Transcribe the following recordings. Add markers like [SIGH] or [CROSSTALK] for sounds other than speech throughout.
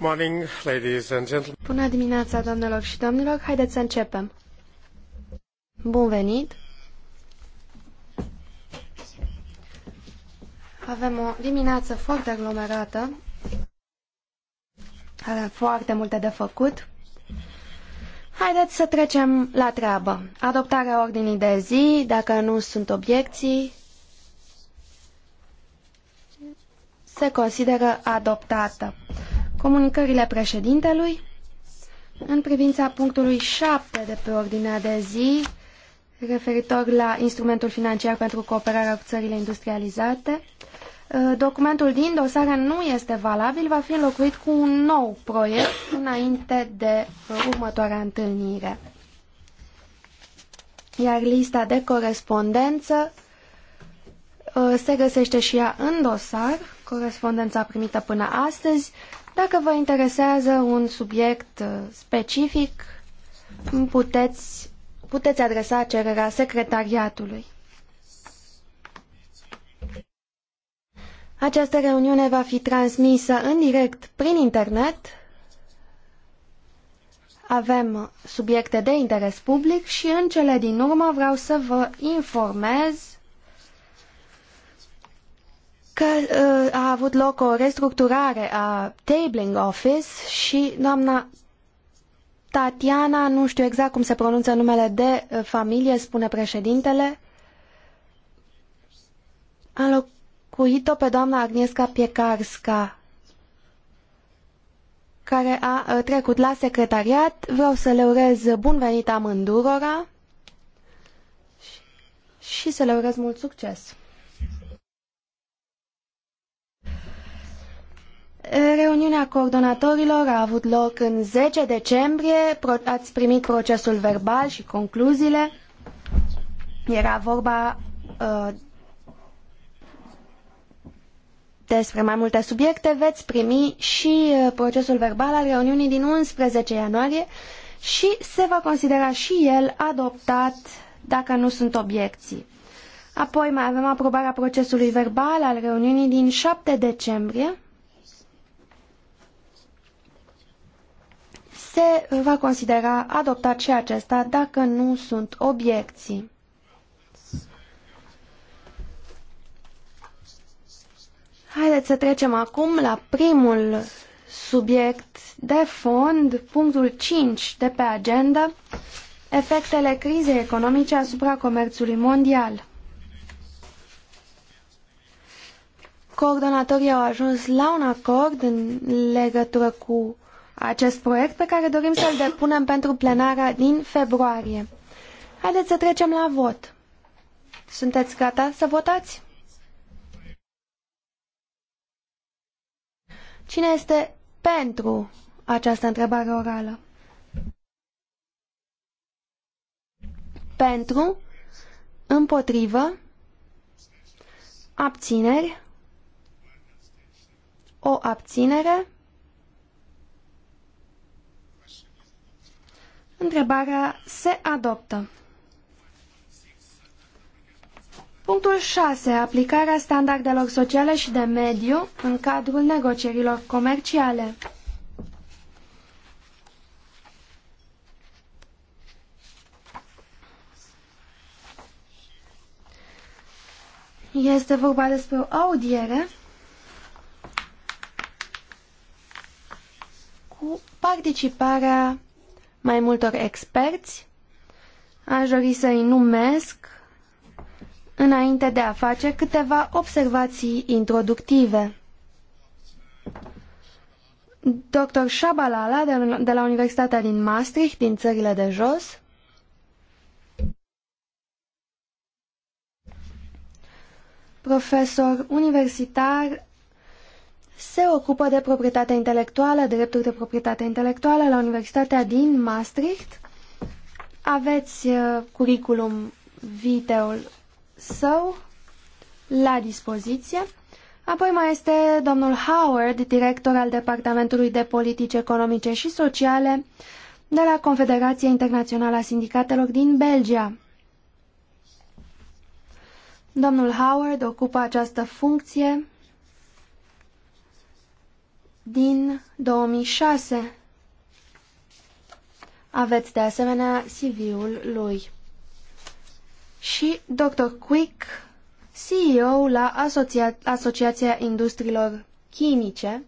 Morning, ladies and gentlemen. Bună dimineața, domnilor și domnilor. Haideți să începem. Bun venit. Avem o dimineață foarte aglomerată. Avem foarte multe de făcut. Haideți să trecem la treabă. Adoptarea ordinii de zi, dacă nu sunt obiecții, se consideră adoptată. Comunicările președintelui în privința punctului 7 de pe ordinea de zi referitor la instrumentul financiar pentru cooperarea cu țările industrializate. Ă, documentul din dosare nu este valabil, va fi înlocuit cu un nou proiect înainte de ă, următoarea întâlnire. Iar lista de corespondență ă, se găsește și ea în dosar, corespondența primită până astăzi. Dacă vă interesează un subiect uh, specific, puteți, puteți adresa cererea secretariatului. Această reuniune va fi transmisă în direct prin internet. Avem subiecte de interes public și în cele din urmă vreau să vă informez că uh, a avut loc o restructurare a Tabling Office și doamna Tatiana, nu știu exact cum se pronunță numele de uh, familie, spune președintele, a locuit-o pe doamna Agnieszka Piekarska, care a uh, trecut la secretariat. Vreau să le urez bun venit amândurora și să le urez mult succes! Reuniunea coordonatorilor a avut loc în 10 decembrie. Ați primit procesul verbal și concluziile. Era vorba uh, despre mai multe subiecte. Veți primi și uh, procesul verbal al reuniunii din 11 ianuarie și se va considera și el adoptat dacă nu sunt obiecții. Apoi mai avem aprobarea procesului verbal al reuniunii din 7 decembrie. se va considera adoptat și acesta dacă nu sunt obiecții. Haideți să trecem acum la primul subiect de fond, punctul 5 de pe agenda, efectele crizei economice asupra comerțului mondial. Coordonatorii au ajuns la un acord în legătură cu acest proiect pe care dorim să-l depunem pentru plenara din februarie. Haideți să trecem la vot. Sunteți gata să votați? Cine este pentru această întrebare orală? Pentru, împotrivă, abțineri, o abținere, Întrebarea se adoptă. Punctul 6. Aplicarea standardelor sociale și de mediu în cadrul negocierilor comerciale. Este vorba despre o audiere cu participarea mai multor experți. Aș dori să-i numesc înainte de a face câteva observații introductive. Dr. Shabalala de la Universitatea din Maastricht, din țările de jos, profesor universitar se ocupă de proprietatea intelectuală, drepturi de proprietate intelectuală la Universitatea din Maastricht. Aveți uh, curriculum viteul său la dispoziție. Apoi mai este domnul Howard, director al Departamentului de Politici Economice și Sociale de la Confederația Internațională a Sindicatelor din Belgia. Domnul Howard ocupă această funcție din 2006. Aveți de asemenea CV-ul lui. Și Dr. Quick, CEO la Asociația Industriilor Chimice,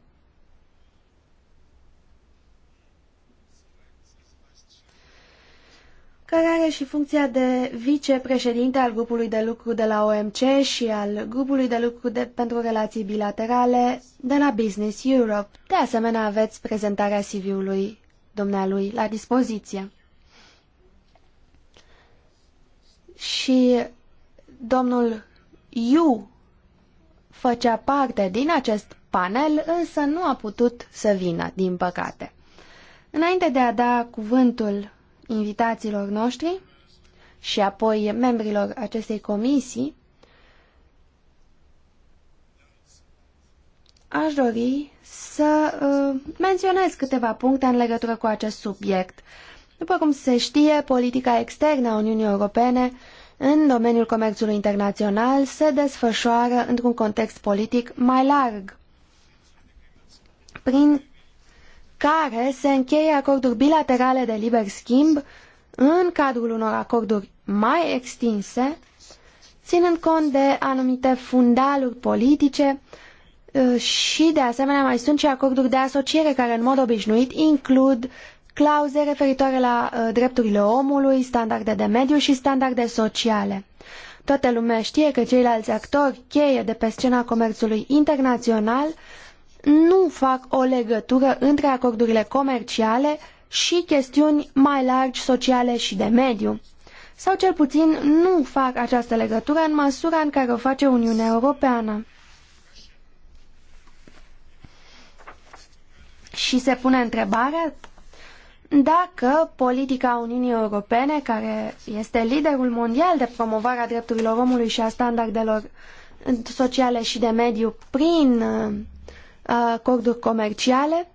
care are și funcția de vicepreședinte al grupului de lucru de la OMC și al grupului de lucru de, pentru relații bilaterale de la Business Europe. De asemenea, aveți prezentarea CV-ului dumnealui la dispoziție. Și domnul Yu făcea parte din acest panel, însă nu a putut să vină, din păcate. Înainte de a da cuvântul invitaților noștri și apoi membrilor acestei comisii, aș dori să uh, menționez câteva puncte în legătură cu acest subiect. După cum se știe, politica externă a Uniunii Europene în domeniul comerțului internațional se desfășoară într-un context politic mai larg, prin care se încheie acorduri bilaterale de liber schimb în cadrul unor acorduri mai extinse, ținând cont de anumite fundaluri politice ă, și, de asemenea, mai sunt și acorduri de asociere care, în mod obișnuit, includ clauze referitoare la ă, drepturile omului, standarde de mediu și standarde sociale. Toată lumea știe că ceilalți actori cheie de pe scena comerțului internațional nu fac o legătură între acordurile comerciale și chestiuni mai largi sociale și de mediu. Sau cel puțin nu fac această legătură în măsura în care o face Uniunea Europeană. Și se pune întrebarea dacă politica Uniunii Europene, care este liderul mondial de promovare a drepturilor omului și a standardelor sociale și de mediu prin Uh, acorduri comerciale,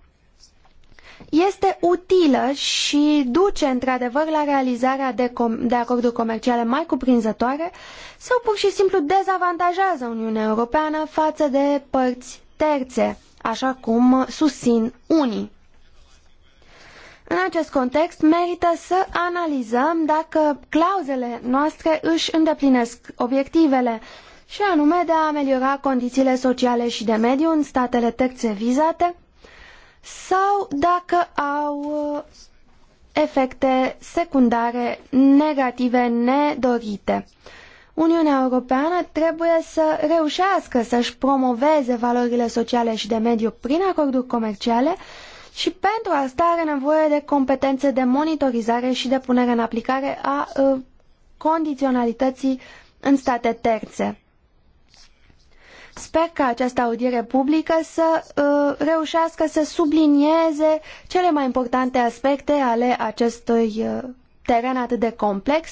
este utilă și duce într-adevăr la realizarea de, de, acorduri comerciale mai cuprinzătoare sau pur și simplu dezavantajează Uniunea Europeană față de părți terțe, așa cum susțin unii. În acest context, merită să analizăm dacă clauzele noastre își îndeplinesc obiectivele și anume de a ameliora condițiile sociale și de mediu în statele terțe vizate sau dacă au uh, efecte secundare negative nedorite. Uniunea Europeană trebuie să reușească să-și promoveze valorile sociale și de mediu prin acorduri comerciale și pentru asta are nevoie de competențe de monitorizare și de punere în aplicare a uh, condiționalității în state terțe. Sper ca această audiere publică să uh, reușească să sublinieze cele mai importante aspecte ale acestui uh, teren atât de complex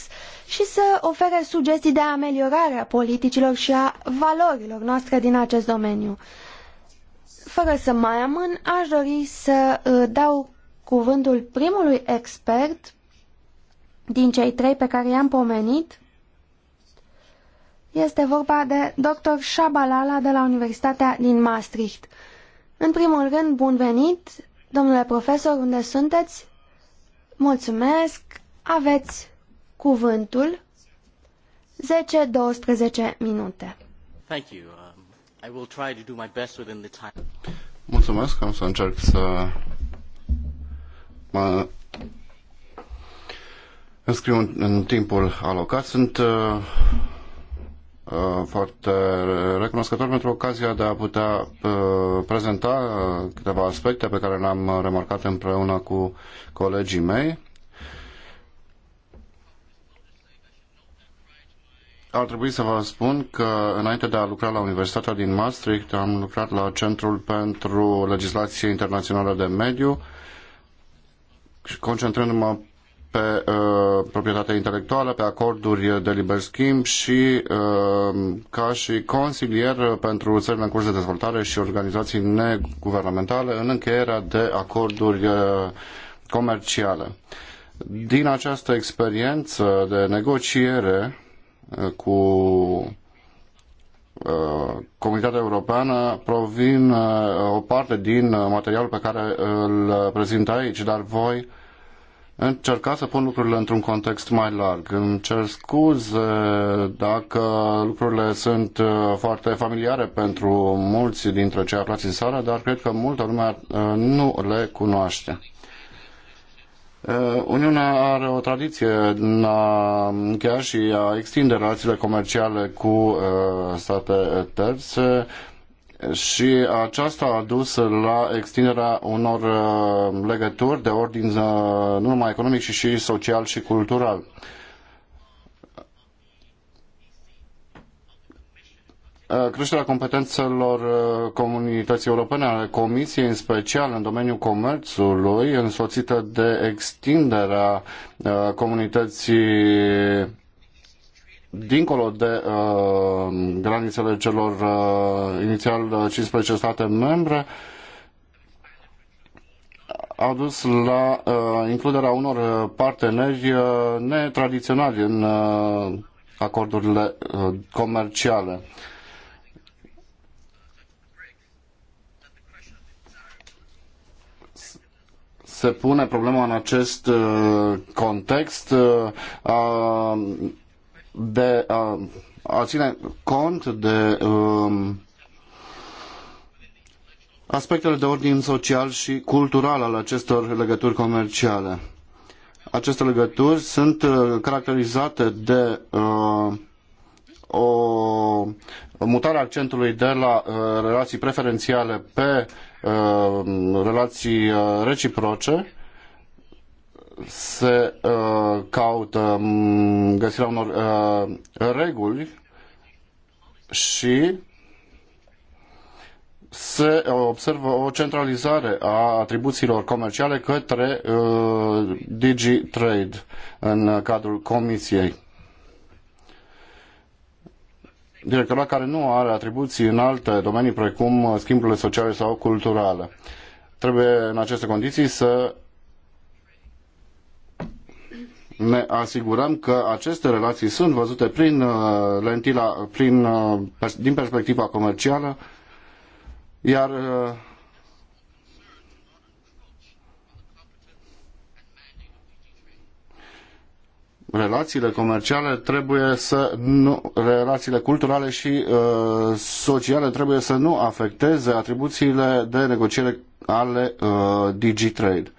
și să ofere sugestii de ameliorare a politicilor și a valorilor noastre din acest domeniu. Fără să mai amân, aș dori să uh, dau cuvântul primului expert din cei trei pe care i-am pomenit, este vorba de dr. Shabalala de la Universitatea din Maastricht. În primul rând, bun venit, domnule profesor, unde sunteți? Mulțumesc, aveți cuvântul. 10-12 minute. Thank you. Um, I will try to do my best within the time. Mulțumesc, am să încerc să mă înscriu în, în timpul alocat. Sunt uh, Uh, foarte recunoscător pentru ocazia de a putea uh, prezenta câteva aspecte pe care le-am remarcat împreună cu colegii mei. Ar trebui să vă spun că înainte de a lucra la Universitatea din Maastricht am lucrat la Centrul pentru Legislație Internațională de Mediu, concentrându-mă pe uh, proprietatea intelectuală, pe acorduri de liber schimb și uh, ca și consilier pentru țările în curs de dezvoltare și organizații neguvernamentale în încheierea de acorduri uh, comerciale. Din această experiență de negociere uh, cu uh, comunitatea europeană provin uh, o parte din materialul pe care îl prezint aici, dar voi încerca să pun lucrurile într-un context mai larg. Îmi cer scuze dacă lucrurile sunt uh, foarte familiare pentru mulți dintre cei aflați în sală, dar cred că multă lume uh, nu le cunoaște. Uh, Uniunea are o tradiție în a încheia și a extinde relațiile comerciale cu state terțe și aceasta a dus la extinderea unor uh, legături de ordin uh, nu numai economic, ci și social și cultural. Uh, creșterea competențelor comunității europene, ale Comisiei, în special în domeniul comerțului, însoțită de extinderea comunității dincolo de uh, granițele celor uh, inițial 15 uh, state membre, a dus la uh, includerea unor uh, parteneri uh, netradiționali în uh, acordurile uh, comerciale. Se pune problema în acest uh, context uh, a de a, a ține cont de um, aspectele de ordin social și cultural al acestor legături comerciale. Aceste legături sunt uh, caracterizate de uh, o mutare accentului de la uh, relații preferențiale pe uh, relații uh, reciproce se uh, caută mm, găsirea unor uh, reguli și se uh, observă o centralizare a atribuțiilor comerciale către uh, DigiTrade în cadrul Comisiei. Directorat care nu are atribuții în alte domenii precum schimburile sociale sau culturale. Trebuie în aceste condiții să ne asigurăm că aceste relații sunt văzute prin uh, lentila, prin, uh, din perspectiva comercială, iar uh, relațiile comerciale trebuie să nu, relațiile culturale și uh, sociale trebuie să nu afecteze atribuțiile de negociere ale uh, DigiTrade.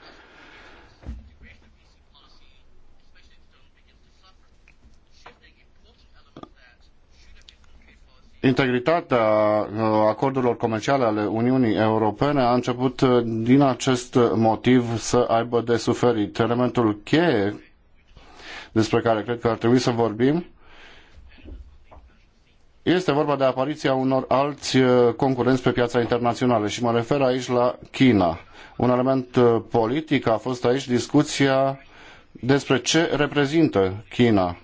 integritatea uh, acordurilor comerciale ale Uniunii Europene a început uh, din acest motiv să aibă de suferit. Elementul cheie despre care cred că ar trebui să vorbim este vorba de apariția unor alți uh, concurenți pe piața internațională și mă refer aici la China. Un element politic a fost aici discuția despre ce reprezintă China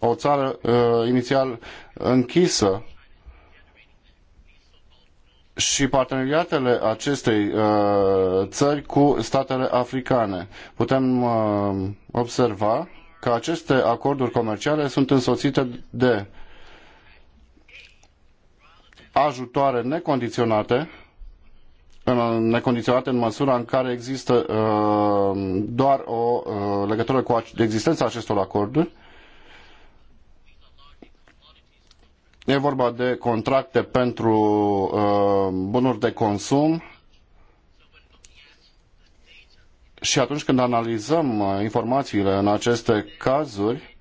o țară uh, inițial închisă și parteneriatele acestei uh, țări cu statele africane. Putem uh, observa că aceste acorduri comerciale sunt însoțite de ajutoare necondiționate în, necondiționate în măsura în care există uh, doar o uh, legătură cu existența acestor acorduri uh, E vorba de contracte pentru uh, bunuri de consum și atunci când analizăm uh, informațiile în aceste cazuri,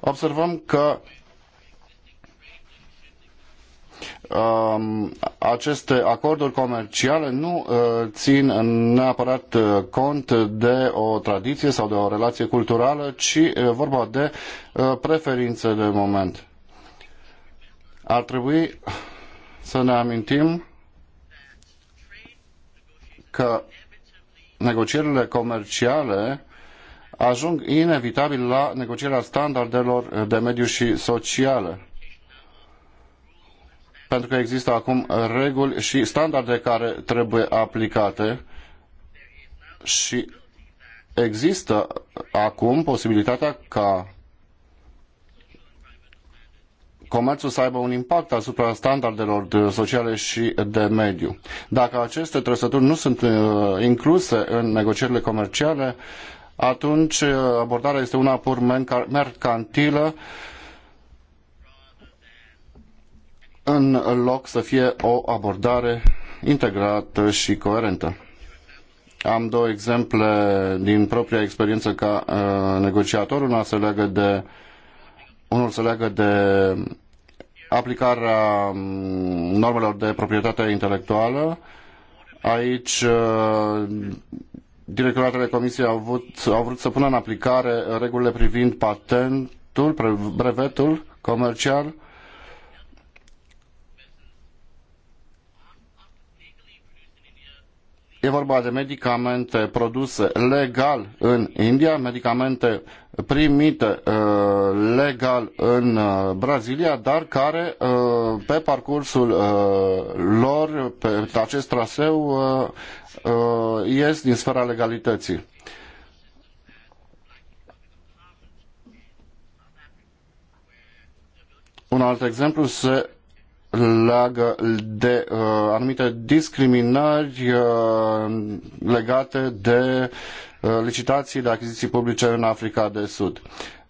observăm că Um, aceste acorduri comerciale nu uh, țin neapărat uh, cont de o tradiție sau de o relație culturală, ci uh, vorba de preferințe de moment. Ar trebui să ne amintim că negocierile comerciale ajung inevitabil la negocierea standardelor de mediu și sociale pentru că există acum reguli și standarde care trebuie aplicate și există acum posibilitatea ca comerțul să aibă un impact asupra standardelor sociale și de mediu. Dacă aceste trăsături nu sunt uh, incluse în negocierile comerciale, atunci uh, abordarea este una pur mercantilă uh, în loc să fie o abordare integrată și coerentă. Am două exemple din propria experiență ca uh, negociator. Una se leagă de, unul se leagă de aplicarea mm, normelor de proprietate intelectuală. Aici uh, directoratele Comisiei au, avut, au vrut să pună în aplicare regulile privind patentul, brevetul comercial E vorba de medicamente produse legal în India, medicamente primite uh, legal în uh, Brazilia, dar care uh, pe parcursul lor, pe acest traseu, ies din sfera legalității. Un alt exemplu se leagă de uh, anumite discriminări uh, legate de uh, licitații de achiziții publice în Africa de Sud.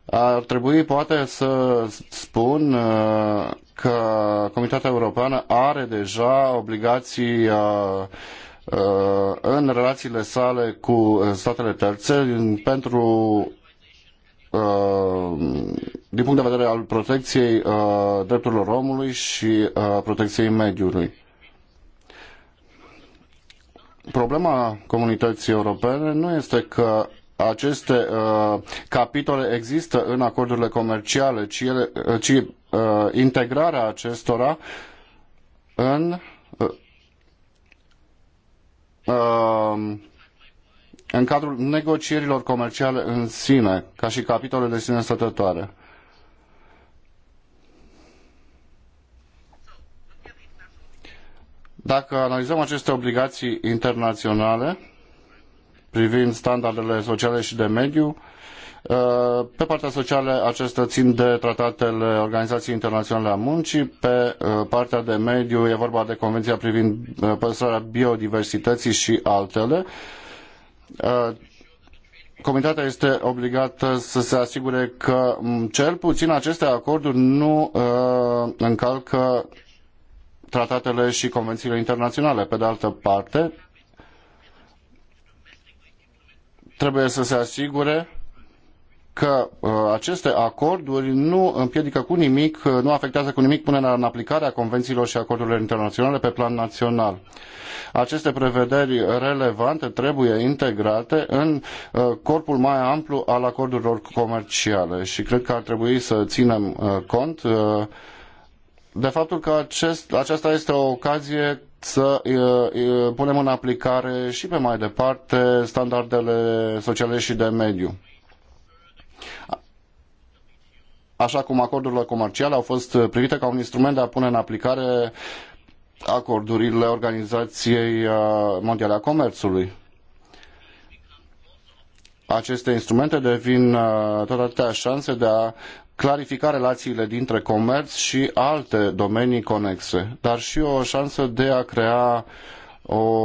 Ar trebui poate să spun uh, că Comunitatea Europeană are deja obligații uh, uh în relațiile sale cu uh, statele terțe pentru Uh, din punct de vedere al protecției uh, drepturilor omului și uh, protecției mediului. Problema comunității europene nu este că aceste uh, capitole există în acordurile comerciale, ci, ele, ci uh, integrarea acestora în uh, în cadrul negocierilor comerciale în sine, ca și capitole de sine stătătoare. Dacă analizăm aceste obligații internaționale privind standardele sociale și de mediu, ă, pe partea socială acestea țin de tratatele Organizației Internaționale a Muncii, pe ă, partea de mediu e vorba de Convenția privind ă, păstrarea biodiversității și altele. Uh, Comitatea este obligată să se asigure că mm, cel puțin aceste acorduri nu uh, încalcă tratatele și convențiile internaționale. Pe de altă parte, trebuie să se asigure că uh, aceste acorduri nu împiedică cu nimic, uh, nu afectează cu nimic punerea în aplicare a convențiilor și acordurilor internaționale pe plan național. Aceste prevederi relevante trebuie integrate în uh, corpul mai amplu al acordurilor comerciale și cred că ar trebui să ținem uh, cont uh, de faptul că acest, aceasta este o ocazie să punem în aplicare și pe mai departe standardele sociale și de mediu. Așa cum acordurile comerciale au fost privite ca un instrument de a pune în aplicare acordurile Organizației uh, Mondiale a Comerțului. Aceste instrumente devin uh, tot atâtea șanse de a clarifica relațiile dintre comerț și alte domenii conexe, dar și o șansă de a crea o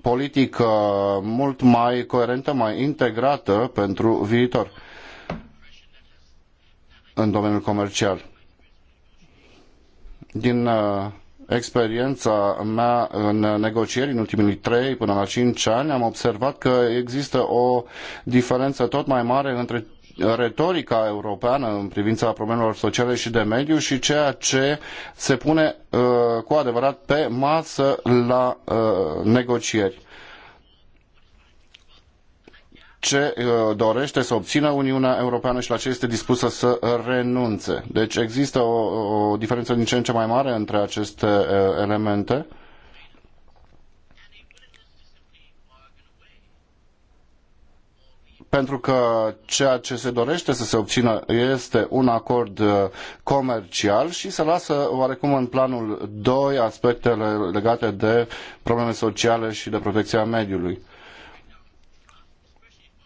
politică mult mai coerentă, mai integrată pentru viitor în domeniul comercial. Din uh, experiența mea în negocieri în ultimii trei până la cinci ani, am observat că există o diferență tot mai mare între retorica europeană în privința problemelor sociale și de mediu și ceea ce se pune uh, cu adevărat pe masă la uh, negocieri ce uh, dorește să obțină Uniunea Europeană și la ce este dispusă să renunțe. Deci există o, o diferență din ce în ce mai mare între aceste uh, elemente. pentru că ceea ce se dorește să se obțină este un acord uh, comercial și se lasă oarecum în planul 2 aspectele legate de probleme sociale și de protecția mediului.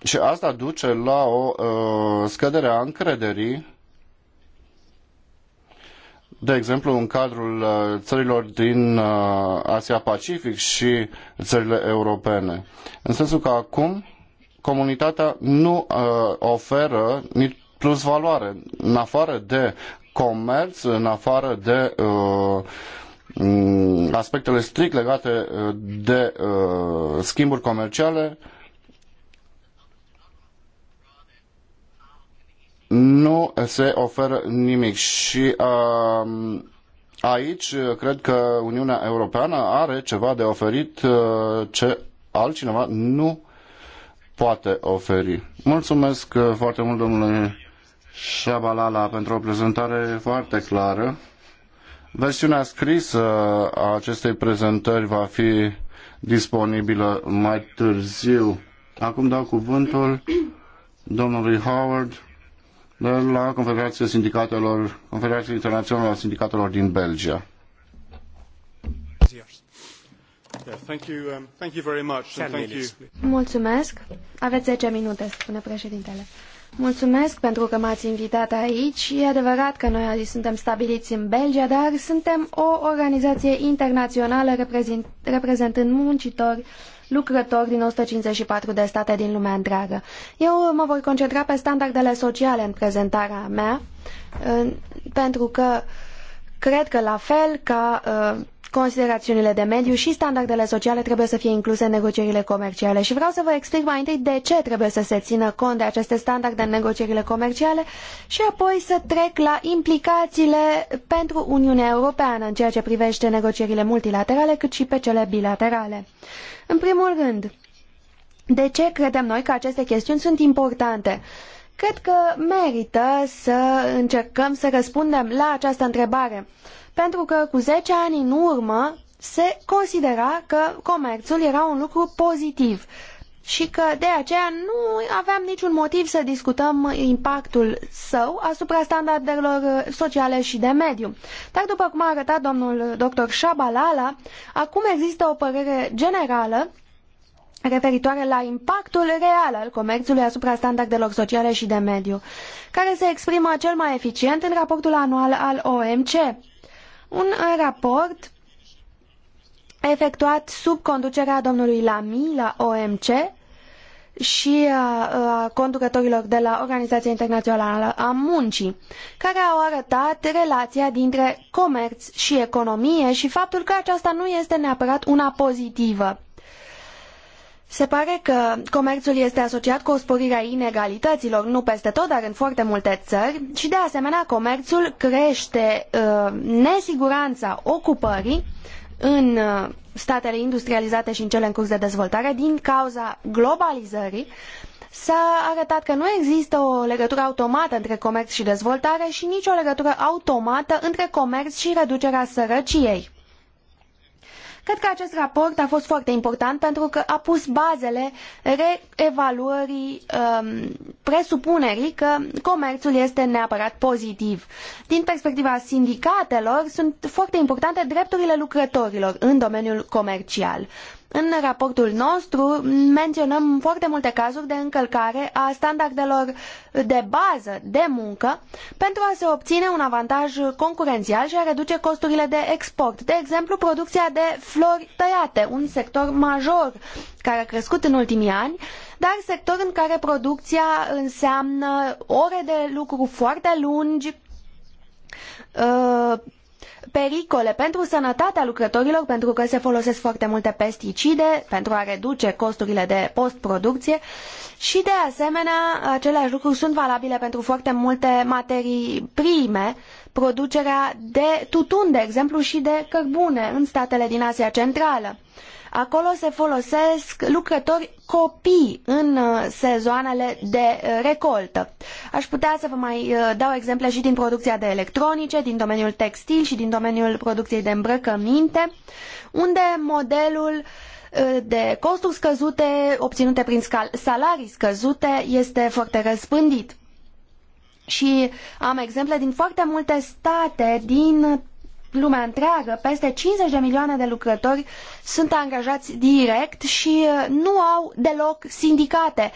Și asta duce la o uh, scădere a încrederii, de exemplu, în cadrul uh, țărilor din uh, Asia-Pacific și țările europene. În sensul că acum comunitatea nu uh, oferă nici plus valoare, în afară de comerț, în afară de uh, aspectele strict legate uh, de uh, schimburi comerciale, uh, nu se oferă nimic și uh, aici cred că Uniunea Europeană are ceva de oferit uh, ce altcineva nu poate oferi. Mulțumesc uh, foarte mult domnule Șabalala pentru o prezentare foarte clară. Versiunea scrisă a acestei prezentări va fi disponibilă mai târziu. Acum dau cuvântul domnului Howard la Confederația Sindicatelor, Confederația Internațională a Sindicatelor din Belgia. Um, Mulțumesc. Aveți 10 minute, spune președintele. Mulțumesc pentru că m-ați invitat aici. E adevărat că noi suntem stabiliți în Belgia, dar suntem o organizație internațională reprezentând muncitori lucrători din 154 de state din lumea întreagă. Eu mă voi concentra pe standardele sociale în prezentarea mea, pentru că cred că la fel ca uh, considerațiunile de mediu și standardele sociale trebuie să fie incluse în negocierile comerciale și vreau să vă explic mai întâi de ce trebuie să se țină cont de aceste standarde în negocierile comerciale și apoi să trec la implicațiile pentru Uniunea Europeană în ceea ce privește negocierile multilaterale cât și pe cele bilaterale. În primul rând, de ce credem noi că aceste chestiuni sunt importante? Cred că merită să încercăm să răspundem la această întrebare, pentru că cu zece ani în urmă se considera că comerțul era un lucru pozitiv, și că de aceea nu aveam niciun motiv să discutăm impactul său asupra standardelor sociale și de mediu. Dar după cum a arătat domnul dr. Shabalala, acum există o părere generală referitoare la impactul real al comerțului asupra standardelor sociale și de mediu, care se exprimă cel mai eficient în raportul anual al OMC. Un raport efectuat sub conducerea domnului Lamy la OMC, și a, a conducătorilor de la Organizația Internațională a Muncii, care au arătat relația dintre comerț și economie și faptul că aceasta nu este neapărat una pozitivă. Se pare că comerțul este asociat cu o sporire a inegalităților, nu peste tot, dar în foarte multe țări, și de asemenea comerțul crește uh, nesiguranța ocupării, în uh, statele industrializate și în cele în curs de dezvoltare din cauza globalizării, s-a arătat că nu există o legătură automată între comerț și dezvoltare și nicio legătură automată între comerț și reducerea sărăciei. Cred că acest raport a fost foarte important pentru că a pus bazele reevaluării um, presupunerii că comerțul este neapărat pozitiv. Din perspectiva sindicatelor, sunt foarte importante drepturile lucrătorilor în domeniul comercial. În raportul nostru menționăm foarte multe cazuri de încălcare a standardelor de bază de muncă pentru a se obține un avantaj concurențial și a reduce costurile de export. De exemplu, producția de flori tăiate, un sector major care a crescut în ultimii ani, dar sector în care producția înseamnă ore de lucru foarte lungi, uh, pericole pentru sănătatea lucrătorilor pentru că se folosesc foarte multe pesticide pentru a reduce costurile de postproducție și de asemenea aceleași lucruri sunt valabile pentru foarte multe materii prime, producerea de tutun, de exemplu, și de cărbune în statele din Asia Centrală. Acolo se folosesc lucrători copii în uh, sezoanele de uh, recoltă. Aș putea să vă mai uh, dau exemple și din producția de electronice, din domeniul textil și din domeniul producției de îmbrăcăminte, unde modelul de costuri scăzute obținute prin salarii scăzute este foarte răspândit. Și am exemple din foarte multe state din lumea întreagă, peste 50 de milioane de lucrători sunt angajați direct și uh, nu au deloc sindicate.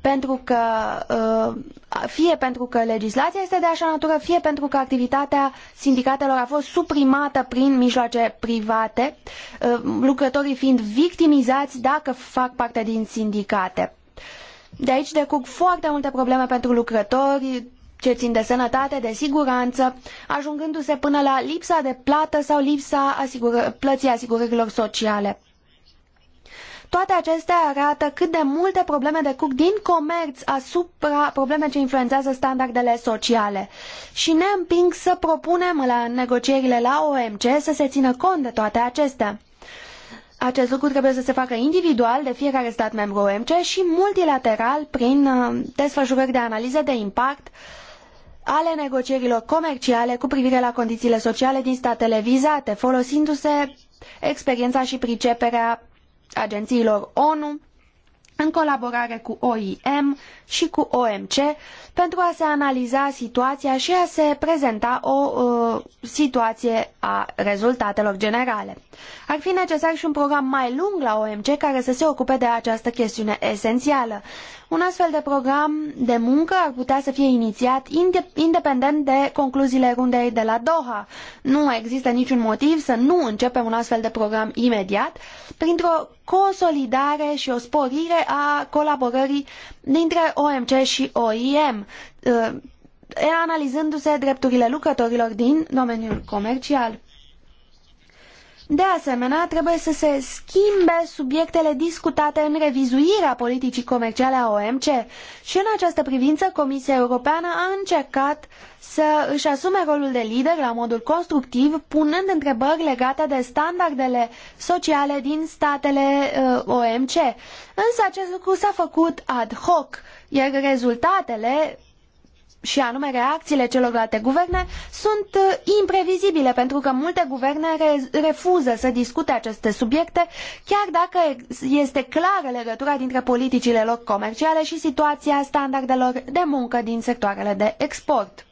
Pentru că, uh, fie pentru că legislația este de așa natură, fie pentru că activitatea sindicatelor a fost suprimată prin mijloace private, uh, lucrătorii fiind victimizați dacă fac parte din sindicate. De aici decurg foarte multe probleme pentru lucrători, ce țin de sănătate, de siguranță, ajungându-se până la lipsa de plată sau lipsa asigur- plății asigurărilor sociale. Toate acestea arată cât de multe probleme decurg din comerț asupra probleme ce influențează standardele sociale. Și ne împing să propunem la negocierile la OMC să se țină cont de toate acestea. Acest lucru trebuie să se facă individual de fiecare stat membru OMC și multilateral prin uh, desfășurări de analize de impact uh, ale negocierilor comerciale cu privire la condițiile sociale din statele vizate, folosindu-se experiența și priceperea agențiilor ONU în colaborare cu OIM și cu OMC pentru a se analiza situația și a se prezenta o uh, situație a rezultatelor generale. Ar fi necesar și un program mai lung la OMC care să se ocupe de această chestiune esențială. Un astfel de program de muncă ar putea să fie inițiat independent de concluziile rundei de la Doha. Nu există niciun motiv să nu începem un astfel de program imediat printr-o consolidare și o sporire a colaborării dintre OMC și OIM, uh, analizându-se drepturile lucrătorilor din domeniul comercial. De asemenea, trebuie să se schimbe subiectele discutate în revizuirea politicii comerciale a OMC și în această privință Comisia Europeană a încercat să își asume rolul de lider la modul constructiv, punând întrebări legate de standardele sociale din statele uh, OMC. Însă acest lucru s-a făcut ad hoc, iar rezultatele și anume reacțiile celorlalte guverne, sunt uh, imprevizibile, pentru că multe guverne refuză să discute aceste subiecte, chiar dacă este clară legătura dintre politicile lor comerciale și situația standardelor de muncă din sectoarele de export.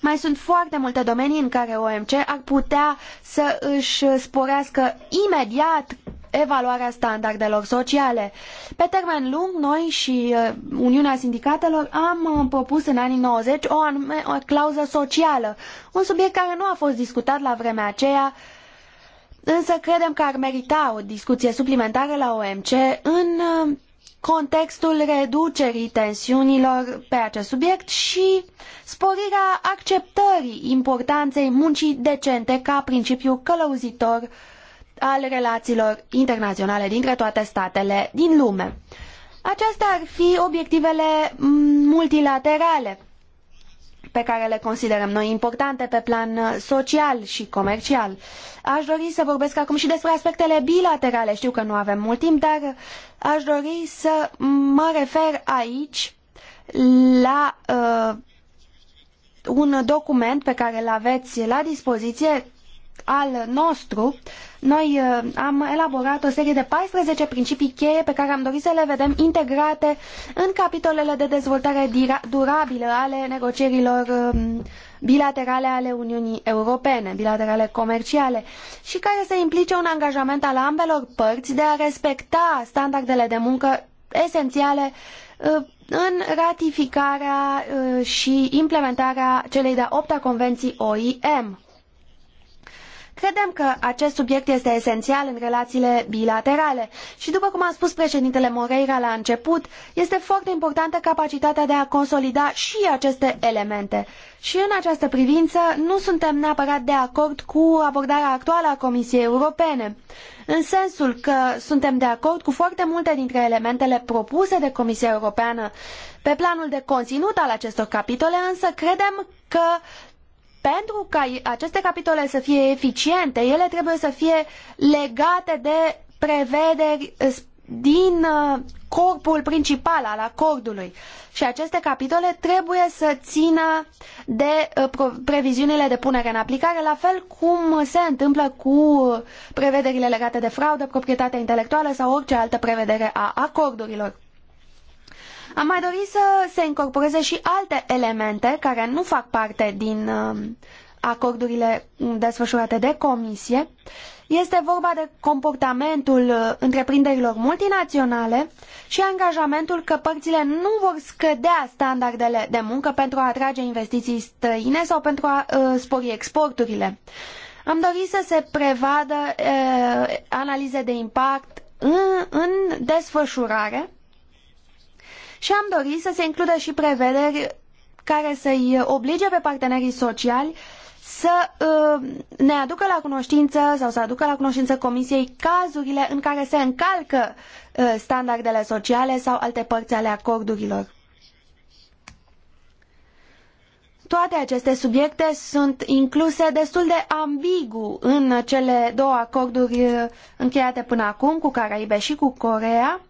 Mai sunt foarte multe domenii în care OMC ar putea să își sporească imediat evaluarea standardelor sociale. Pe termen lung, noi și uh, Uniunea Sindicatelor am uh, propus în anii 90 o, anume, o clauză socială, un subiect care nu a fost discutat la vremea aceea, însă credem că ar merita o discuție suplimentară la OMC în uh, contextul reducerii tensiunilor pe acest subiect și sporirea acceptării importanței muncii decente ca principiu călăuzitor al relațiilor internaționale dintre toate statele din lume. Acestea ar fi obiectivele multilaterale pe care le considerăm noi importante pe plan social și comercial. Aș dori să vorbesc acum și despre aspectele bilaterale. Știu că nu avem mult timp, dar aș dori să mă refer aici la uh, un document pe care îl aveți la dispoziție al nostru, noi uh, am elaborat o serie de 14 principii cheie pe care am dorit să le vedem integrate în capitolele de dezvoltare durabilă ale negocierilor um, bilaterale ale Uniunii Europene, bilaterale comerciale, și care să implice un angajament al ambelor părți de a respecta standardele de muncă esențiale uh, în ratificarea uh, și implementarea celei de-a opta convenții OIM. Credem că acest subiect este esențial în relațiile bilaterale și, după cum a spus președintele Moreira la început, este foarte importantă capacitatea de a consolida și aceste elemente. Și în această privință nu suntem neapărat de acord cu abordarea actuală a Comisiei Europene, în sensul că suntem de acord cu foarte multe dintre elementele propuse de Comisia Europeană. Pe planul de conținut al acestor capitole, însă, credem că pentru ca aceste capitole să fie eficiente, ele trebuie să fie legate de prevederi eh, din eh, corpul principal al acordului. Și aceste capitole trebuie să țină de eh, previziunile de punere în aplicare, la fel cum se întâmplă cu prevederile legate de fraudă, proprietatea intelectuală sau orice altă prevedere a acordurilor. Am mai dorit să se incorporeze și alte elemente care nu fac parte din um, acordurile desfășurate de comisie. Este vorba de comportamentul uh, întreprinderilor multinaționale și angajamentul că părțile nu vor scădea standardele de muncă pentru a atrage investiții străine sau pentru a uh, spori exporturile. Am dorit să se prevadă uh, analize de impact în, în desfășurare și am dorit să se includă și prevederi care să-i oblige pe partenerii sociali să uh, ne aducă la cunoștință sau să aducă la cunoștință Comisiei cazurile în care se încalcă uh, standardele sociale sau alte părți ale acordurilor. Toate aceste subiecte sunt incluse destul de ambigu în cele două acorduri uh, încheiate până acum cu Caraibe și cu Coreea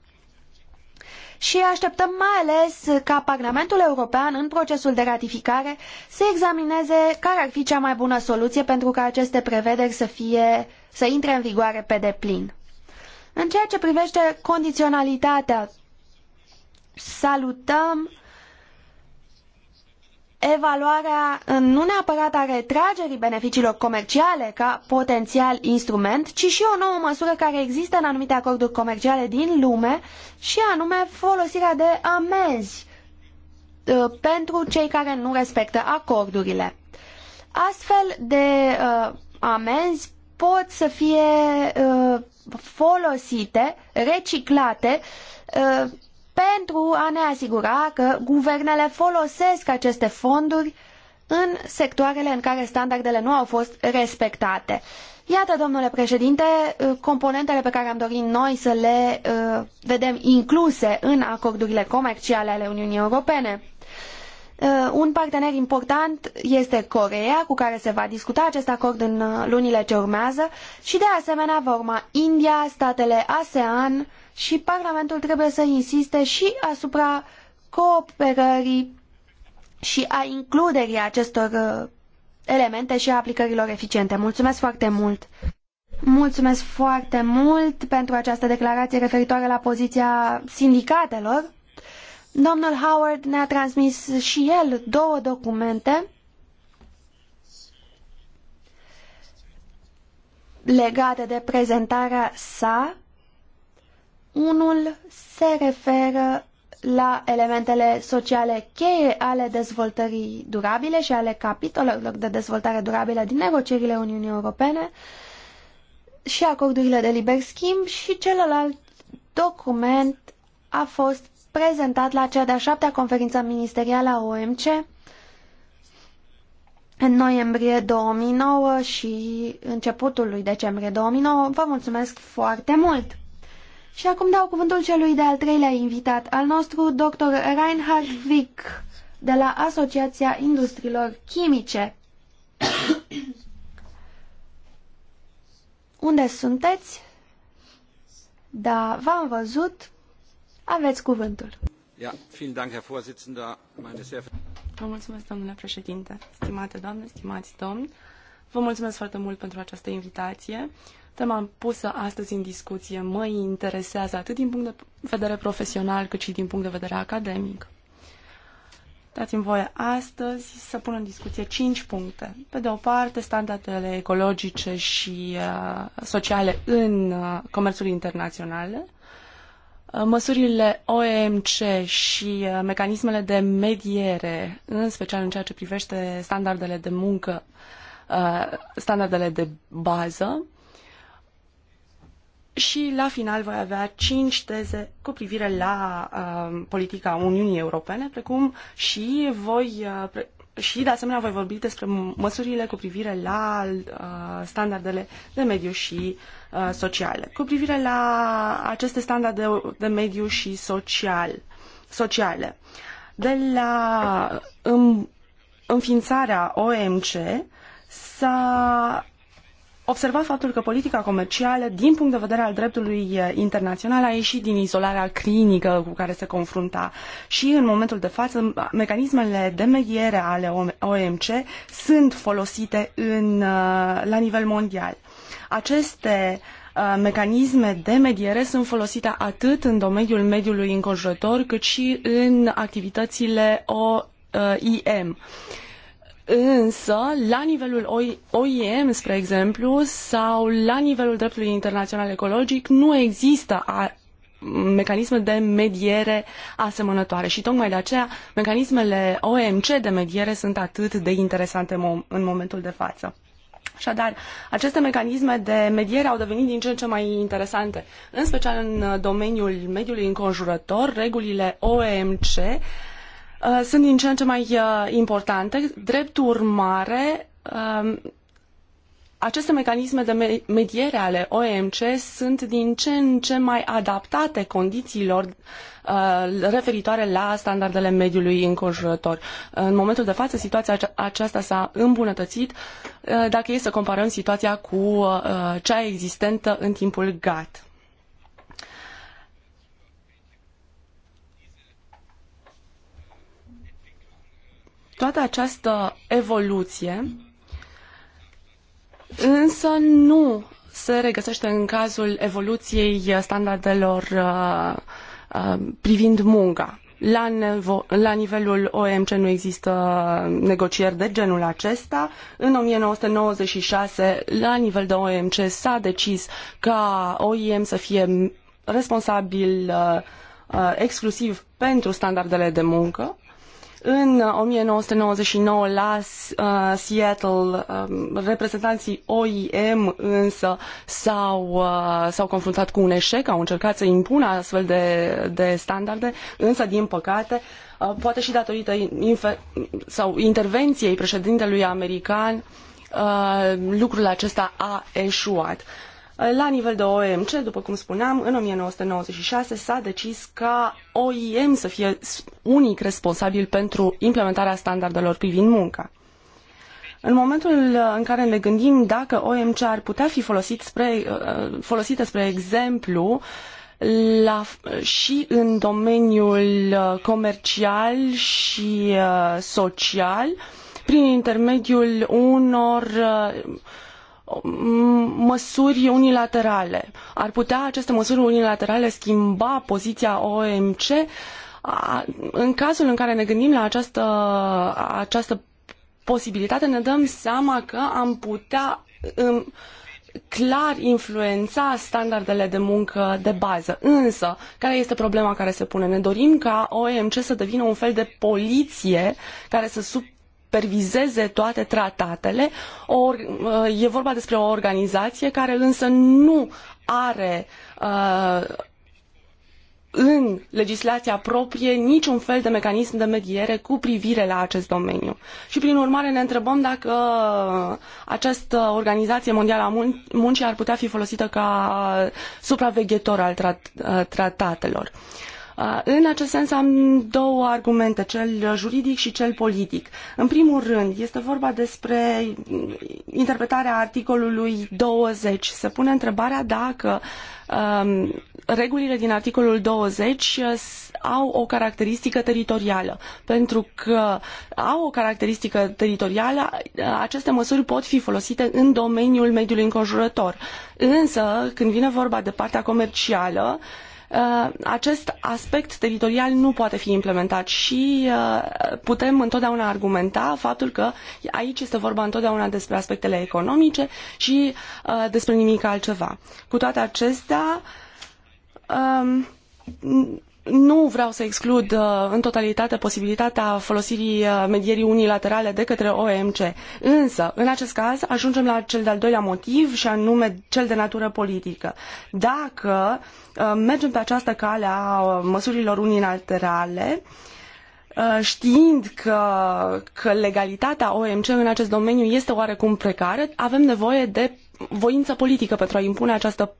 și așteptăm mai ales ca Parlamentul European în procesul de ratificare să examineze care ar fi cea mai bună soluție pentru ca aceste prevederi să, fie, să intre în vigoare pe deplin. În ceea ce privește condiționalitatea, salutăm uh, evaluarea nu neapărat a retragerii beneficiilor comerciale ca potențial instrument, ci și o nouă măsură care există în anumite acorduri comerciale din lume și anume folosirea de amenzi uh, pentru cei care nu respectă acordurile. Astfel de uh, amenzi pot să fie uh, folosite, reciclate pentru a ne asigura că guvernele folosesc aceste fonduri în sectoarele în care standardele nu au fost respectate. Iată, domnule președinte, componentele pe care am dorit noi să le uh, vedem incluse în acordurile comerciale ale Uniunii Europene. Uh, un partener important este Coreea, cu care se va discuta acest acord în uh, lunile ce urmează și de asemenea va urma India, statele ASEAN, și Parlamentul trebuie să insiste și asupra cooperării și a includerii acestor uh, elemente și a aplicărilor eficiente. Mulțumesc foarte mult! Mulțumesc foarte mult pentru această declarație referitoare la poziția sindicatelor. Domnul Howard ne-a transmis și el două documente legate de prezentarea sa unul se referă la elementele sociale cheie ale dezvoltării durabile și ale capitolelor de dezvoltare durabilă din negocierile Uniunii Europene și acordurile de liber schimb și celălalt document a fost prezentat la cea de-a șaptea conferință ministerială a OMC în noiembrie 2009 și începutul lui decembrie 2009. Vă mulțumesc foarte mult! Și acum dau cuvântul celui de-al treilea invitat, al nostru, dr. Reinhard Wick, de la Asociația Industriilor Chimice. [COUGHS] Unde sunteți? Da, v-am văzut. Aveți cuvântul. Ja, vielen Dank, Herr Vorsitzender, meine sehr Vă mulțumesc, domnule președinte, stimate doamne, stimați domni. Vă mulțumesc foarte mult pentru această invitație. Uh, Tema pusă astăzi în discuție mă interesează atât din punct de vedere profesional cât și din punct de vedere academic. Dați-mi voie astăzi să pun în discuție cinci puncte. Pe de o parte, standardele ecologice și uh, sociale în uh, comerțul internațional, uh, măsurile OMC și uh, mecanismele de mediere, în special în ceea ce privește standardele de muncă, uh, standardele de bază, și la final voi avea cinci teze cu privire la uh, politica Uniunii Europene, precum și voi uh, și de asemenea voi vorbi despre măsurile cu privire la uh, standardele de mediu și uh, sociale. Cu privire la aceste standarde de mediu și social, sociale, de la uh, în, înființarea OMC s-a observat faptul că politica comercială, din punct de vedere al dreptului internațional, a ieșit din izolarea clinică cu care se confrunta. Și în momentul de față, mecanismele de mediere ale OMC sunt folosite în, uh, la nivel mondial. Aceste uh, mecanisme de mediere sunt folosite atât în domeniul mediului înconjurător, cât și în activitățile OIM. Uh, Însă, la nivelul OIM, spre exemplu, sau la nivelul dreptului internațional ecologic, nu există mecanisme de mediere asemănătoare și tocmai de aceea mecanismele OMC de mediere sunt atât de interesante în momentul de față. Așadar, aceste mecanisme de mediere au devenit din ce în ce mai interesante. În special în domeniul mediului înconjurător, regulile OMC Uh, sunt din ce în ce mai uh, importante. Drept urmare, um, aceste mecanisme de mediere ale OMC sunt din ce în ce mai adaptate condițiilor uh, referitoare la standardele mediului înconjurător. În momentul de față, situația aceasta s-a îmbunătățit dacă e să comparăm situația cu cea existentă în timpul GATT. Toată această evoluție însă nu se regăsește în cazul evoluției standardelor uh, uh, privind munca. La, la, nivelul OMC nu există negocieri de genul acesta. În 1996, la nivel de OMC, s-a decis ca OIM să fie responsabil uh, uh, exclusiv pentru standardele de muncă în 1999 uh, la uh, Seattle, um, reprezentanții OIM însă s-au, uh, s-au confruntat cu un eșec, au încercat să impună astfel de, de standarde, însă din păcate poate și datorită sau intervenției președintelui american, lucrul acesta a eșuat. La nivel de OMC, după cum spuneam, în 1996 s-a decis ca OIM să fie unic responsabil pentru implementarea standardelor privind munca. În momentul în care ne gândim dacă OMC ar putea fi folosit spre, uh, folosită, spre exemplu, la, și în domeniul uh, comercial și uh, social, prin intermediul unor uh, măsuri unilaterale. Ar putea aceste măsuri unilaterale schimba poziția OMC în cazul în care ne gândim la această, această posibilitate, ne dăm seama că am putea um, clar influența standardele de muncă de bază. Însă, care este problema care se pune? Ne dorim ca OMC să devină un fel de poliție care să sub supervizeze toate tratatele. Or, uh, e vorba despre o organizație care însă nu are uh, în legislația proprie niciun fel de mecanism de mediere cu privire la acest domeniu. Și prin urmare ne întrebăm dacă această Organizație Mondială a Muncii ar putea fi folosită ca supraveghetor al trat uh, tratatelor. Uh, Uh, în acest sens am două argumente, cel juridic și cel politic. În primul rând, este vorba despre interpretarea articolului 20. Se pune întrebarea dacă um, regulile din articolul 20 uh, au o caracteristică teritorială. Pentru că au o caracteristică teritorială, uh, aceste măsuri pot fi folosite în domeniul mediului înconjurător. Însă, când vine vorba de partea comercială, Uh, acest aspect teritorial nu poate fi implementat și uh, putem întotdeauna argumenta faptul că aici este vorba întotdeauna despre aspectele economice și uh, despre nimic altceva. Cu toate acestea, um, nu vreau să exclud uh, în totalitate posibilitatea folosirii uh, medierii unilaterale de către OMC. Însă, în acest caz, ajungem la cel de-al doilea motiv și anume cel de natură politică. Dacă uh, mergem pe această cale a măsurilor unilaterale, știind că, că legalitatea OMC în acest domeniu este oarecum precară, avem nevoie de voință politică pentru a impune această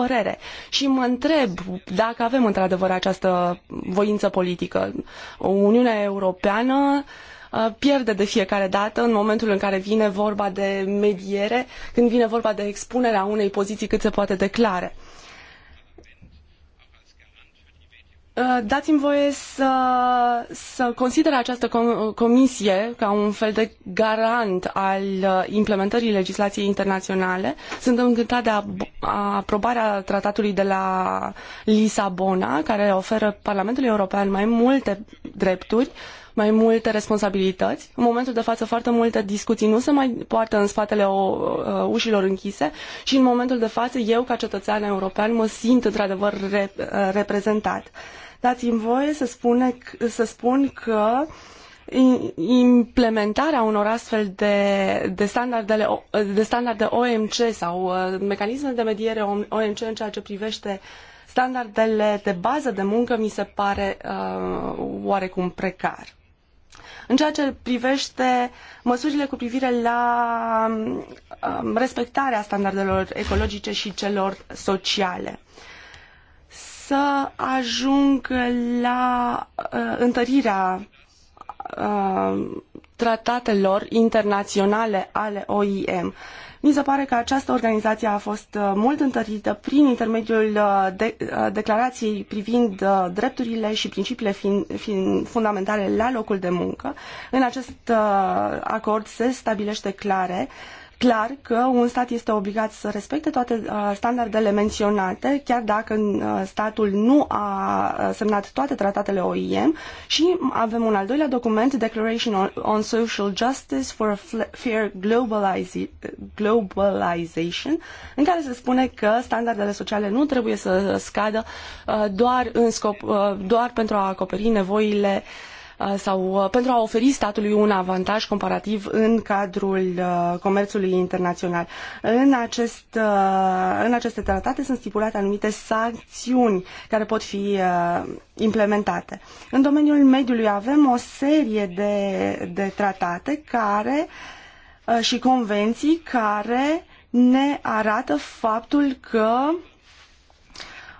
părere. Și mă întreb dacă avem într-adevăr această voință politică. Uniunea Europeană uh, pierde de fiecare dată în momentul în care vine vorba de mediere, când vine vorba de expunerea unei poziții cât se poate de clare. Uh, dați-mi voie să, să consider această comisie ca un fel de garant al uh, implementării legislației internaționale. Sunt încântat de aprobarea tratatului de la Lisabona, care oferă Parlamentului European mai multe drepturi, mai multe responsabilități. În momentul de față foarte multe discuții nu se mai poartă în spatele o, uh, ușilor închise și în momentul de față eu ca cetățean european mă simt într-adevăr rep reprezentat. Dați-mi voie să, spune, să spun că implementarea unor astfel de, de, standardele, de standarde OMC sau uh, mecanisme de mediere OMC în ceea ce privește standardele de bază de muncă mi se pare uh, oarecum precar. În ceea ce privește măsurile cu privire la um, respectarea standardelor ecologice și celor sociale să ajung la uh, întărirea uh, tratatelor internaționale ale OIM. Mi se pare că această organizație a fost uh, mult întărită prin intermediul uh, de, uh, declarației privind drepturile și principiile fin, fin, fundamentale la locul de muncă. În acest acord se stabilește clare uh, clar că un stat este obligat să respecte toate uh, standardele menționate, chiar dacă uh, statul nu a uh, semnat toate tratatele OIM și avem un al doilea document, Declaration on Social Justice for a Fair Globalization, în care se spune că standardele sociale nu trebuie să scadă doar, în scop, doar pentru a acoperi nevoile uh, sau pentru a oferi statului un avantaj comparativ în cadrul comerțului internațional. În, acest, în aceste tratate sunt stipulate anumite sancțiuni care pot fi implementate. În domeniul mediului avem o serie de, de tratate care și convenții care ne arată faptul că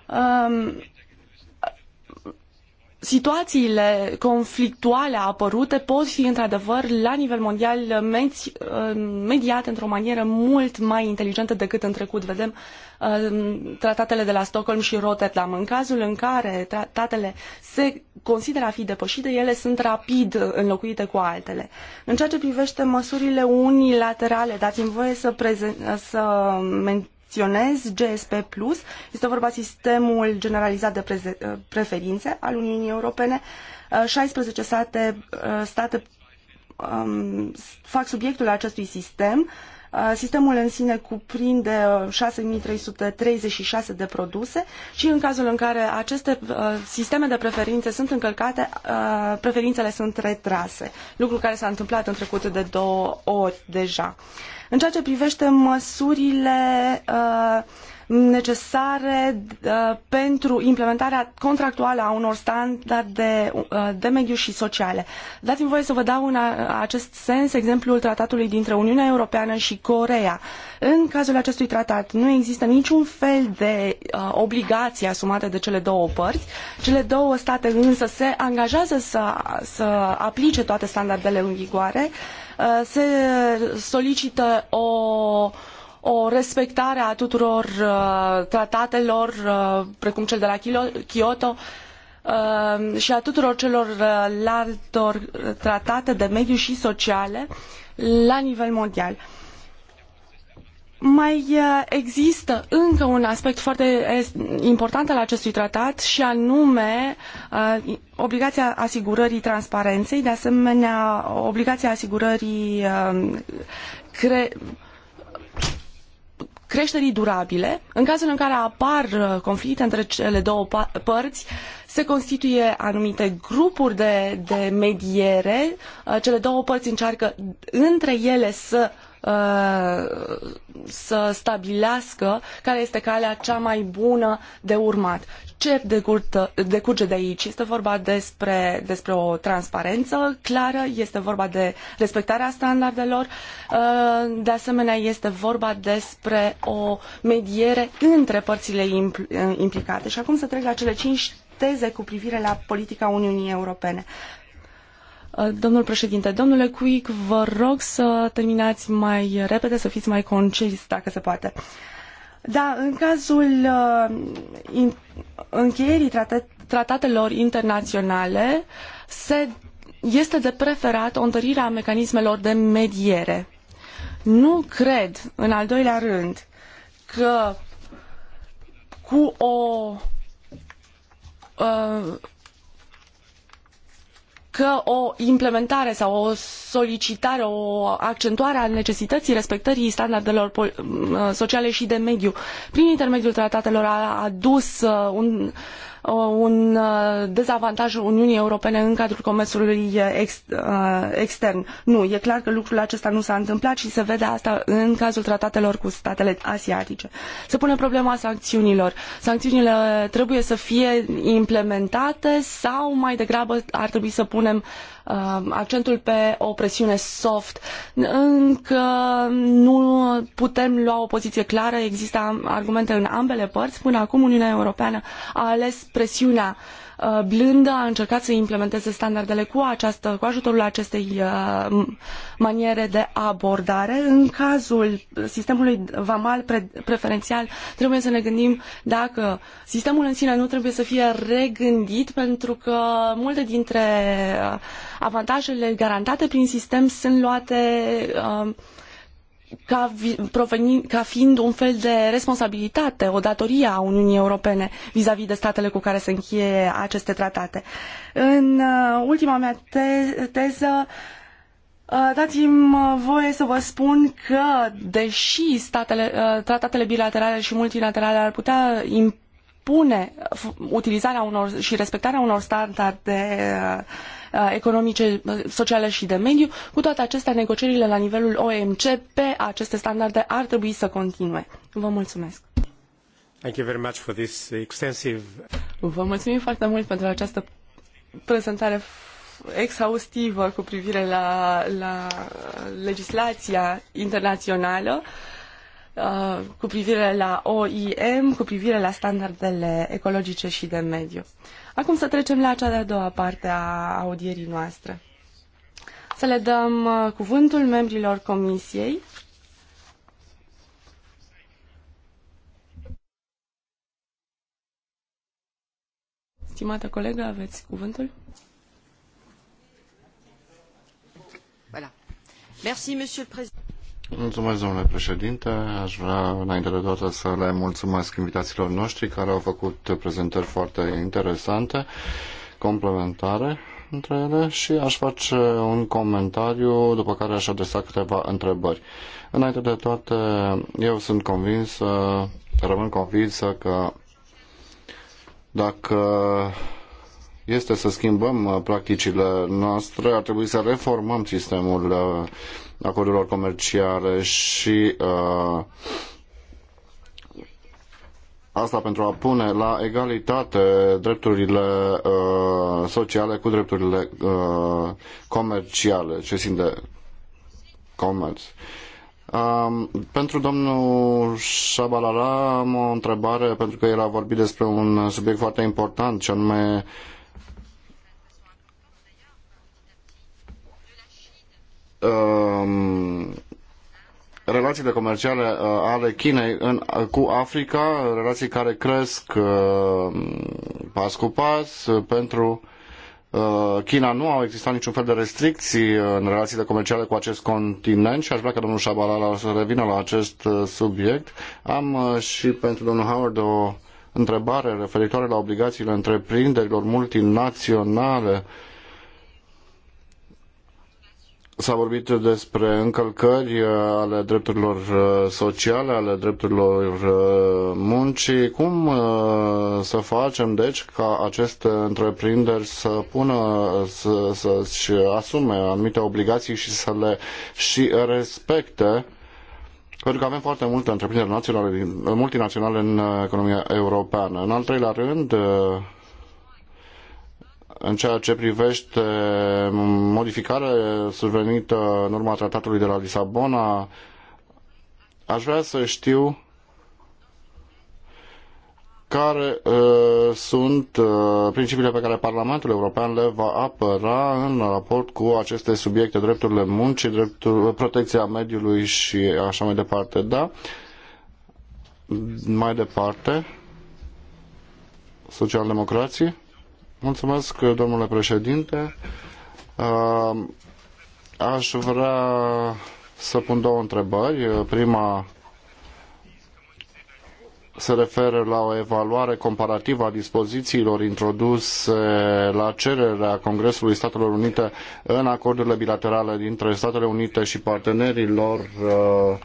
um, situațiile conflictuale apărute pot fi într-adevăr la nivel mondial uh, mediate într-o manieră mult mai inteligentă decât în trecut. Vedem uh, tratatele de la Stockholm și Rotterdam. În cazul în care tratatele se consideră a fi depășite, ele sunt rapid înlocuite cu altele. În ceea ce privește măsurile unilaterale, dați-mi voie să, prezen- să acționez GSP+. Este vorba sistemul generalizat de eh, preferințe al Uniunii Europene. 16 eh, state, eh, state um, fac subiectul acestui sistem. Uh, Sistemul în sine cuprinde 6336 de produse și în cazul în care aceste sisteme de preferințe sunt încălcate, preferințele sunt retrase, lucru care s-a întâmplat în trecut de două ori deja. În ceea ce privește măsurile uh, necesare uh, pentru implementarea contractuală a unor standarde uh, de mediu și sociale. Dați-mi voie să vă dau în acest sens exemplul tratatului dintre Uniunea Europeană și Coreea. În cazul acestui tratat nu există niciun fel de uh, obligație asumată de cele două părți. Cele două state însă se angajează să, să aplice toate standardele în vigoare. Se solicită o o respectare a tuturor uh, tratatelor, uh, precum cel de la Kyoto, uh, și a tuturor celor altor tratate de mediu și sociale la nivel mondial. Mai există încă un aspect foarte eh, important al acestui tratat și anume obligația asigurării transparenței, de asemenea obligația asigurării creșterii durabile, în cazul în care apar uh, conflicte între cele două părți, se constituie anumite grupuri de, de mediere, uh, cele două părți încearcă între ele să uh, să stabilească care este calea cea mai bună de urmat ce decurtă, decurge de aici? Este vorba despre, despre o transparență clară, este vorba de respectarea standardelor, uh, de asemenea este vorba despre o mediere între părțile uh, implicate. Și acum să trec la cele cinci teze cu privire la politica Uniunii Europene. Uh, domnul președinte, domnule Cuic, vă rog să terminați mai repede, să fiți mai concis, dacă se poate. Uh, da, în cazul uh, încheierii tratat tratatelor internaționale se, este de preferat o întărire a mecanismelor de mediere. Nu cred, în al doilea rând, că cu o uh, că o implementare sau o solicitare, o accentuare a necesității respectării standardelor uh, sociale și de mediu prin intermediul tratatelor a adus uh, un un uh, dezavantaj Uniunii Europene în cadrul comerțului ex, uh, extern. Nu, e clar că lucrul acesta nu s-a întâmplat și se vede asta în cazul tratatelor cu statele asiatice. Se pune problema sancțiunilor. Sancțiunile trebuie să fie implementate sau mai degrabă ar trebui să punem uh, Um, accentul pe o presiune soft. Încă nu putem lua o poziție clară, există argumente în ambele părți. Până acum Uniunea Europeană a ales presiunea uh, Uh, blândă a încercat să implementeze standardele cu, această, cu ajutorul acestei uh, maniere de abordare. În cazul sistemului vamal preferențial trebuie să ne gândim dacă sistemul în sine nu trebuie să fie regândit pentru că multe dintre uh, avantajele garantate prin sistem sunt luate ca, proveni, ca fiind un fel de responsabilitate, o datorie a Uniunii Europene vis-a-vis de statele cu care se încheie aceste tratate. În uh, ultima mea te- teză, uh, Dați-mi uh, voie să vă spun că, deși statele, tratatele bilaterale și multilaterale ar putea impune utilizarea unor și respectarea unor standarde uh, Uh, economice, uh, sociale și de mediu. Cu toate acestea, negocierile la nivelul OMC pe aceste standarde ar trebui să continue. Vă mulțumesc! Thank you very much for this extensive... Vă mulțumim foarte mult pentru această prezentare exhaustivă cu privire la, la legislația internațională uh, cu privire la OIM, cu privire la standardele ecologice și de mediu. Acum să trecem la cea de-a doua parte a audierii noastre. Să le dăm uh, cuvântul membrilor comisiei. Stimată colegă, aveți cuvântul? Voilà. Merci, monsieur le président. Mulțumesc, domnule președinte. Aș vrea, înainte de toate, să le mulțumesc invitațiilor noștri care au făcut prezentări foarte interesante, complementare între ele și aș face un comentariu, după care aș adresa câteva întrebări. Înainte de toate, eu sunt convins, rămân convinsă că dacă este să schimbăm uh, practicile noastre, ar trebui să reformăm sistemul uh, acordurilor comerciale și uh, asta pentru a pune la egalitate drepturile uh, sociale cu drepturile uh, comerciale, ce simt de comerț. Uh, pentru domnul Șabalala am o întrebare pentru că el a vorbit despre un subiect foarte important ce anume uh, Um, relațiile comerciale uh, ale Chinei în, cu Africa, relații care cresc uh, pas cu pas uh, pentru China nu au existat niciun fel de restricții în relațiile comerciale cu acest continent și aș vrea ca domnul Șabalala să revină la acest subiect. Am și pentru domnul Howard o întrebare referitoare la obligațiile întreprinderilor multinaționale uh, S-a vorbit despre încălcări uh, ale drepturilor uh, sociale, ale drepturilor uh, muncii. Cum să facem, deci, ca aceste întreprinderi să pună, să, și asume anumite obligații și să le și respecte? Pentru că avem foarte multe întreprinderi naționale, multinaționale în economia europeană. În al treilea rând, în ceea ce privește modificarea survenită în urma tratatului de la Lisabona, aș vrea să știu care uh, sunt uh, principiile pe care Parlamentul European le va apăra în raport cu aceste subiecte, drepturile muncii, dreptul, protecția mediului și așa mai departe. Da? Mai departe, social social-democrație? Mulțumesc, domnule președinte. Uh, aș vrea să pun două întrebări. Prima se referă la o evaluare comparativă a dispozițiilor introduse la cererea Congresului Statelor Unite în acordurile bilaterale dintre Statele Unite și partenerii lor. Uh,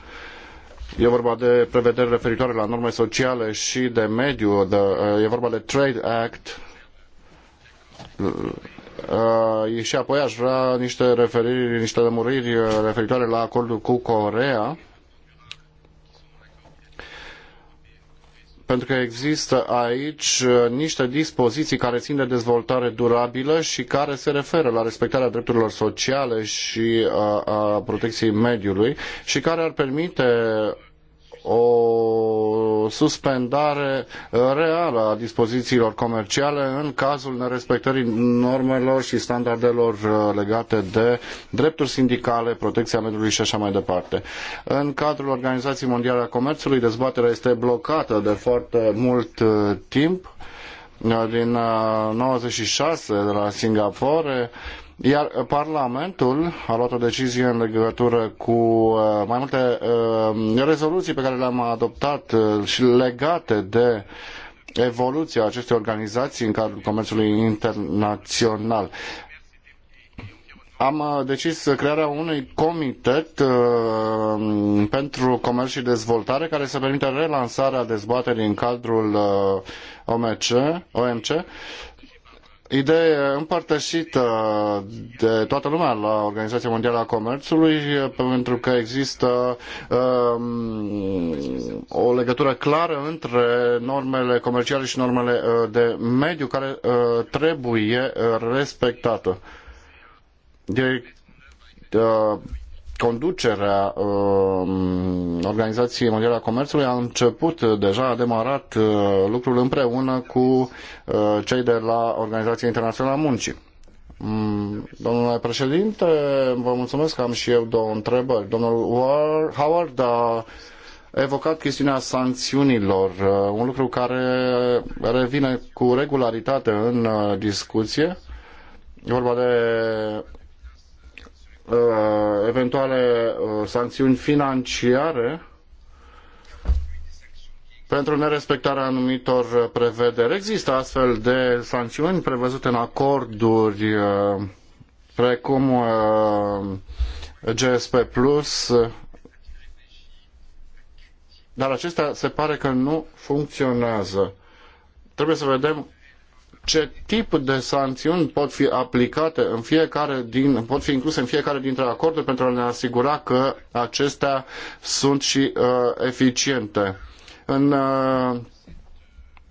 e vorba de prevederi referitoare la norme sociale și de mediu, de, uh, e vorba de Trade Act Uh, și apoi aș vrea niște referiri, niște lămuriri uh, referitoare la acordul cu Corea. Pentru că există aici uh, niște dispoziții care țin de dezvoltare durabilă și care se referă la respectarea drepturilor sociale și a, uh, a protecției mediului și care ar permite o suspendare reală a dispozițiilor comerciale în cazul nerespectării normelor și standardelor uh, legate de drepturi sindicale, protecția mediului și așa mai departe. În cadrul Organizației Mondiale a Comerțului, dezbaterea este blocată de foarte mult uh, timp uh, din 96 de la Singapore iar Parlamentul a luat o decizie în legătură cu uh, mai multe uh, rezoluții pe care le-am adoptat uh, și legate de evoluția acestei organizații în cadrul comerțului internațional. Am decis crearea unui comitet pentru comerț și dezvoltare care să permită relansarea dezbaterii în cadrul OMC, OMC idee împărtășită de toată lumea la Organizația Mondială a Comerțului, pentru că există um, o legătură clară între normele comerciale și normele uh, de mediu care uh, trebuie respectată. uh, uh conducerea uh, Organizației Mondiale a Comerțului a început uh, deja, a demarat uh, lucrul împreună cu cei de la Organizația Internațională a Muncii. Mm, domnule președinte, vă mulțumesc că am și eu două întrebări. Domnul Howard a evocat chestiunea sancțiunilor, un lucru care revine cu regularitate în discuție. E vorba de Uh, eventuale uh, sancțiuni financiare pentru nerespectarea anumitor prevederi. Există astfel de sancțiuni prevăzute în acorduri uh, precum GSP Plus, dar acestea se pare că nu funcționează. Trebuie să vedem ce tip de sancțiuni pot fi aplicate în fiecare din, pot fi incluse în fiecare dintre acorduri pentru a ne asigura că acestea sunt și uh, eficiente. În uh,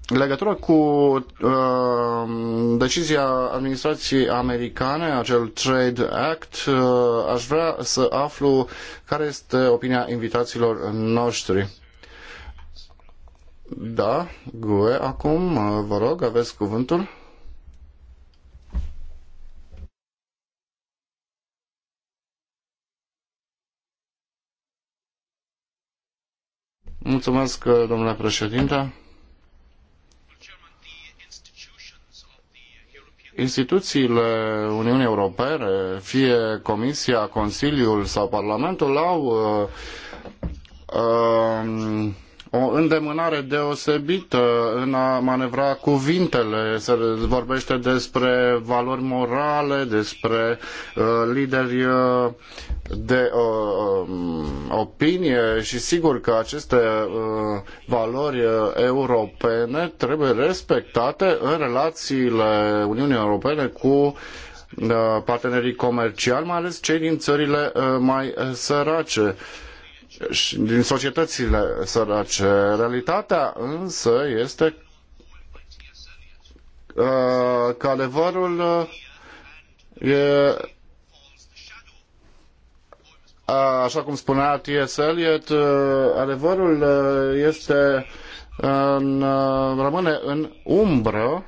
legătură cu uh, decizia administrației americane, acel Trade Act, uh, aș vrea să aflu care este opinia invitaților noștri. Da, GUE, acum vă rog, aveți cuvântul. Mulțumesc, domnule președinte. Instituțiile Uniunii Europene, fie Comisia, Consiliul sau Parlamentul, au uh, uh, o îndemânare deosebită în a manevra cuvintele. Se vorbește despre valori morale, despre uh, lideri uh, de uh, um, opinie și sigur că aceste uh, valori uh, europene trebuie respectate în relațiile Uniunii Europene cu uh, partenerii comerciali, mai ales cei din țările uh, mai sărace din societățile sărace. Realitatea însă este uh, că adevărul uh, e uh, așa cum spunea TSL, Eliot, adevărul este în, rămâne în umbră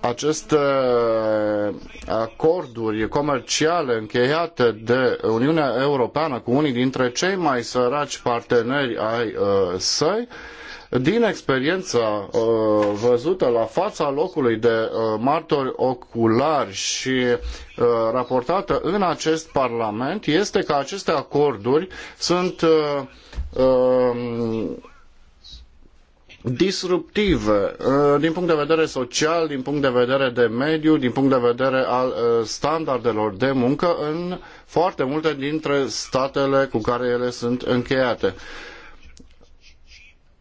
aceste uh, acorduri comerciale încheiate de Uniunea Europeană cu unii dintre cei mai săraci parteneri ai uh, săi, din experiența uh, văzută la fața locului de martori oculari și raportată în acest Parlament, este că aceste acorduri sunt um, disruptive uh, din punct de vedere social, din punct de vedere de mediu, din punct de vedere al uh, standardelor de muncă în foarte multe dintre statele cu care ele sunt încheiate.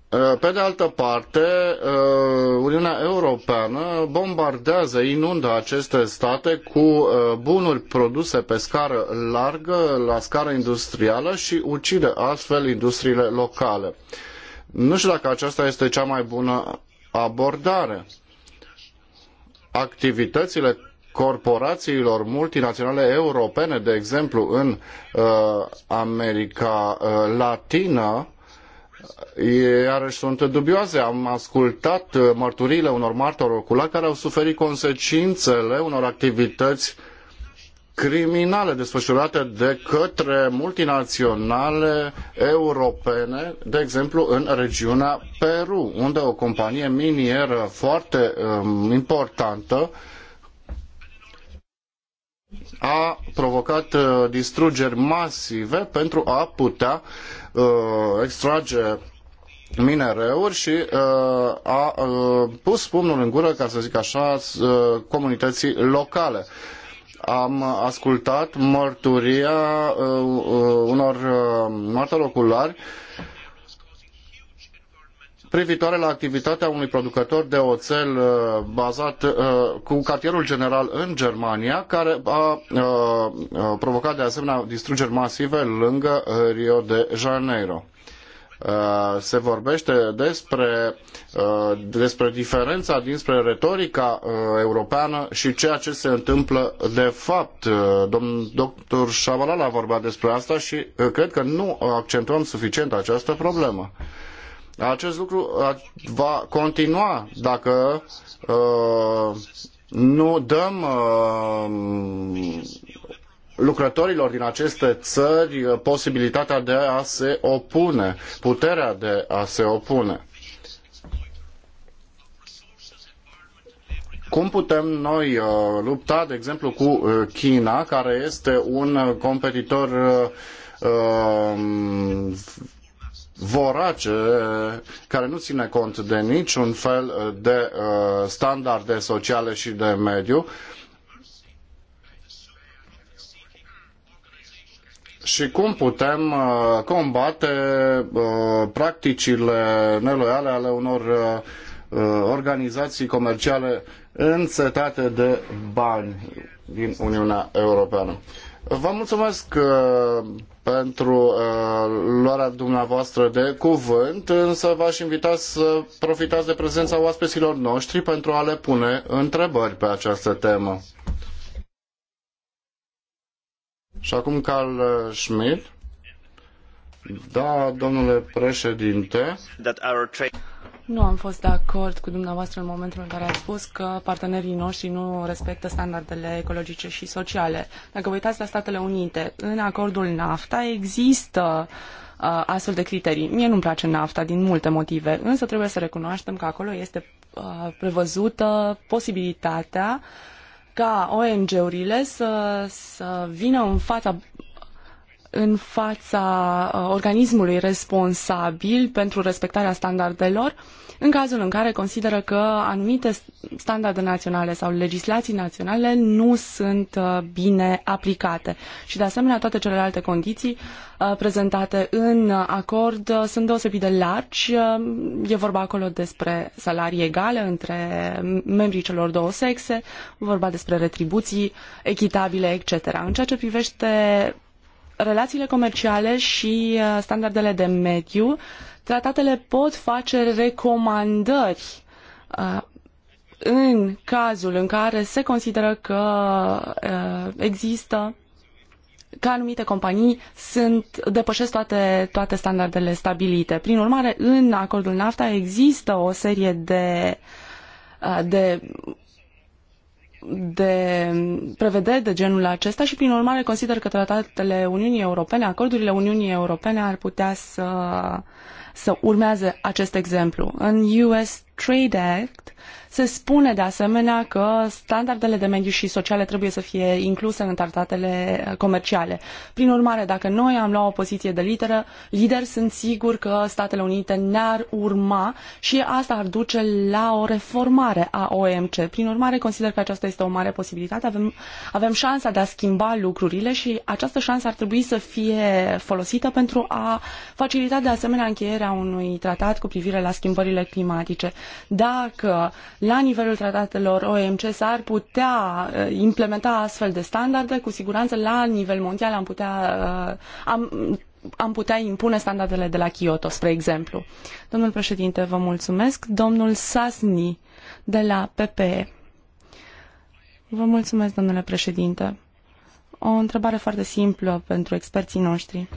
Uh, pe de altă parte, Uniunea Europeană bombardează, inundă aceste state cu bunuri produse pe scară largă, la scară industrială și ucide astfel industriile locale. Nu știu dacă aceasta este cea mai bună abordare. Activitățile corporațiilor multinaționale europene, de exemplu în uh, America uh, Latină, iarăși sunt dubioase. Am ascultat uh, mărturiile unor martori oculari care au suferit consecințele unor activități uh, criminale desfășurate de către multinaționale europene, de exemplu în regiunea Peru, unde o companie minieră foarte um, importantă a provocat uh, distrugeri masive pentru a putea uh, extrage minereuri și uh, a uh, pus pumnul în gură, ca să zic așa, uh, comunității locale. Uh, am ascultat mărturia uh, uh, unor uh, martori oculari privitoare la activitatea unui producător de oțel bazat cu cartierul general în Germania, care a provocat de asemenea distrugeri masive lângă Rio de Janeiro. Uh, se vorbește despre, uh, despre diferența dinspre retorica uh, europeană și ceea ce se întâmplă de fapt. Domnul doctor Șabalala a vorbit despre asta și cred că nu accentuăm suficient această problemă. Acest lucru va continua dacă nu dăm lucrătorilor din aceste țări uh, posibilitatea de a se opune, puterea de a se opune. Cum putem noi uh, lupta, de exemplu, cu uh, China, care este un competitor uh, um, vorace, care nu ține cont de niciun fel uh, de uh, standarde sociale și de mediu, uh, și cum putem uh, combate uh, practicile neloiale ale unor uh, organizații comerciale înțetate de bani din Uniunea Europeană. Vă mulțumesc pentru luarea dumneavoastră de cuvânt, însă v-aș invita să profitați de prezența oaspeților noștri pentru a le pune întrebări pe această temă. Și acum Carl Schmidt. Da, domnule președinte. Nu am fost de acord cu dumneavoastră în momentul în care ați spus că partenerii noștri nu respectă standardele ecologice și sociale. Dacă vă uitați la Statele Unite, în acordul NAFTA există uh, astfel de criterii. Mie nu-mi place NAFTA din multe motive, însă trebuie să recunoaștem că acolo este uh, prevăzută posibilitatea uh, ca ONG-urile să, să vină în fața în fața uh, organismului responsabil pentru respectarea standardelor în cazul în care consideră că anumite standarde naționale sau legislații naționale nu sunt uh, bine aplicate. Și de asemenea toate celelalte condiții uh, prezentate în acord sunt deosebit de largi. E vorba acolo despre salarii egale între membrii celor două sexe, vorba despre retribuții echitabile, etc. În ceea ce privește relațiile comerciale și uh, standardele de mediu, tratatele pot face recomandări uh, în cazul în care se consideră că uh, există că anumite companii sunt, depășesc toate, toate standardele stabilite. Prin urmare, în acordul NAFTA există o serie de, de de prevederi de genul acesta și, prin urmare, consider că tratatele Uniunii Europene, acordurile Uniunii Europene ar putea să, să urmeze acest exemplu. În US Trade Act se spune de asemenea că standardele de mediu și sociale trebuie să fie incluse în tratatele comerciale. Prin urmare, dacă noi am luat o poziție de lideră, lider, sunt sigur că Statele Unite ne-ar urma și asta ar duce la o reformare a OMC. Prin urmare, consider că aceasta este o mare posibilitate. Avem, avem șansa de a schimba lucrurile și această șansă ar trebui să fie folosită pentru a facilita de asemenea încheierea unui tratat cu privire la schimbările climatice. Dacă la nivelul tratatelor OMC s-ar putea uh, implementa astfel de standarde, cu siguranță la nivel mondial am putea, uh, am, am putea impune standardele de la Kyoto, spre exemplu. Domnul președinte, vă mulțumesc. Domnul Sasni de la PPE. Vă mulțumesc, domnule președinte. O întrebare foarte simplă pentru experții noștri.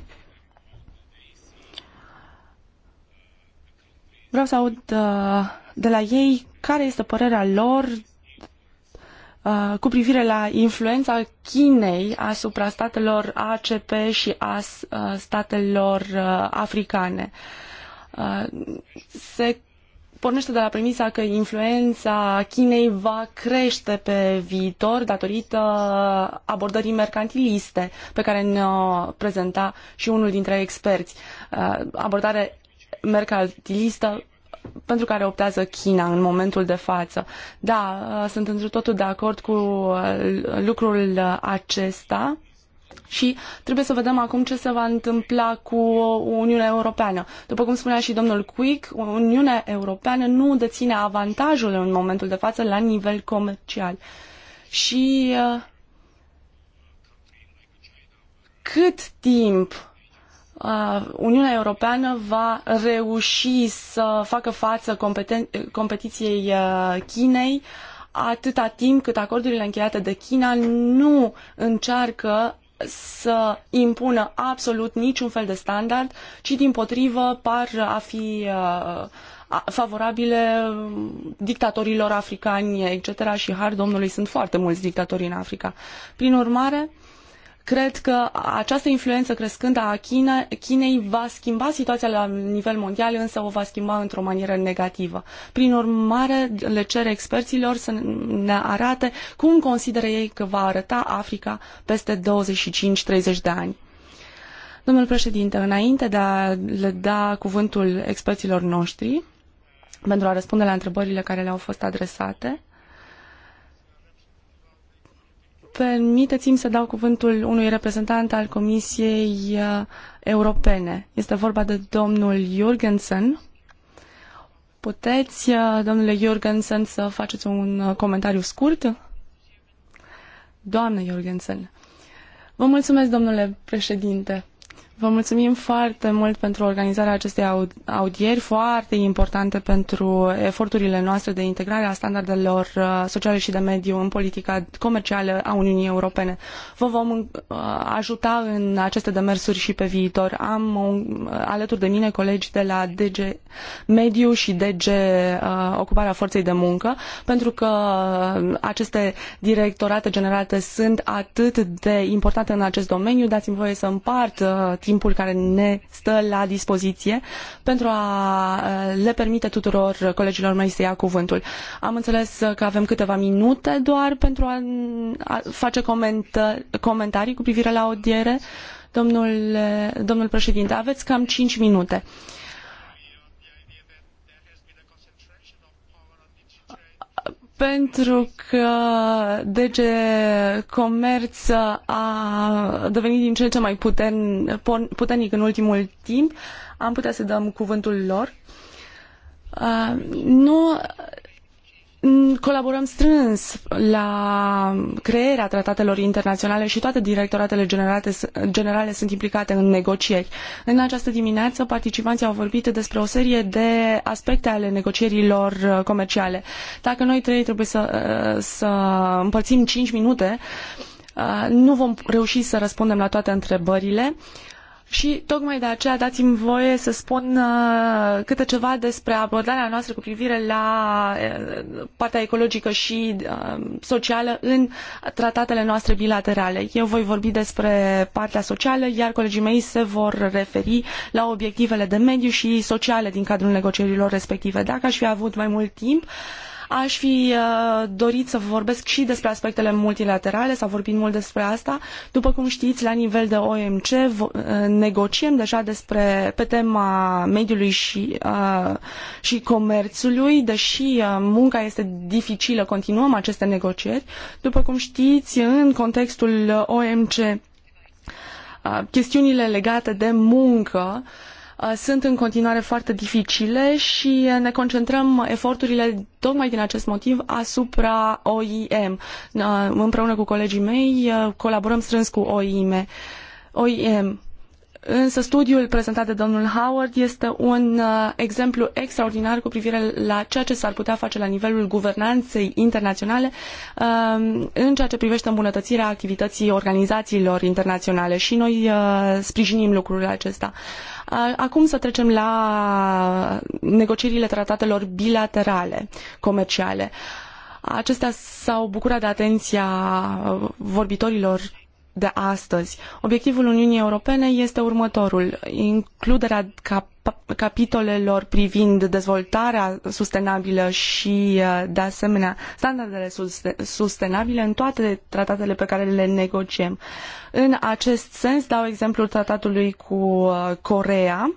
Vreau să aud uh, de la ei care este părerea lor uh, cu privire la influența Chinei asupra statelor ACP și a uh, statelor uh, africane. Uh, se pornește de la premisa că influența Chinei va crește pe viitor datorită abordării mercantiliste pe care ne-o prezenta și unul dintre experți. Uh, abordare mercantilistă pentru care optează China în momentul de față. Da, uh, sunt într totul de acord cu uh, lucrul acesta. Și trebuie să vedem acum ce se va întâmpla cu Uniunea Europeană. După cum spunea și domnul Quick, Uniunea Europeană nu deține avantajul în momentul de față la nivel comercial. Și uh, cât timp Uh, Uniunea Europeană va reuși să facă față competen- competiției uh, Chinei atâta timp cât acordurile încheiate de China nu încearcă să impună absolut niciun fel de standard, ci din potrivă par a fi uh, favorabile dictatorilor africani, etc. Și har Domnului sunt foarte mulți dictatori în Africa. Prin urmare, Cred că această influență crescândă a China, Chinei va schimba situația la nivel mondial, însă o va schimba într-o manieră negativă. Prin urmare, le cer experților să ne arate cum consideră ei că va arăta Africa peste 25-30 de ani. Domnul președinte, înainte de a le da cuvântul experților noștri pentru a răspunde la întrebările care le-au fost adresate, permiteți-mi să dau cuvântul unui reprezentant al Comisiei uh, Europene. Este vorba de domnul Jurgensen. Puteți, uh, domnule Jurgensen, să faceți un uh, comentariu scurt? Doamnă Jurgensen. Vă mulțumesc, domnule președinte. Vă mulțumim foarte mult pentru organizarea acestei audieri, foarte importante pentru eforturile noastre de integrare a standardelor uh, sociale și de mediu în politica comercială a Uniunii Europene. Vă vom uh, ajuta în aceste demersuri și pe viitor. Am uh, alături de mine colegi de la DG Mediu și DG Ocuparea Forței de Muncă, pentru că aceste directorate generate sunt atât de importante în acest domeniu. Dați-mi voie să împart timpul care ne stă la dispoziție pentru a eh, le permite tuturor colegilor mei să ia cuvântul. Am înțeles că avem câteva minute doar pentru a face comentarii cu privire la audiere. Domnul, domnul președinte, aveți cam 5 minute. pentru că DG Comerț a devenit din ce în ce mai puternic în ultimul timp, am putea să dăm cuvântul lor. Uh, nu Mm, colaborăm strâns la crearea tratatelor internaționale și toate directoratele generale sunt implicate în negocieri. În această dimineață, participanții au vorbit despre o serie de aspecte ale negocierilor uh, comerciale. Dacă noi trei trebuie să, uh, să împărțim cinci minute, uh, nu vom reuși să răspundem la toate întrebările. Și tocmai de aceea dați-mi voie să spun uh, câte ceva despre abordarea noastră cu privire la uh, partea ecologică și uh, socială în tratatele noastre bilaterale. Eu voi vorbi despre partea socială, iar colegii mei se vor referi la obiectivele de mediu și sociale din cadrul negocierilor respective. Dacă aș fi avut mai mult timp, uh, Aș fi uh, dorit să vorbesc și despre aspectele multilaterale, s-a vorbit mult despre asta. După cum știți, la nivel de OMC uh, negociem deja despre, pe tema mediului și, uh, și comerțului, deși munca este dificilă, continuăm aceste negocieri. După cum știți, în contextul OMC, chestiunile legate de muncă Uh, sunt în continuare foarte dificile și uh, ne concentrăm eforturile tocmai din acest motiv asupra OIM. Uh, împreună cu colegii mei colaborăm strâns cu OIM. OIM. Însă studiul prezentat de domnul Howard este un uh, exemplu extraordinar cu privire la ceea ce s-ar putea face la nivelul guvernanței internaționale um, în ceea ce privește îmbunătățirea activității organizațiilor internaționale și noi uh, sprijinim lucrul acesta. Uh, acum să trecem la negocierile tratatelor bilaterale comerciale. Acestea s-au bucurat de atenția vorbitorilor de astăzi. Obiectivul Uniunii Europene este următorul. Includerea cap- capitolelor privind dezvoltarea sustenabilă și, uh, de asemenea, standardele sustenabile în toate tratatele pe care le negociem. În acest sens, dau exemplul tratatului cu uh, Coreea.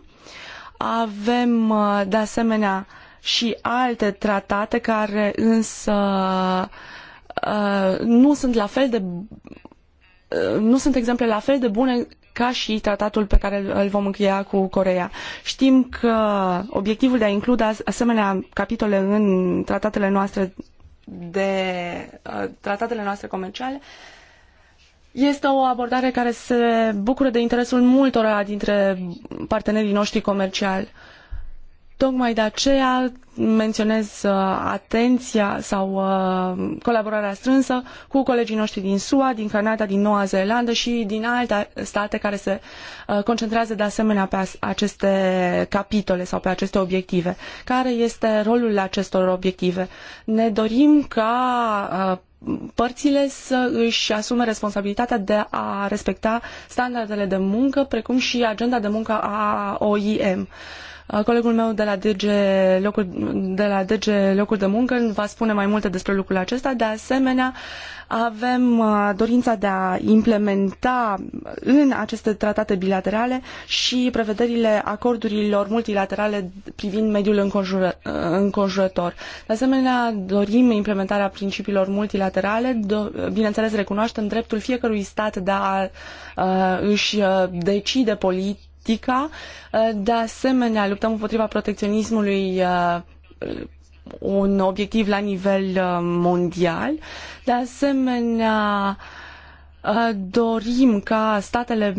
Avem, uh, de asemenea, și alte tratate care însă nu sunt la fel de Uh, nu sunt exemple la fel de bune ca și tratatul pe care îl vom încheia cu Coreea. Știm că obiectivul de a include asemenea capitole în tratatele noastre de uh, tratatele noastre comerciale este o abordare care se bucură de interesul multora dintre partenerii noștri comerciali. Tocmai de aceea menționez uh, atenția sau uh, colaborarea strânsă cu colegii noștri din SUA, din Canada, din Noua Zeelandă și din alte state care se uh, concentrează de asemenea pe aceste capitole sau pe aceste obiective. Care este rolul acestor obiective? Ne dorim ca părțile să își asume responsabilitatea de a respecta standardele de muncă, precum și agenda de muncă a OIM. Uh, Colegul meu de la DG locul de, la DG locul de muncă va spune mai multe despre lucrul acesta. De asemenea, avem dorința de a implementa în aceste tratate bilaterale și prevederile acordurilor multilaterale privind mediul înconjurător. De asemenea, dorim implementarea principiilor multilaterale. Do- bineînțeles, recunoaștem dreptul fiecărui stat de a uh, își decide politici politica. Uh, de asemenea, luptăm împotriva protecționismului uh, un obiectiv la nivel uh, mondial. De asemenea, Uh, dorim ca statele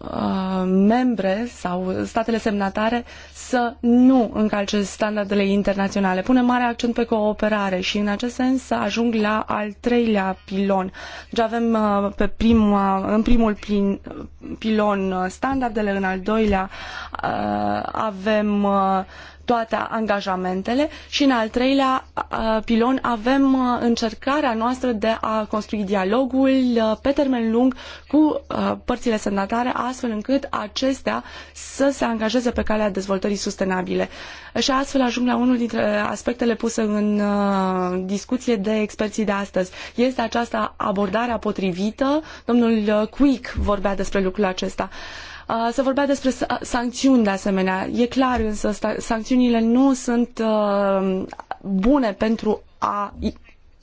uh, membre sau statele semnatare să nu încalce standardele internaționale. punem mare accent pe cooperare și în acest sens să ajung la al treilea pilon. Deci avem uh, pe prima, în primul plin, pilon standardele, în al doilea avem toate angajamentele și în al treilea pilon avem încercarea noastră de a construi dialogul pe termen lung cu părțile semnatare astfel încât acestea să se angajeze pe calea dezvoltării sustenabile. Și astfel ajung la unul dintre aspectele puse în discuție de experții de astăzi. Este aceasta abordarea potrivită? Domnul Quick vorbea despre lucrul acesta. Se vorbea despre sancțiuni de asemenea. E clar însă, sancțiunile nu sunt bune pentru a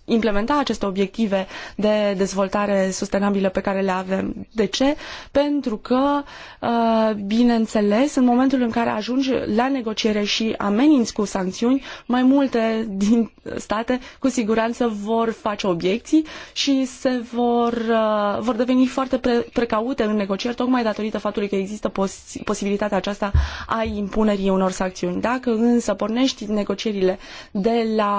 implementa aceste obiective de dezvoltare sustenabilă pe care le avem. De ce? Pentru că, uh, bineînțeles, în momentul în care ajungi la negociere și ameninți cu sancțiuni, mai multe din state cu siguranță vor face obiecții și se vor, uh, vor deveni foarte pre- precaute în negocieri, tocmai datorită faptului că există pos- posibilitatea aceasta a impunerii unor sancțiuni. Dacă însă pornești negocierile de la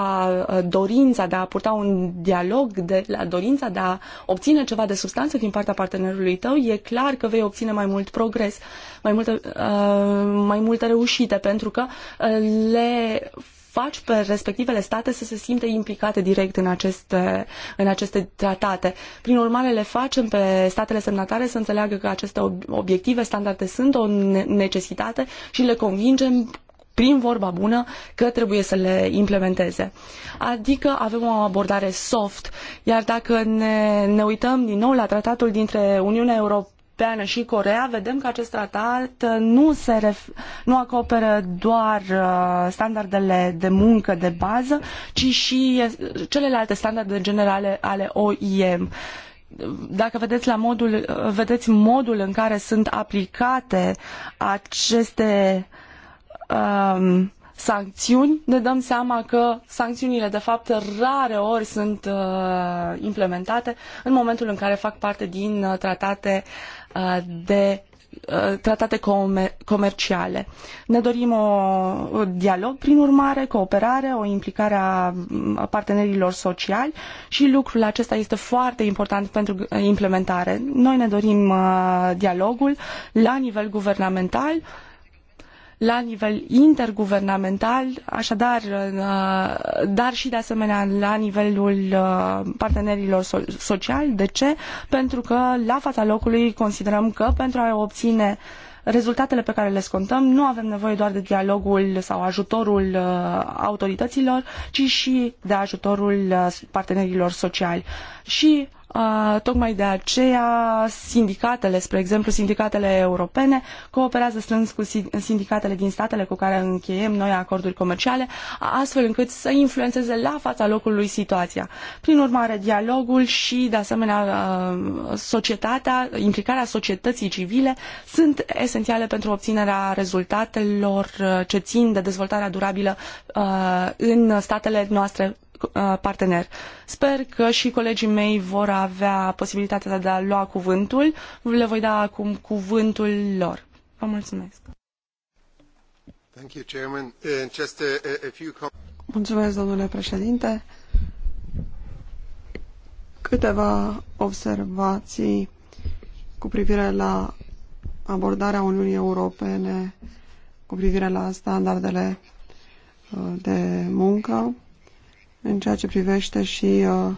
uh, dorința de a purta la un dialog, de, la dorința de a obține ceva de substanță din partea partenerului tău, e clar că vei obține mai mult progres, mai multe, uh, mai multe reușite, pentru că uh, le faci pe respectivele state să se simte implicate direct în aceste, în aceste tratate. Prin urmare, le facem pe statele semnatare să înțeleagă că aceste obiective, standarde sunt o necesitate și le convingem prin vorba bună că trebuie să le implementeze. Adică avem o abordare soft, iar dacă ne, ne uităm din nou la tratatul dintre Uniunea Europeană și Coreea, vedem că acest tratat nu, se ref, nu acoperă doar uh, standardele de muncă de bază, ci și uh, celelalte standarde generale ale OIM. Dacă vedeți, la modul, vedeți modul în care sunt aplicate aceste uh, um, sancțiuni, ne dăm seama că sancțiunile de fapt rare ori sunt uh, implementate în momentul în care fac parte din uh, tratate uh, de uh, tratate comerciale. Ne dorim o, dialog, prin urmare, cooperare, o implicare a, partenerilor sociali și lucrul acesta este foarte important pentru uh, implementare. Noi ne dorim dialogul la nivel guvernamental, la nivel interguvernamental, așadar, uh, dar și de asemenea la nivelul uh, partenerilor sociali. De ce? Pentru că la fața locului considerăm că pentru a obține rezultatele pe care le scontăm, nu avem nevoie doar de dialogul sau ajutorul uh, autorităților, ci și de ajutorul partenerilor sociali. Și Tocmai de aceea sindicatele, spre exemplu sindicatele europene, cooperează strâns cu sindicatele din statele cu care încheiem noi acorduri comerciale, astfel încât să influențeze la fața locului situația. Prin urmare, dialogul și, de asemenea, societatea, implicarea societății civile sunt esențiale pentru obținerea rezultatelor ce țin de dezvoltarea durabilă în statele noastre Uh, parteneri. Sper că și colegii mei vor avea posibilitatea de a lua cuvântul. Le voi da acum cuvântul lor. Vă mulțumesc. Uh, mulțumesc, domnule președinte. Câteva observații cu privire la abordarea Uniunii Europene cu privire la standardele uh, de muncă în ceea ce privește și uh,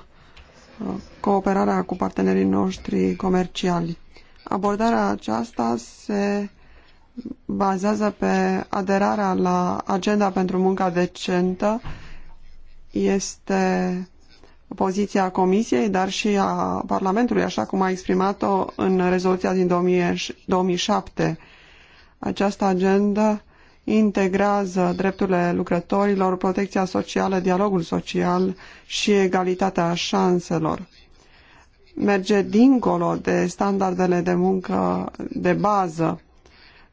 uh, cooperarea cu partenerii noștri comerciali. Abordarea aceasta se bazează pe aderarea la agenda pentru munca decentă. Este poziția Comisiei, dar și a Parlamentului, așa cum a exprimat-o în rezoluția din 2007. Această agendă integrează drepturile lucrătorilor, protecția socială, dialogul social și egalitatea șanselor. Merge dincolo de standardele de muncă de bază.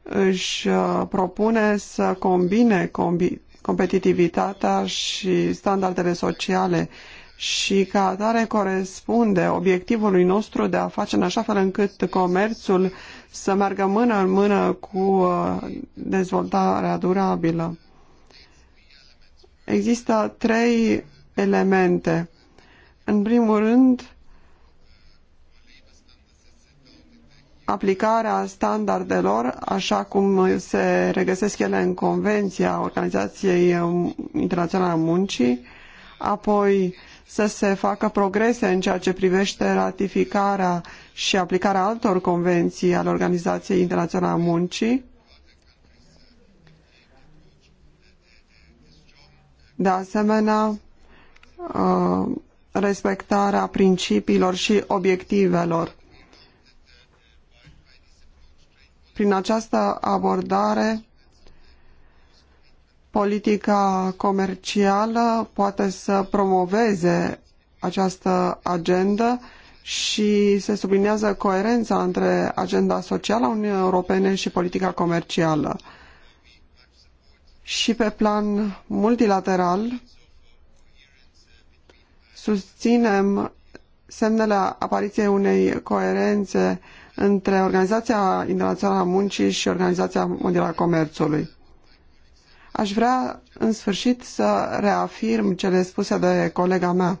Își uh, propune să combine combi competitivitatea și standardele sociale și ca atare corespunde obiectivului nostru de a face în așa fel încât comerțul să meargă mână în mână cu uh, dezvoltarea durabilă. Există trei elemente. În primul rând, aplicarea standardelor, așa cum se regăsesc ele în Convenția Organizației Internaționale a Muncii, apoi să se facă progrese în ceea ce privește ratificarea și aplicarea altor convenții ale Organizației Internaționale a Muncii. De asemenea, uh, respectarea principiilor și obiectivelor. Prin această abordare politica comercială poate să promoveze această agendă și se subliniază coerența între agenda socială a Uniunii Europene și politica comercială. Și pe plan multilateral susținem semnele apariției unei coerențe între Organizația Internațională a Muncii și Organizația Mondială a Comerțului. Aș vrea, în sfârșit, să reafirm cele spuse de colega mea.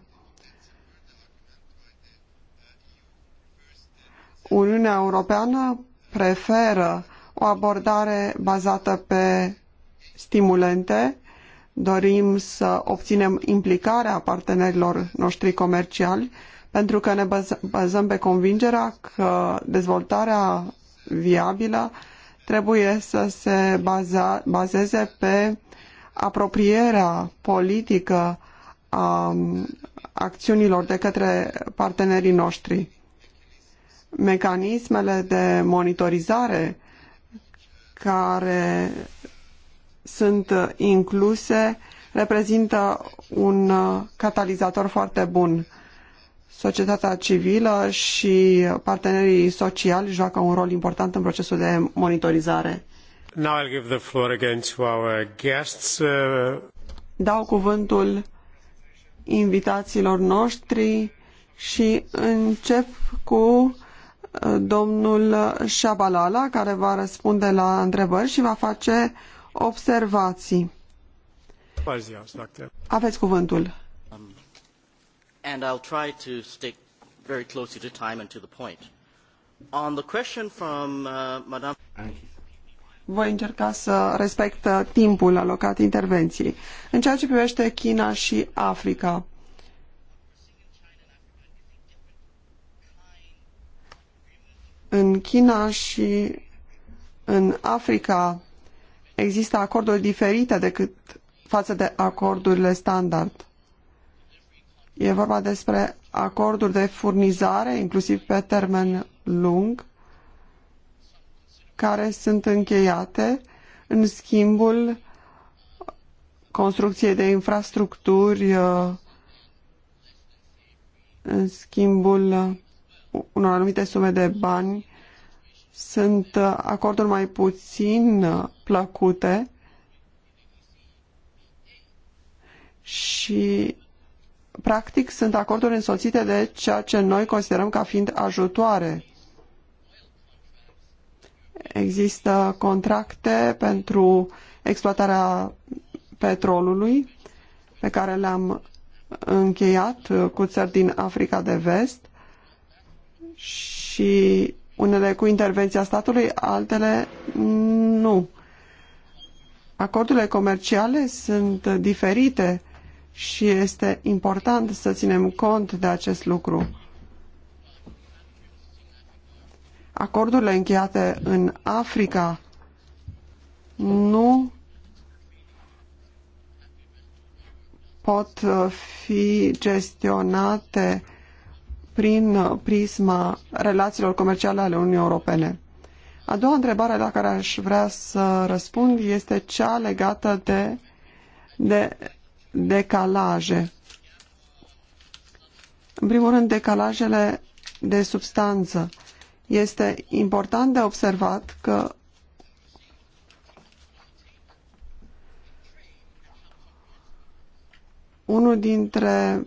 Uniunea Europeană preferă o abordare bazată pe stimulente. Dorim să obținem implicarea partenerilor noștri comerciali pentru că ne bazăm pe convingerea că dezvoltarea viabilă trebuie să se baza, bazeze pe apropierea politică a um, acțiunilor de către partenerii noștri. Mecanismele de monitorizare care sunt incluse reprezintă un catalizator foarte bun societatea civilă și partenerii sociali joacă un rol important în procesul de monitorizare. Now I'll give the floor again to our guests. Uh, Dau cuvântul invitațiilor noștri și încep cu uh, domnul Shabalala, care va răspunde la întrebări și va face observații. Aveți cuvântul and I'll try to stick very closely to time and to the point. On the question from uh, Madame... Voi încerca să respect uh, timpul alocat intervenției. În ceea ce privește China și Africa, în China și în Africa există acorduri diferite decât față de acordurile standard. E vorba despre acorduri de furnizare, inclusiv pe termen lung, care sunt încheiate în schimbul construcției de infrastructuri, uh, în schimbul unor anumite sume de bani. Sunt uh, acorduri mai puțin uh, plăcute și practic sunt acorduri însoțite de ceea ce noi considerăm ca fiind ajutoare. Există contracte pentru exploatarea petrolului pe care le-am încheiat cu țări din Africa de Vest și unele cu intervenția statului, altele nu. Acordurile comerciale sunt diferite și este important să ținem cont de acest lucru. Acordurile încheiate în Africa nu pot uh, fi gestionate prin prisma relațiilor comerciale ale Uniunii Europene. A doua întrebare la care aș vrea să răspund este cea legată de, de decalaje. În primul rând, decalajele de substanță. Este important de observat că unul dintre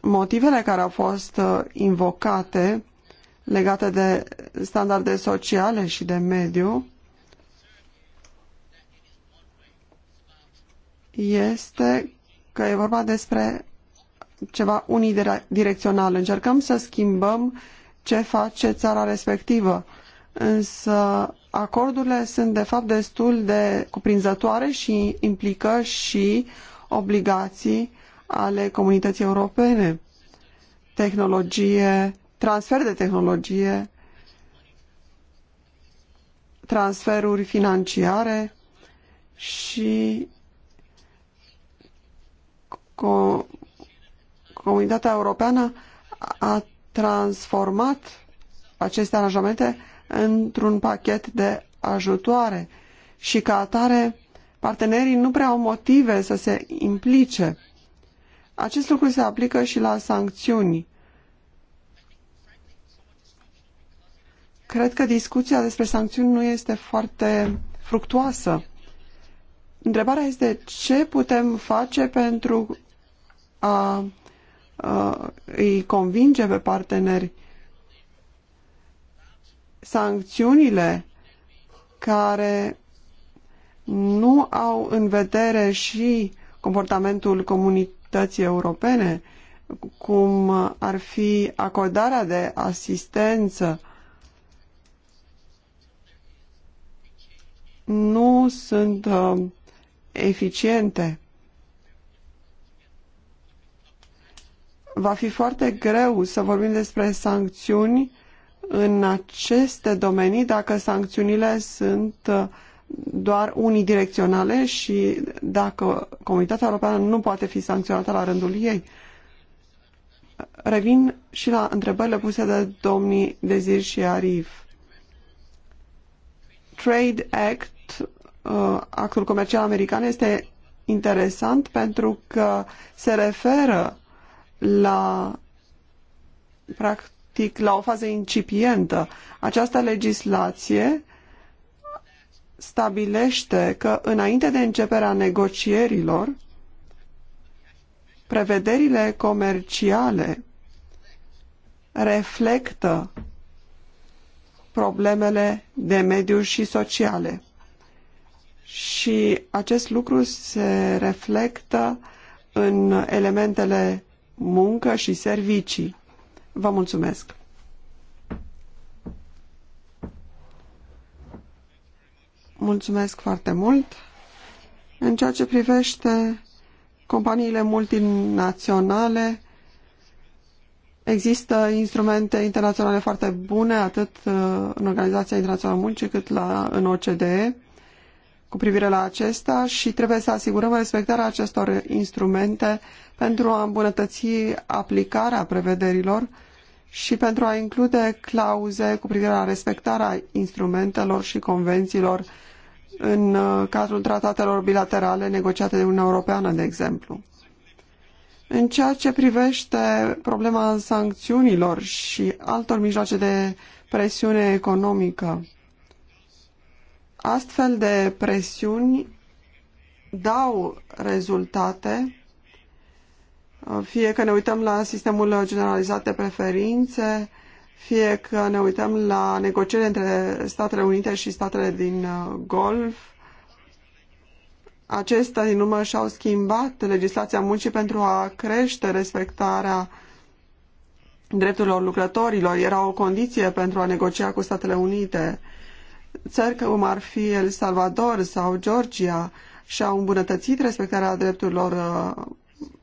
motivele care au fost uh, invocate legate de standarde sociale și de mediu este că e vorba despre ceva unidirecțional. Încercăm să schimbăm ce face țara respectivă. Însă acordurile sunt de fapt destul de cuprinzătoare și implică și obligații ale comunității europene. Tehnologie, transfer de tehnologie, transferuri financiare și Comunitatea Europeană a transformat aceste aranjamente într-un pachet de ajutoare și ca atare partenerii nu prea au motive să se implice. Acest lucru se aplică și la sancțiuni. Cred că discuția despre sancțiuni nu este foarte fructuoasă. Întrebarea este ce putem face pentru a, a îi convinge pe parteneri. Sancțiunile care nu au în vedere și comportamentul comunității europene, cum ar fi acordarea de asistență, nu sunt eficiente. va fi foarte greu să vorbim despre sancțiuni în aceste domenii dacă sancțiunile sunt uh, doar unidirecționale și dacă comunitatea europeană nu poate fi sancționată la rândul ei. Revin și la întrebările puse de domnii Dezir și Arif. Trade Act, uh, actul comercial american, este interesant pentru că se referă la practic la o fază incipientă. Această legislație stabilește că înainte de începerea negocierilor, prevederile comerciale reflectă problemele de mediu și sociale. Și acest lucru se reflectă în elementele muncă și servicii. Vă mulțumesc! Mulțumesc foarte mult! În ceea ce privește companiile multinaționale, există instrumente internaționale foarte bune, atât uh, în Organizația Internațională a Muncii, cât la, în OCDE, cu privire la acesta și trebuie să asigurăm respectarea acestor instrumente pentru a îmbunătăți aplicarea prevederilor și pentru a include clauze cu privire la respectarea instrumentelor și convențiilor în uh, cadrul tratatelor bilaterale negociate de Uniunea Europeană, de exemplu. În ceea ce privește problema sancțiunilor și altor mijloace de presiune economică, astfel de presiuni dau rezultate fie că ne uităm la sistemul generalizat de preferințe, fie că ne uităm la negocierile între Statele Unite și statele din uh, Golf, acestea din urmă și-au schimbat legislația muncii pentru a crește respectarea drepturilor lucrătorilor. Era o condiție pentru a negocia cu Statele Unite. Țări cum ar fi El Salvador sau Georgia și-au îmbunătățit respectarea drepturilor uh,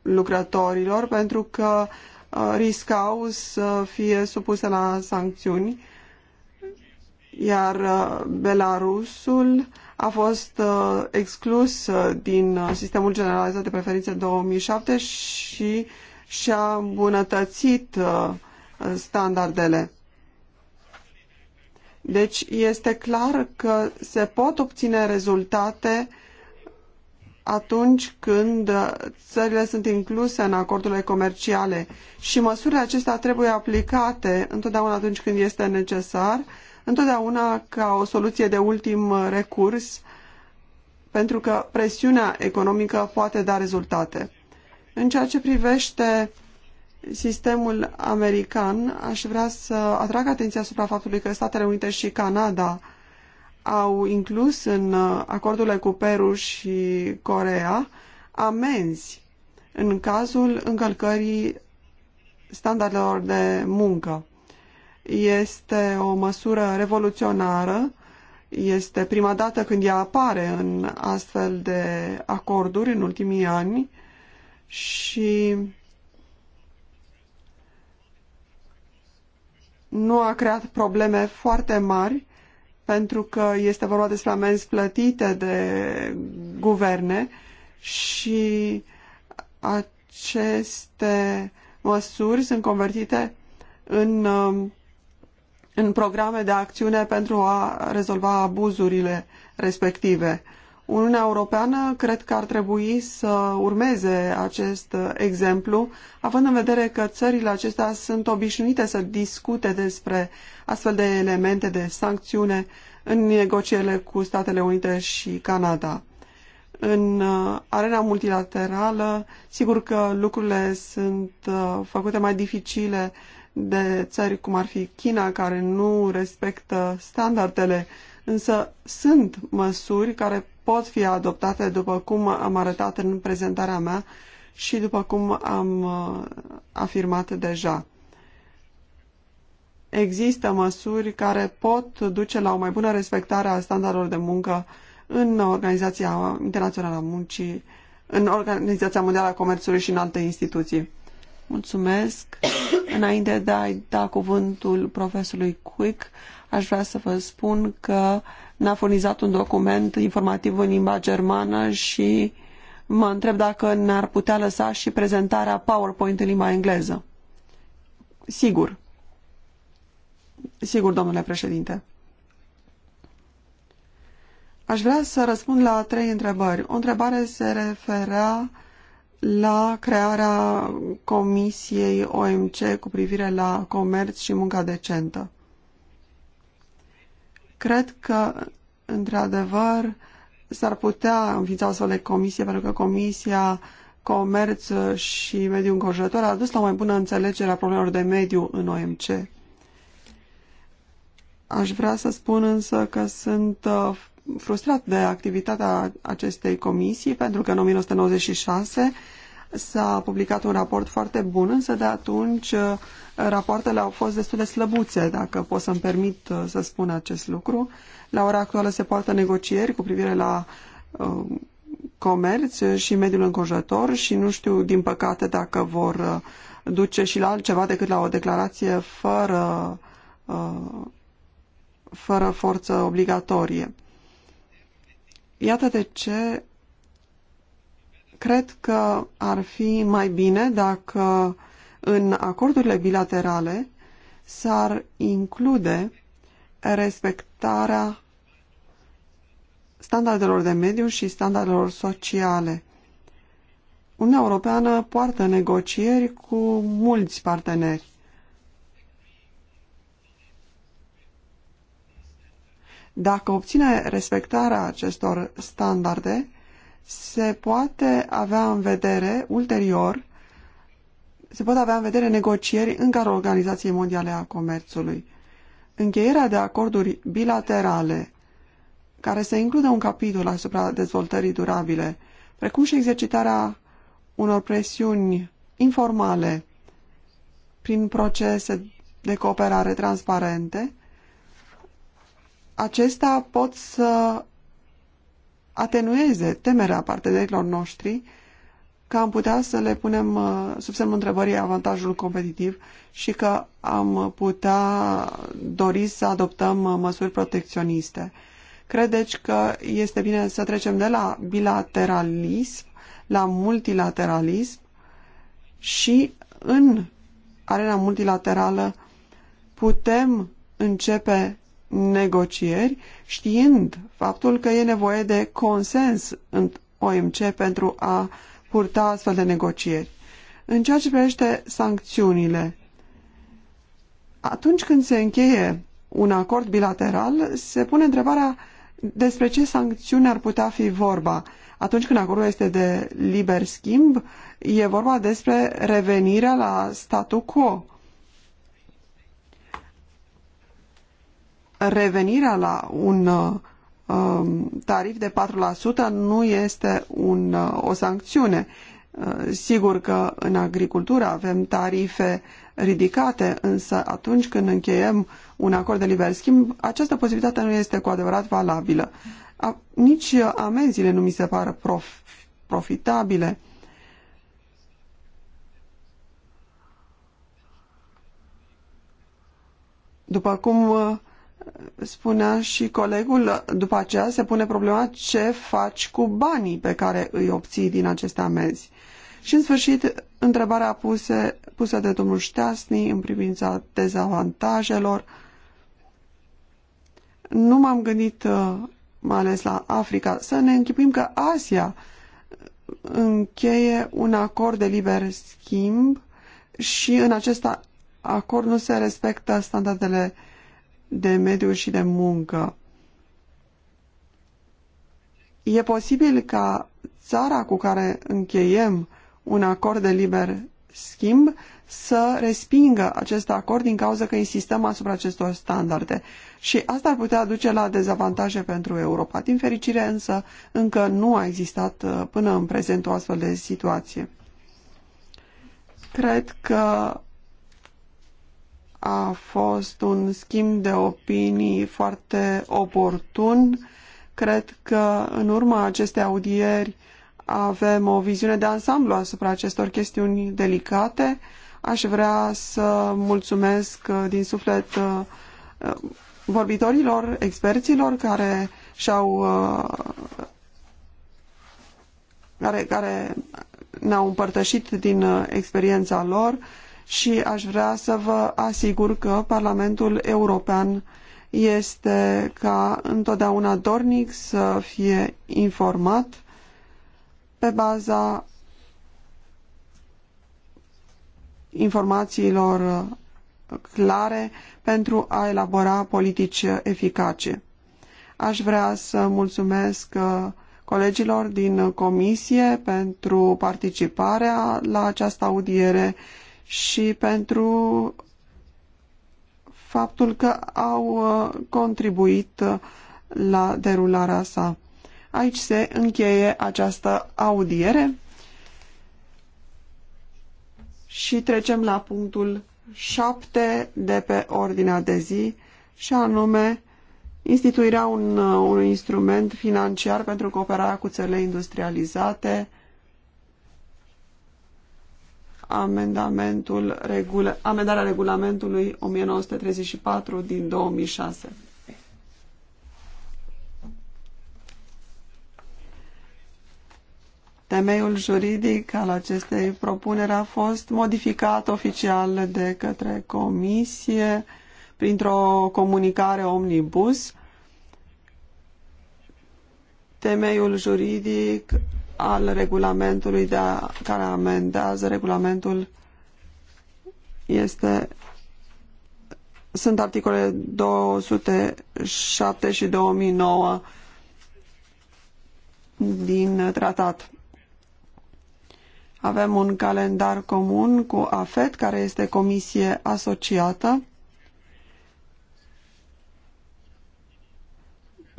lucrătorilor pentru că uh, riscau să fie supuse la sancțiuni, iar uh, Belarusul a fost uh, exclus din sistemul generalizat de preferințe 2007 și și-a îmbunătățit standardele. Deci este clar că se pot obține rezultate atunci când țările sunt incluse în acordurile comerciale și măsurile acestea trebuie aplicate întotdeauna atunci când este necesar, întotdeauna ca o soluție de ultim recurs, pentru că presiunea economică poate da rezultate. În ceea ce privește sistemul american, aș vrea să atrag atenția asupra faptului că Statele Unite și Canada au inclus în uh, acordurile cu Peru și Corea amenzi în cazul încălcării standardelor de muncă. Este o măsură revoluționară, este prima dată când ea apare în astfel de acorduri în ultimii ani și nu a creat probleme foarte mari pentru că este vorba despre amenzi plătite de guverne și aceste măsuri sunt convertite în, um, în programe de acțiune pentru a rezolva abuzurile respective. Uniunea Europeană cred că ar trebui să urmeze acest exemplu, având în vedere că țările acestea sunt obișnuite să discute despre astfel de elemente de sancțiune în negocierile cu Statele Unite și Canada. În uh, arena multilaterală, sigur că lucrurile sunt uh, făcute mai dificile de țări cum ar fi China, care nu respectă standardele, însă sunt măsuri care pot fi adoptate după cum am arătat în prezentarea mea și după cum am uh, afirmat deja. Există măsuri care pot duce la o mai bună respectare a standardelor de muncă în Organizația Internațională a Muncii, în Organizația Mondială a Comerțului și în alte instituții. Mulțumesc. [COUGHS] Înainte de a da cuvântul profesorului Quick, aș vrea să vă spun că ne-a furnizat un document informativ în limba germană și mă întreb dacă ne-ar putea lăsa și prezentarea PowerPoint în limba engleză. Sigur. Sigur, domnule președinte. Aș vrea să răspund la trei întrebări. O întrebare se referea la crearea Comisiei OMC cu privire la comerț și munca decentă. Cred că, într-adevăr, s-ar putea înființa o de comisie, pentru că Comisia Comerț și Mediul Înconjurător a dus la o mai bună înțelegere a problemelor de mediu în OMC. Aș vrea să spun însă că sunt uh, frustrat de activitatea acestei comisii, pentru că în 1996 s-a publicat un raport foarte bun, însă de atunci uh, rapoartele au fost destul de slăbuțe, dacă pot să-mi permit uh, să spun acest lucru. La ora actuală se poartă negocieri cu privire la uh, comerț și mediul înconjurător și nu știu, din păcate, dacă vor uh, duce și la altceva decât la o declarație fără, fără forță obligatorie. Iată de ce cred că ar fi mai bine dacă în acordurile bilaterale s-ar include respectarea standardelor de mediu și standardelor sociale. Uniunea Europeană poartă negocieri cu mulți parteneri. Dacă obține respectarea acestor standarde, se poate avea în vedere ulterior se pot avea în vedere negocieri în cadrul Organizației Mondiale a Comerțului. Încheierea de acorduri bilaterale, care să includă un capitol asupra dezvoltării durabile, precum și exercitarea unor presiuni informale prin procese de cooperare transparente, acestea pot să atenueze temerea partenerilor noștri că am putea să le punem uh, sub semnul întrebării avantajul competitiv și că am putea dori să adoptăm uh, măsuri protecționiste. Credeți că este bine să trecem de la bilateralism la multilateralism și în arena multilaterală putem începe negocieri știind faptul că e nevoie de consens în OMC pentru a purta astfel de negocieri. În ceea ce privește sancțiunile, atunci când se încheie un acord bilateral, se pune întrebarea despre ce sancțiuni ar putea fi vorba. Atunci când acordul este de liber schimb, e vorba despre revenirea la statu quo. Revenirea la un uh, Um, tarif de 4% nu este un, uh, o sancțiune. Uh, sigur că în agricultură avem tarife ridicate, însă atunci când încheiem un acord de liber schimb, această posibilitate nu este cu adevărat valabilă. nici amenziile nu mi se par prof, profitabile. După cum uh, spunea și colegul, după aceea se pune problema ce faci cu banii pe care îi obții din aceste amenzi. Și în sfârșit, întrebarea puse, pusă de domnul Șteasni în privința dezavantajelor. Nu m-am gândit uh, mai ales la Africa. Să ne închipuim că Asia încheie un acord de liber schimb și în acest acord nu se respectă standardele uh, de mediu și de muncă. E posibil ca țara cu care încheiem un acord de liber schimb să respingă acest acord din cauza că insistăm asupra acestor standarde. Și asta ar putea duce la dezavantaje pentru Europa. Din fericire însă încă nu a existat uh, până în prezent o astfel de situație. Cred că a fost un schimb de opinii foarte oportun. Cred că în urma acestei audieri avem o viziune de ansamblu asupra acestor chestiuni delicate. Aș vrea să mulțumesc uh, din suflet uh, uh, vorbitorilor, experților care și-au care, care ne-au împărtășit din experiența lor și aș vrea să vă asigur că Parlamentul European este ca întotdeauna dornic să fie informat pe baza informațiilor clare pentru a elabora politici eficace. Aș vrea să mulțumesc colegilor din comisie pentru participarea la această audiere și pentru faptul că au uh, contribuit uh, la derularea sa. Aici se încheie această audiere și trecem la punctul 7 de pe ordinea de zi și anume instituirea un, uh, unui instrument financiar pentru cooperarea cu țările industrializate amendamentul, regula, amendarea regulamentului 1934 din 2006. Temeiul juridic al acestei propuneri a fost modificat oficial de către Comisie printr-o comunicare omnibus. Temeiul juridic al regulamentului de a, care amendează regulamentul este sunt articole 207 și 2009 din tratat. Avem un calendar comun cu AFET, care este comisie asociată.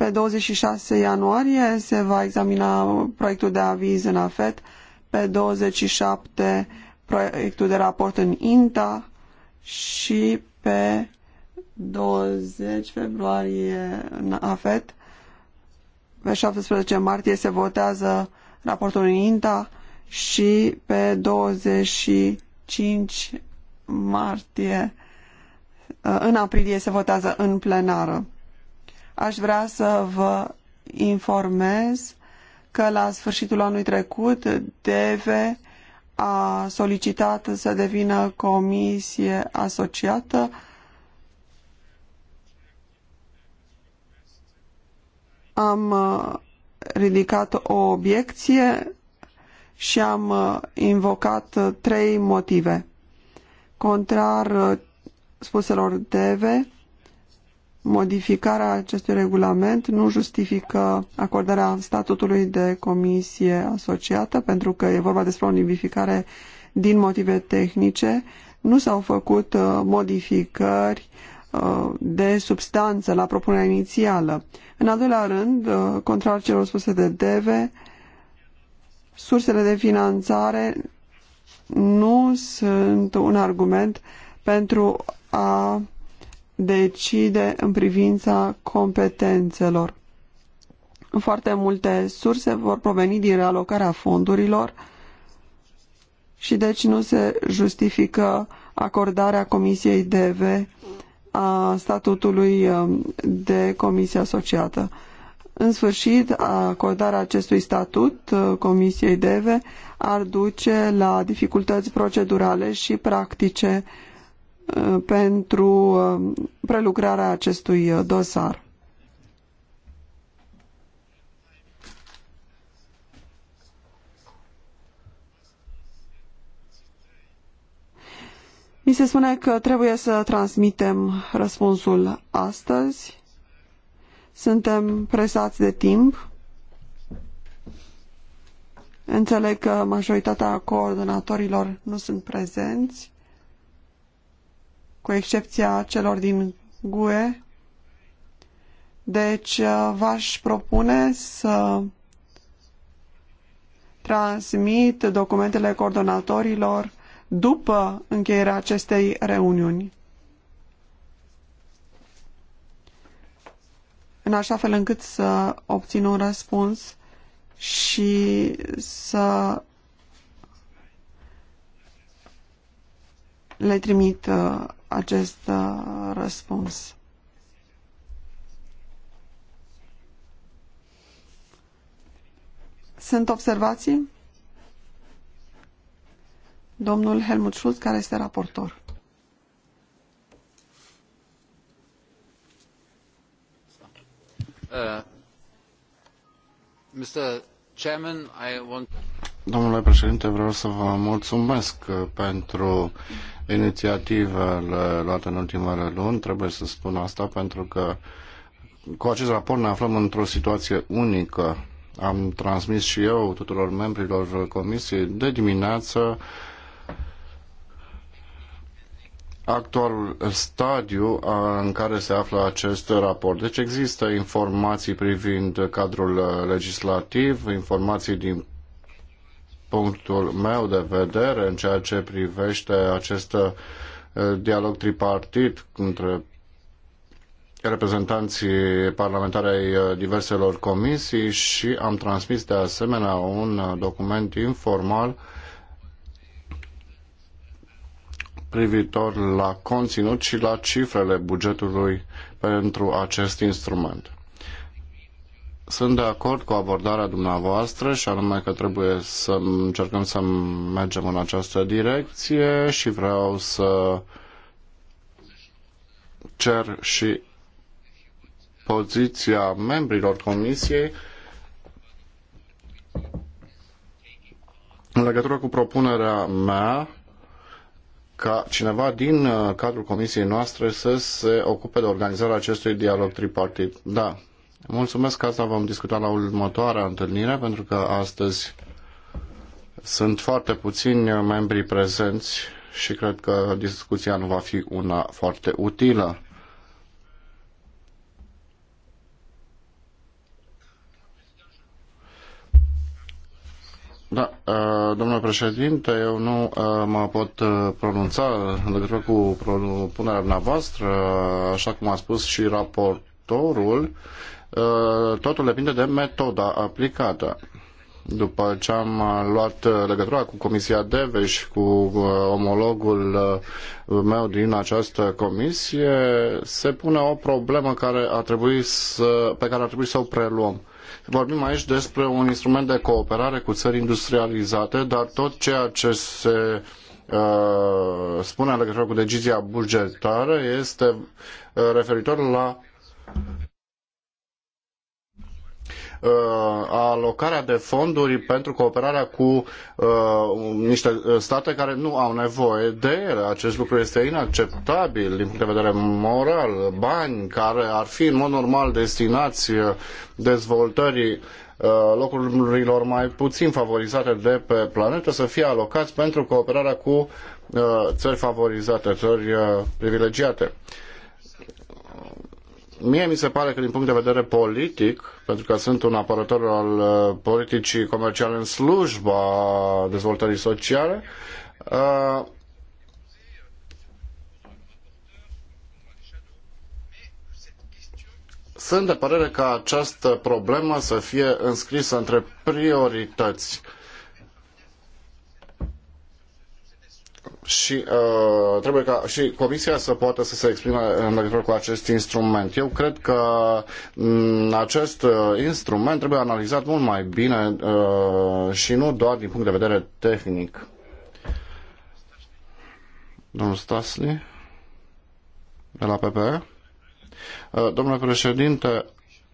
Pe 26 ianuarie se va examina proiectul de aviz în AFET, pe 27 proiectul de raport în INTA și pe 20 februarie în AFET. Pe 17 martie se votează raportul în INTA și pe 25 martie, uh, în aprilie se votează în plenară. Aș vrea să vă informez că la sfârșitul anului trecut DEVE a solicitat să devină comisie asociată am uh, ridicat o obiecție și am uh, invocat uh, trei motive. Contrar spuselor DEVE, modificarea acestui regulament nu justifică acordarea statutului de comisie asociată, pentru că e vorba despre o modificare din motive tehnice. Nu s-au făcut uh, modificări uh, de substanță la propunerea inițială. În al doilea rând, uh, contrar celor spuse de DEVE, sursele de finanțare nu sunt un argument pentru a decide în privința competențelor. Foarte multe surse vor proveni din realocarea fondurilor și deci nu se justifică acordarea Comisiei DV a statutului um, de comisie asociată. În sfârșit, acordarea acestui statut uh, Comisiei DEVE ar duce la dificultăți procedurale și practice Uh, pentru uh, prelucrarea acestui uh, dosar. Mi se spune că trebuie să transmitem răspunsul astăzi. Suntem presați de timp. Înțeleg că majoritatea coordonatorilor nu sunt prezenți cu excepția celor din GUE. Deci uh, v-aș propune să transmit documentele coordonatorilor după încheierea acestei reuniuni. În așa fel încât să obțin un răspuns și să le trimit uh, acest uh, răspuns. Sunt observații? Domnul Helmut Schulz, care este raportor. Uh, Domnule președinte, vreau să vă mulțumesc uh, pentru uh, inițiativă luată în ultimele luni. Trebuie să spun asta pentru că cu acest raport ne aflăm într-o situație unică. Am transmis și eu tuturor membrilor comisiei de dimineață actualul stadiu în care se află acest raport. Deci există informații privind cadrul legislativ, informații din punctul meu de vedere în ceea ce privește acest uh, dialog tripartit între reprezentanții parlamentari ai uh, diverselor comisii și am transmis de asemenea un uh, document informal privitor la conținut și la cifrele bugetului pentru acest instrument sunt de acord cu abordarea dumneavoastră și anume că trebuie să încercăm să mergem în această direcție și vreau să cer și poziția membrilor comisiei în legătură cu propunerea mea ca cineva din uh, cadrul comisiei noastre să se ocupe de organizarea acestui dialog tripartit. Da, Mulțumesc că asta vom discuta la următoarea întâlnire, pentru că astăzi sunt foarte puțini membri prezenți și cred că discuția nu va fi una foarte utilă. Da, uh, domnule președinte, eu nu uh, mă pot uh, pronunța în legătură cu propunerea noastră, așa cum a spus și raportorul. Uh, totul depinde de metoda aplicată. După ce am uh, luat uh, legătura cu Comisia DEVE și cu omologul meu din această comisie, se pune o problemă care ar trebui să, pe care ar trebui să o preluăm. Vorbim aici despre un instrument de cooperare cu țări industrializate, dar tot ceea ce se uh, spune în legătură cu decizia bugetară este referitor la Uh, alocarea de fonduri pentru cooperarea cu uh, niște state care nu au nevoie de ele. Acest lucru este inacceptabil din punct de vedere moral. Bani care ar fi în mod normal destinați dezvoltării uh, locurilor mai puțin favorizate de pe planetă să fie alocați pentru cooperarea cu țări favorizate, țări privilegiate. Mie mi se pare că din punct de vedere politic pentru că sunt un apărător al uh, politicii comerciale în slujba dezvoltării sociale. Uh, sunt de părere ca această problemă să fie înscrisă între priorități. Uh, și uh, trebuie ca și Comisia să poată să se exprime în legătură cu acest instrument. Eu cred că mm, acest uh, instrument trebuie analizat mult mai bine uh, și nu doar din punct de vedere tehnic. Domnul Stasli, de la PPE. Uh, domnule președinte,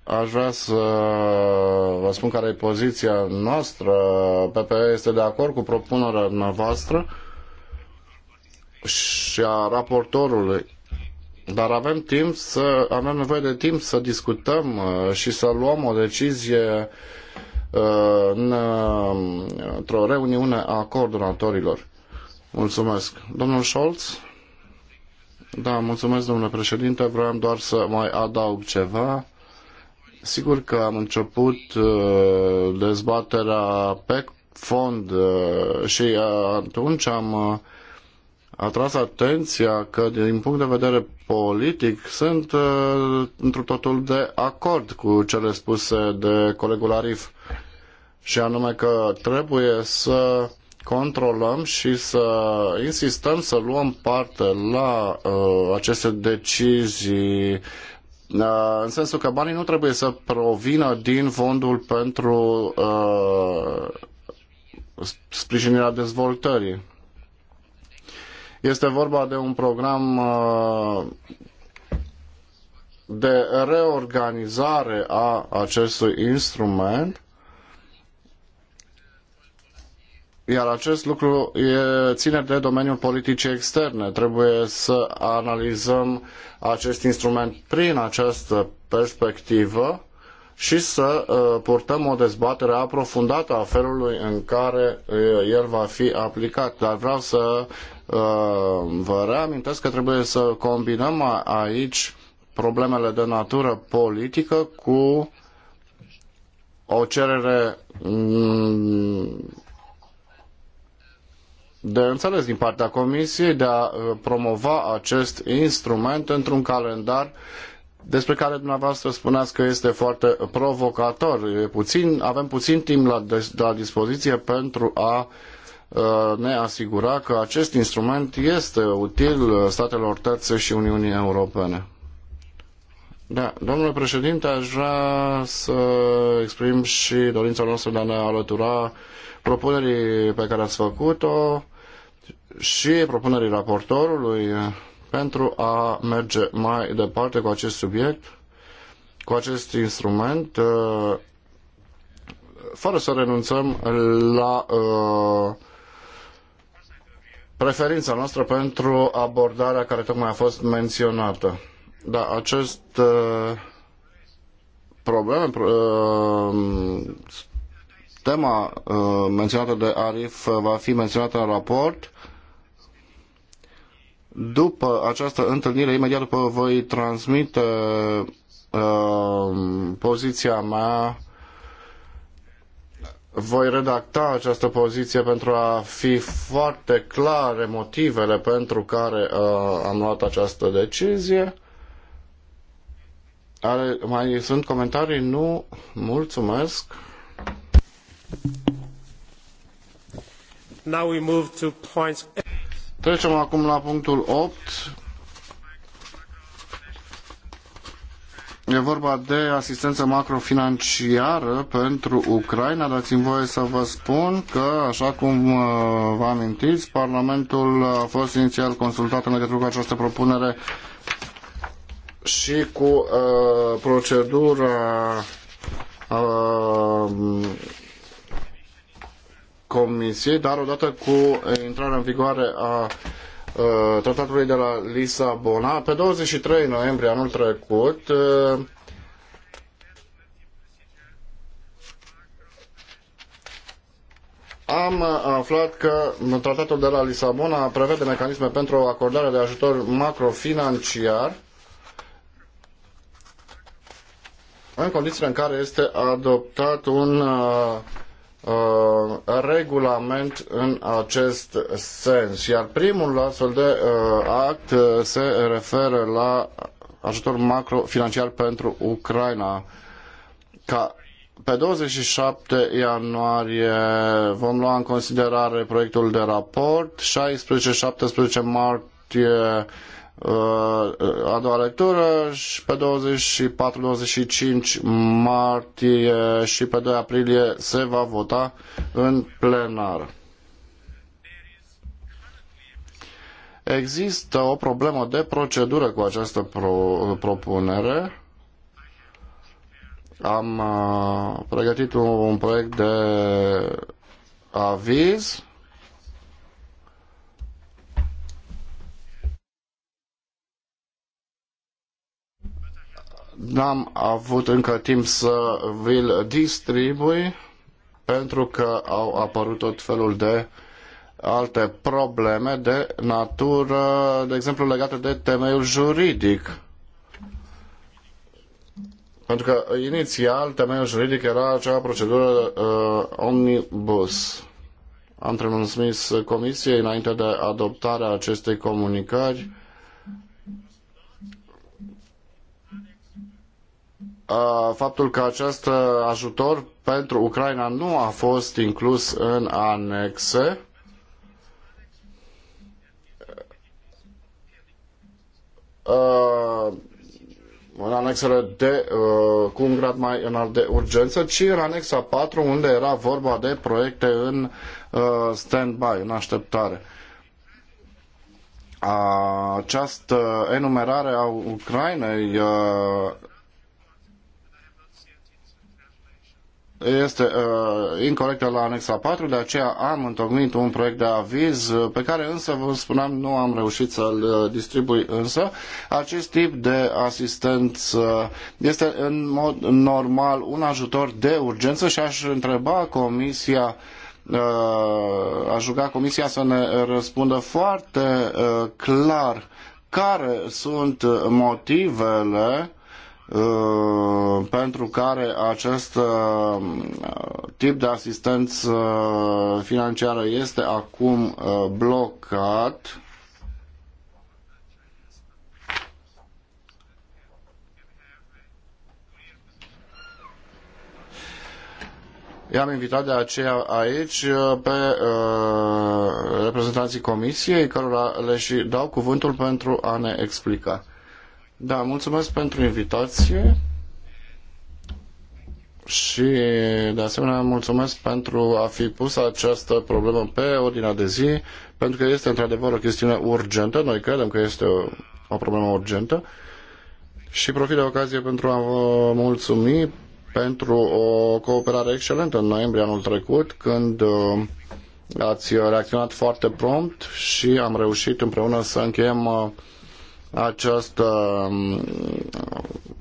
aș vrea să uh, vă spun care e poziția noastră. PPE este de acord cu propunerea noastră și a raportorului. Dar avem timp să avem nevoie de timp să discutăm uh, și să luăm o decizie uh, în, uh, într-o reuniune a coordonatorilor. Mulțumesc. Domnul Scholz? Da, mulțumesc, domnule președinte. Vreau doar să mai adaug ceva. Sigur că am început dezbaterea pe fond și atunci am atras atenția că, din punct de vedere politic, sunt uh, într totul de acord cu cele spuse de colegul Arif, și anume că trebuie să controlăm și să insistăm să luăm parte la uh, aceste decizii uh, în sensul că banii nu trebuie să provină din fondul pentru uh, sprijinirea dezvoltării. Este vorba de un program uh, de reorganizare a acestui instrument iar acest lucru e, ține de domeniul politicii externe. Trebuie să analizăm acest instrument prin această perspectivă și să uh, purtăm o dezbatere aprofundată a felului în care uh, el va fi aplicat. Dar vreau să Uh, vă reamintesc că trebuie să combinăm aici problemele de natură politică cu o cerere mm, de înțeles din partea Comisiei de a uh, promova acest instrument într-un calendar despre care dumneavoastră spuneați că este foarte provocator. Puțin, avem puțin timp la, la dispoziție pentru a Uh, ne asigura că acest instrument este util uh, statelor terțe și Uniunii Europene. Da, domnule președinte, aș vrea să exprim și dorința noastră de a ne alătura propunerii pe care ați făcut-o și propunerii raportorului pentru a merge mai departe cu acest subiect, cu acest instrument, uh, fără să renunțăm la uh, preferința noastră pentru abordarea care tocmai a fost menționată. Da, acest uh, problem, uh, tema uh, menționată de Arif va fi menționată în raport. După această întâlnire, imediat după voi transmite poziția mea voi redacta această poziție pentru a fi foarte clare motivele pentru care uh, am luat această decizie. Are, mai sunt comentarii? Nu. Mulțumesc. Now we move to points... Trecem acum la punctul 8 E vorba de asistență macrofinanciară pentru Ucraina. Dați-mi voie să vă spun că, așa cum uh, vă amintiți, Parlamentul a fost inițial consultat în legătură cu această propunere și cu uh, procedura uh, Comisiei, dar odată cu intrarea în vigoare a Uh, tratatului de la Lisabona, pe 23 noiembrie anul trecut, uh, am aflat că tratatul de la Lisabona prevede mecanisme pentru acordarea de ajutor macrofinanciar în condițiile în care este adoptat un uh, Uh, regulament în acest sens. Iar primul astfel de uh, act uh, se referă la ajutor macrofinanciar pentru Ucraina. Ca pe 27 ianuarie vom lua în considerare proiectul de raport, 16-17 martie Uh, a doua lectură și pe 24-25 martie și pe 2 aprilie se va vota în plenar. Există o problemă de procedură cu această pro propunere. Am uh, pregătit un proiect de aviz N-am avut încă timp să vi-l distribui pentru că au apărut tot felul de alte probleme de natură, de exemplu legate de temeiul juridic. Pentru că inițial temeiul juridic era acea procedură uh, omnibus. Am transmis comisiei înainte de adoptarea acestei comunicări faptul că acest ajutor pentru Ucraina nu a fost inclus în anexe. în anexele de, cu un grad mai înalt de urgență, ci în anexa 4, unde era vorba de proiecte în stand-by, în așteptare această enumerare a Ucrainei este uh, incorrectă la anexa 4, de aceea am întocmit un proiect de aviz uh, pe care însă, vă spuneam, nu am reușit să-l uh, distribui însă. Acest tip de asistență este în mod normal un ajutor de urgență și aș întreba Comisia uh, aș ruga Comisia să ne răspundă foarte uh, clar care sunt motivele Uh, pentru care acest uh, tip de asistență financiară este acum uh, blocat. I-am invitat de aceea aici pe uh, reprezentanții comisiei, cărora le și dau cuvântul pentru a ne explica. Da, mulțumesc pentru invitație și de asemenea mulțumesc pentru a fi pus această problemă pe ordinea de zi, pentru că este într-adevăr o chestiune urgentă, noi credem că este o, o problemă urgentă și profit de ocazie pentru a vă mulțumi pentru o cooperare excelentă în noiembrie anul trecut, când uh, ați reacționat foarte prompt și am reușit împreună să încheiem uh, această,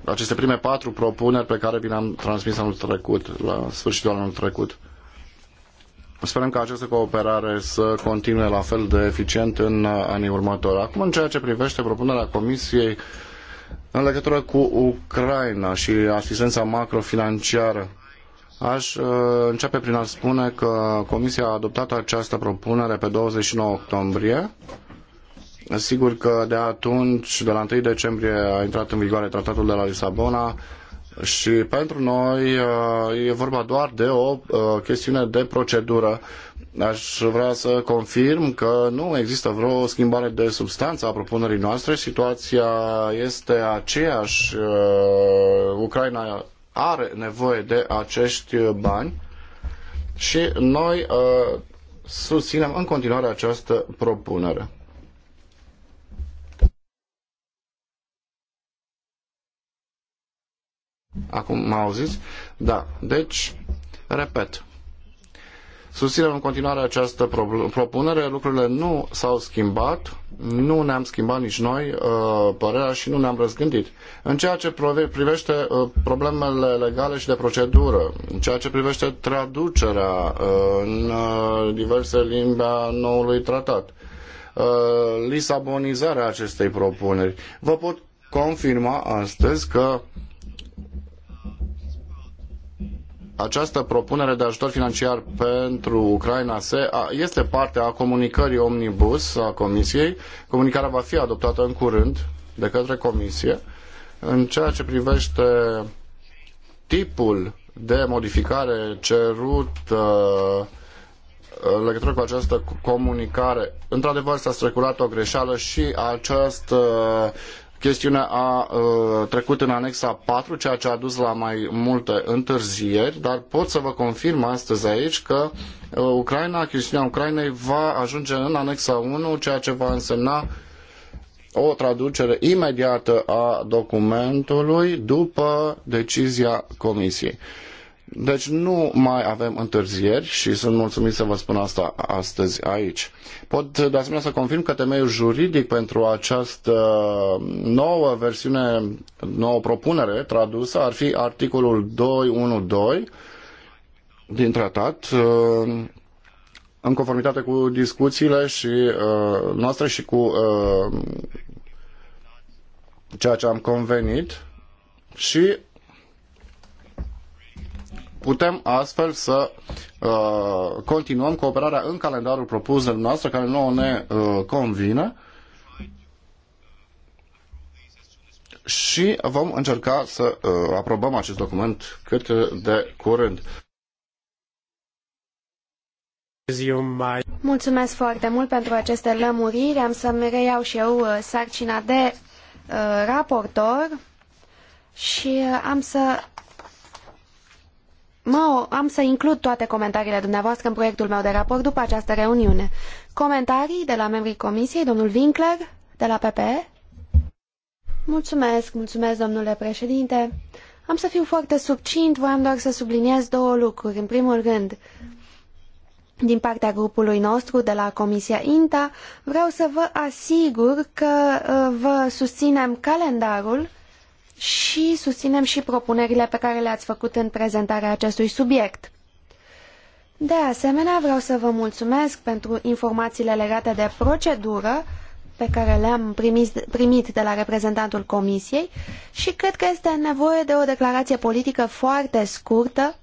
aceste prime patru propuneri pe care vi le-am transmis anul trecut, la sfârșitul anului trecut. Sperăm că această cooperare să continue la fel de eficient în anii următori. Acum, în ceea ce privește propunerea Comisiei în legătură cu Ucraina și asistența macrofinanciară, aș uh, începe prin a spune că Comisia a adoptat această propunere pe 29 octombrie Sigur că de atunci, de la 1 decembrie, a intrat în vigoare tratatul de la Lisabona și pentru noi uh, e vorba doar de o uh, chestiune de procedură. Aș vrea să confirm că nu există vreo schimbare de substanță a propunerii noastre. Situația este aceeași. Uh, Ucraina are nevoie de acești bani și noi susținem în continuare această propunere. Acum m-au auzit? Da. Deci, repet, Susținem în continuare această propunere. Lucrurile nu s-au schimbat, nu ne-am schimbat nici noi uh, părerea și nu ne-am răzgândit. În ceea ce privește uh, problemele legale și de procedură, în ceea ce privește traducerea uh, în diverse limbi a noului tratat, lisabonizarea acestei propuneri, vă pot confirma astăzi că această propunere de ajutor financiar pentru Ucraina se, a, este parte a comunicării omnibus a Comisiei. Comunicarea va fi adoptată în curând de către Comisie. În ceea ce privește tipul de modificare cerut uh, în legătură cu această comunicare, într-adevăr s-a strecurat o greșeală și această Chestiunea a ă, trecut în anexa 4, ceea ce a dus la mai multe întârzieri, dar pot să vă confirm astăzi aici că ă, Ucraina, chestiunea Ucrainei va ajunge în anexa 1, ceea ce va însemna o traducere imediată a documentului după decizia Comisiei. Deci nu mai avem întârzieri și sunt mulțumit să vă spun asta astăzi aici. Pot de asemenea să confirm că temeiul juridic pentru această nouă versiune, nouă propunere tradusă ar fi articolul 212 din tratat uh, în conformitate cu discuțiile și uh, noastre și cu uh, ceea ce am convenit și putem astfel să uh, continuăm cooperarea în calendarul propus de dumneavoastră, care nouă ne uh, convine. Și vom încerca să uh, aprobăm acest document cât de curând. Mulțumesc foarte mult pentru aceste lămuriri. Am să-mi reiau și eu uh, sarcina de uh, raportor și uh, am să Mă, am să includ toate comentariile dumneavoastră în proiectul meu de raport după această reuniune. Comentarii de la membrii comisiei, domnul Winkler, de la PPE? Mulțumesc, mulțumesc, domnule președinte. Am să fiu foarte subcint, voiam doar să subliniez două lucruri. În primul rând, din partea grupului nostru de la Comisia INTA, vreau să vă asigur că uh, vă susținem calendarul și susținem și propunerile pe care le-ați făcut în prezentarea acestui subiect. De asemenea, vreau să vă mulțumesc pentru informațiile legate de procedură pe care le-am primit de la reprezentantul Comisiei și cred că este nevoie de o declarație politică foarte scurtă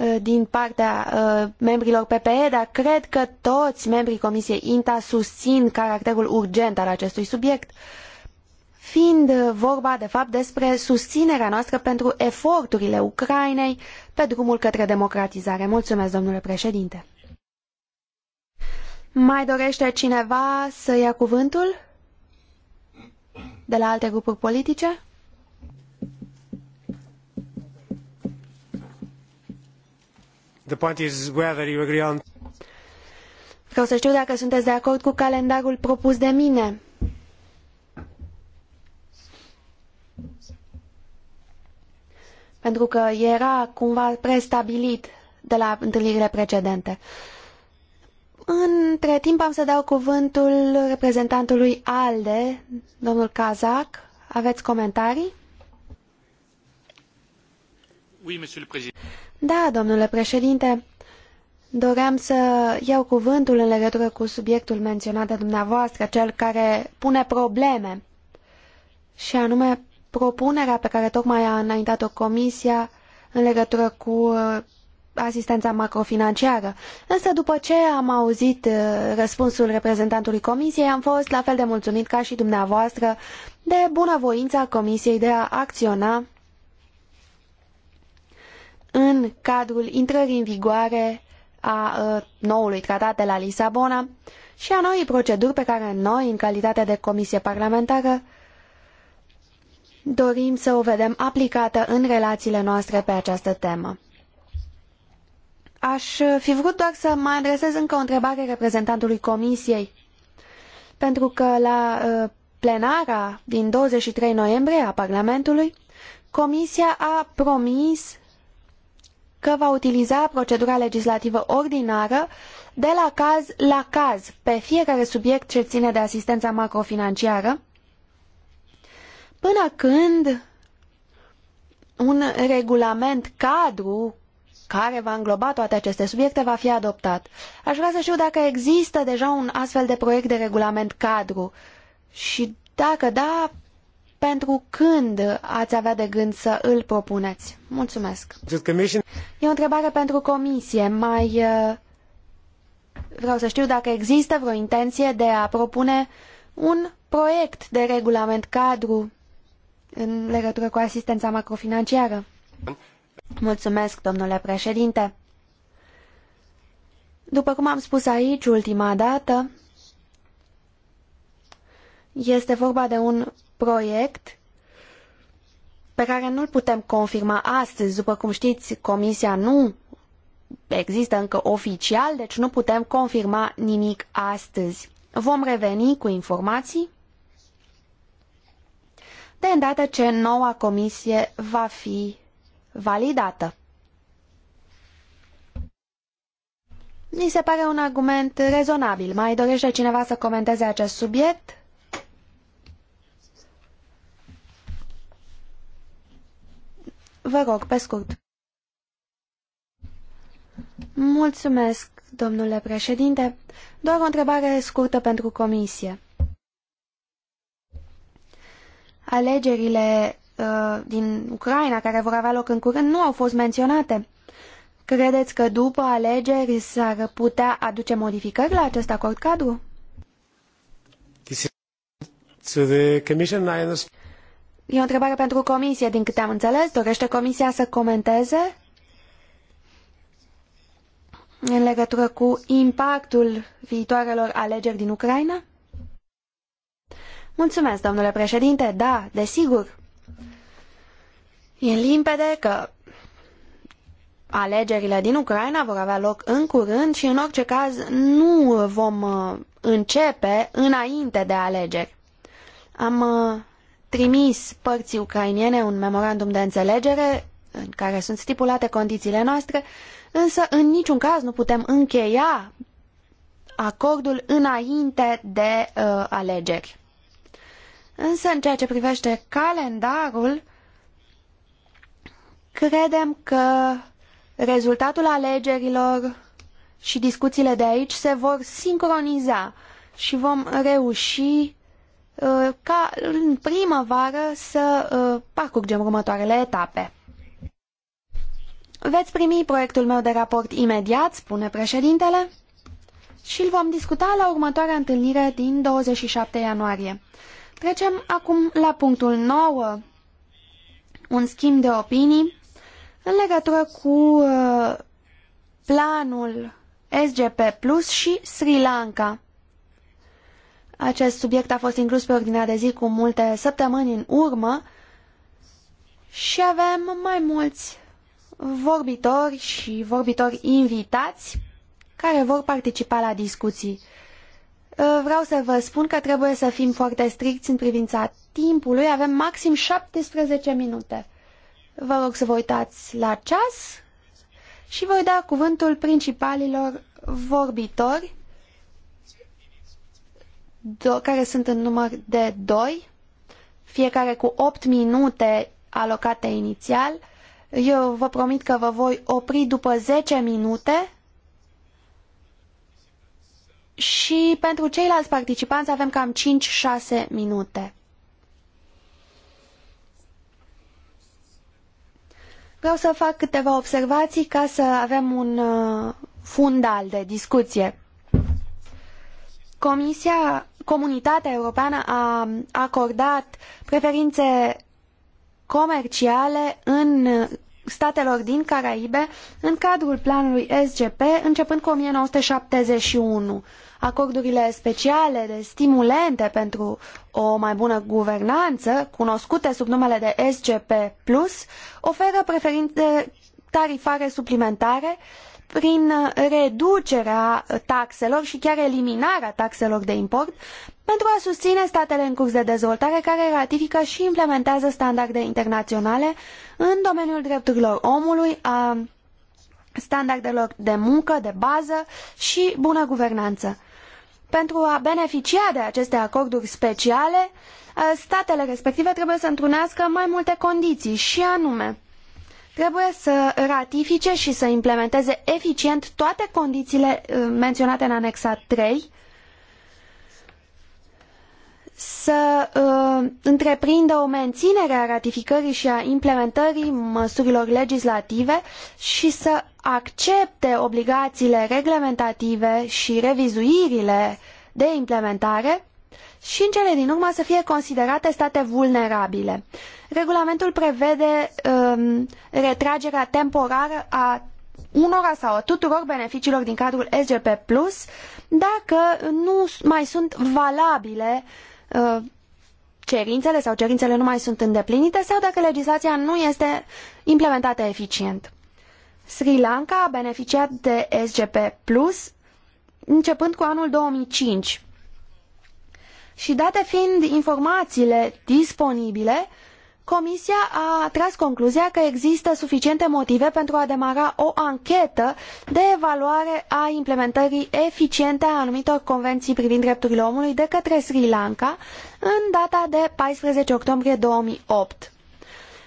uh, din partea uh, membrilor PPE, dar cred că toți membrii Comisiei INTA susțin caracterul urgent al acestui subiect fiind uh, vorba de fapt despre susținerea noastră pentru eforturile Ucrainei pe drumul către democratizare. Mulțumesc, domnule președinte. Mai dorește cineva să ia cuvântul? De la alte grupuri politice? The point is whether you agree on... Vreau să știu dacă sunteți de acord cu calendarul propus de mine pentru că era cumva prestabilit de la întâlnirile precedente. Între timp am să dau cuvântul reprezentantului ALDE, domnul Kazak. Aveți comentarii? Da, domnule președinte, doream să iau cuvântul în legătură cu subiectul menționat de dumneavoastră, cel care pune probleme, și anume propunerea pe care tocmai a înaintat-o Comisia în legătură cu uh, asistența macrofinanciară. Însă după ce am auzit uh, răspunsul reprezentantului Comisiei, am fost la fel de mulțumit ca și dumneavoastră de bunăvoința Comisiei de a acționa în cadrul intrării în vigoare a uh, noului tratat de la Lisabona și a noii proceduri pe care noi, în calitate de Comisie Parlamentară, dorim să o vedem aplicată în relațiile noastre pe această temă. Aș fi vrut doar să mai adresez încă o întrebare reprezentantului Comisiei, pentru că la uh, plenara din 23 noiembrie a Parlamentului, Comisia a promis că va utiliza procedura legislativă ordinară de la caz la caz pe fiecare subiect ce ține de asistența macrofinanciară, până când un regulament cadru care va îngloba toate aceste subiecte va fi adoptat. Aș vrea să știu dacă există deja un astfel de proiect de regulament cadru și dacă da, pentru când ați avea de gând să îl propuneți? Mulțumesc. E o întrebare pentru comisie. Mai uh, vreau să știu dacă există vreo intenție de a propune un proiect de regulament cadru în legătură cu asistența macrofinanciară. Mulțumesc, domnule președinte. După cum am spus aici ultima dată, este vorba de un proiect pe care nu-l putem confirma astăzi. După cum știți, Comisia nu există încă oficial, deci nu putem confirma nimic astăzi. Vom reveni cu informații de îndată ce noua comisie va fi validată. Mi se pare un argument rezonabil. Mai dorește cineva să comenteze acest subiect? Vă rog, pe scurt. Mulțumesc, domnule președinte. Doar o întrebare scurtă pentru comisie. Alegerile uh, din Ucraina, care vor avea loc în curând, nu au fost menționate. Credeți că după alegeri s-ar putea aduce modificări la acest acord cadru? E o întrebare pentru comisie, din câte am înțeles. Dorește comisia să comenteze în legătură cu impactul viitoarelor alegeri din Ucraina? Mulțumesc, domnule președinte, da, desigur. E limpede că alegerile din Ucraina vor avea loc în curând și în orice caz nu vom uh, începe înainte de alegeri. Am uh, trimis părții ucrainene un memorandum de înțelegere în care sunt stipulate condițiile noastre, însă în niciun caz nu putem încheia acordul înainte de uh, alegeri. Însă, în ceea ce privește calendarul, credem că rezultatul alegerilor și discuțiile de aici se vor sincroniza și vom reuși uh, ca în primăvară să uh, parcurgem următoarele etape. Veți primi proiectul meu de raport imediat, spune președintele, și îl vom discuta la următoarea întâlnire din 27 ianuarie. Trecem acum la punctul 9, un schimb de opinii în legătură cu uh, planul SGP Plus și Sri Lanka. Acest subiect a fost inclus pe ordinea de zi cu multe săptămâni în urmă și avem mai mulți vorbitori și vorbitori invitați care vor participa la discuții. Uh, vreau să vă spun că trebuie să fim foarte stricți în privința timpului. Avem maxim 17 minute. Vă rog să vă uitați la ceas și voi da cuvântul principalilor vorbitori care sunt în număr de 2, fiecare cu 8 minute alocate inițial. Eu vă promit că vă voi opri după 10 minute și pentru ceilalți participanți avem cam 5-6 minute. Vreau să fac câteva observații ca să avem un uh, fundal de discuție. Comisia, Comunitatea Europeană a acordat preferințe comerciale în statelor din Caraibe în cadrul planului SGP începând cu 1971 acordurile speciale de stimulente pentru o mai bună guvernanță, cunoscute sub numele de SGP+, oferă preferințe tarifare suplimentare prin reducerea taxelor și chiar eliminarea taxelor de import pentru a susține statele în curs de dezvoltare care ratifică și implementează standarde internaționale în domeniul drepturilor omului, a standardelor de muncă, de bază și bună guvernanță. Pentru a beneficia de aceste acorduri speciale, eh, statele respective trebuie să întrunească mai multe condiții și anume trebuie să ratifice și să implementeze eficient toate condițiile eh, menționate în anexa 3, să uh, întreprindă o menținere a ratificării și a implementării măsurilor legislative și să accepte obligațiile reglementative și revizuirile de implementare și în cele din urmă să fie considerate state vulnerabile. Regulamentul prevede um, retragerea temporară a unora sau a tuturor beneficiilor din cadrul SGP Plus dacă nu mai sunt valabile uh, Uh, cerințele sau cerințele nu mai sunt îndeplinite sau dacă legislația nu este implementată eficient. Sri Lanka a beneficiat de SGP Plus începând cu anul 2005. Și date fiind informațiile disponibile, Comisia a tras concluzia că există suficiente motive pentru a demara o anchetă de evaluare a implementării eficiente a anumitor convenții privind drepturile omului de către Sri Lanka în data de 14 octombrie 2008.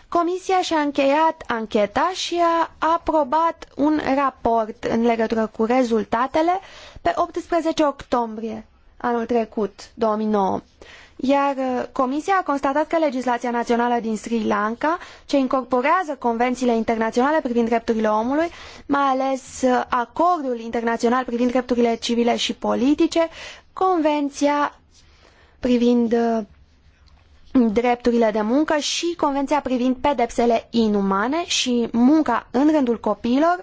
Comisia și-a încheiat ancheta și a aprobat un raport în legătură cu rezultatele pe 18 octombrie anul trecut, 2009 iar uh, Comisia a constatat că legislația națională din Sri Lanka, ce incorporează convențiile internaționale privind drepturile omului, mai ales uh, acordul internațional privind drepturile civile și politice, convenția privind uh, drepturile de muncă și convenția privind pedepsele inumane și munca în rândul copiilor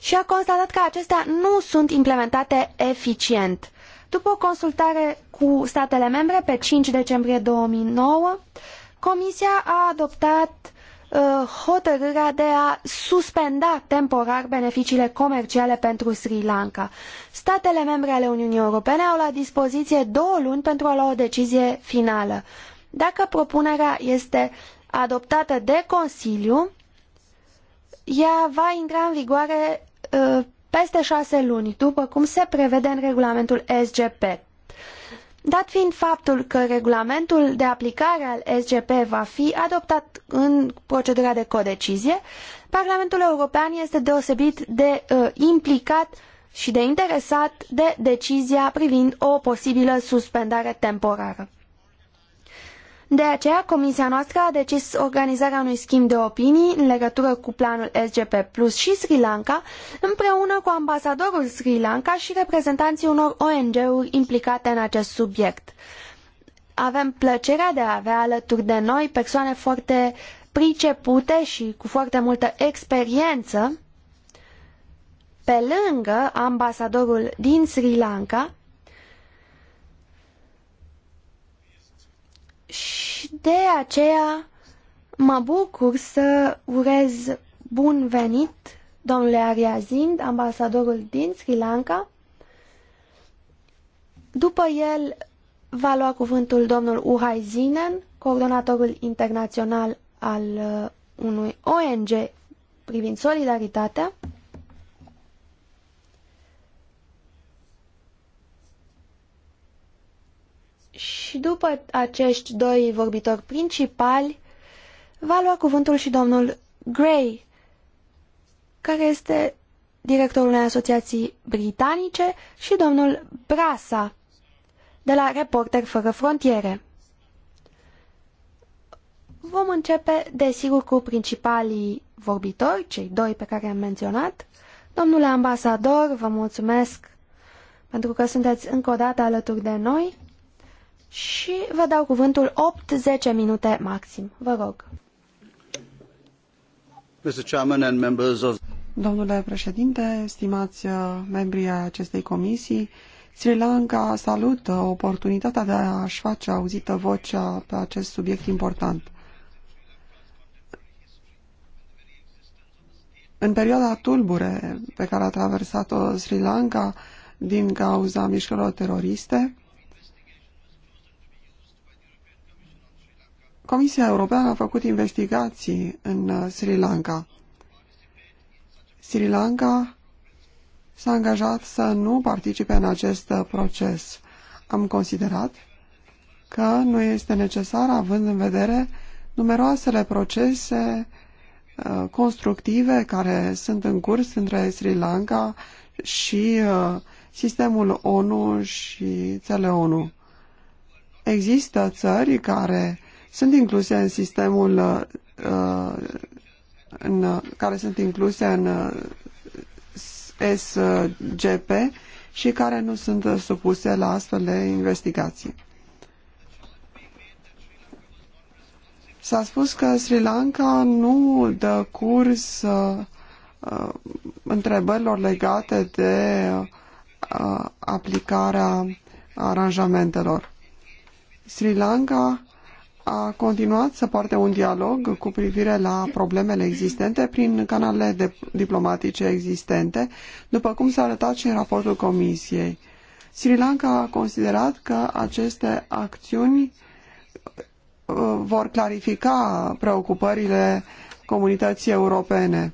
și a constatat că acestea nu sunt implementate eficient după o consultare cu statele membre pe 5 decembrie 2009, Comisia a adoptat uh, hotărârea de a suspenda temporar beneficiile comerciale pentru Sri Lanka. Statele membre ale Uniunii Europene au la dispoziție două luni pentru a lua o decizie finală. Dacă propunerea este adoptată de Consiliu, ea va intra în vigoare uh, peste șase luni, după cum se prevede în regulamentul SGP. Dat fiind faptul că regulamentul de aplicare al SGP va fi adoptat în procedura de codecizie, Parlamentul European este deosebit de uh, implicat și de interesat de decizia privind o posibilă suspendare temporară. De aceea, comisia noastră a decis organizarea unui schimb de opinii în legătură cu planul SGP Plus și Sri Lanka, împreună cu ambasadorul Sri Lanka și reprezentanții unor ONG-uri implicate în acest subiect. Avem plăcerea de a avea alături de noi persoane foarte pricepute și cu foarte multă experiență, pe lângă ambasadorul din Sri Lanka, Și de aceea mă bucur să urez bun venit domnule Ariazind, ambasadorul din Sri Lanka. După el va lua cuvântul domnul Uhai Zinen, coordonatorul internațional al uh, unui ONG privind solidaritatea. Și după acești doi vorbitori principali, va lua cuvântul și domnul Gray, care este directorul unei asociații britanice, și domnul Brasa, de la Reporter Fără Frontiere. Vom începe, desigur, cu principalii vorbitori, cei doi pe care am menționat. Domnule ambasador, vă mulțumesc pentru că sunteți încă o dată alături de noi și vă dau cuvântul 8-10 minute maxim. Vă rog. Domnule președinte, stimați uh, membrii acestei comisii, Sri Lanka salută oportunitatea de a-și face auzită vocea pe acest subiect important. În perioada tulbure pe care a traversat-o Sri Lanka din cauza mișcărilor teroriste, Comisia Europeană a făcut investigații în uh, Sri Lanka. Sri Lanka s-a angajat să nu participe în acest uh, proces. Am considerat că nu este necesar, având în vedere numeroasele procese uh, constructive care sunt în curs între Sri Lanka și sistemul ONU și țele ONU. Există țări care sunt incluse în sistemul uh, în, care sunt incluse în uh, SGP și care nu sunt supuse la astfel de investigații. S-a spus că Sri Lanka nu dă curs uh, întrebărilor legate de uh, aplicarea aranjamentelor. Sri Lanka a continuat să poarte un dialog cu privire la problemele existente prin canalele de diplomatice existente, după cum s-a arătat și în raportul Comisiei. Sri Lanka a considerat că aceste acțiuni uh, vor clarifica preocupările comunității europene.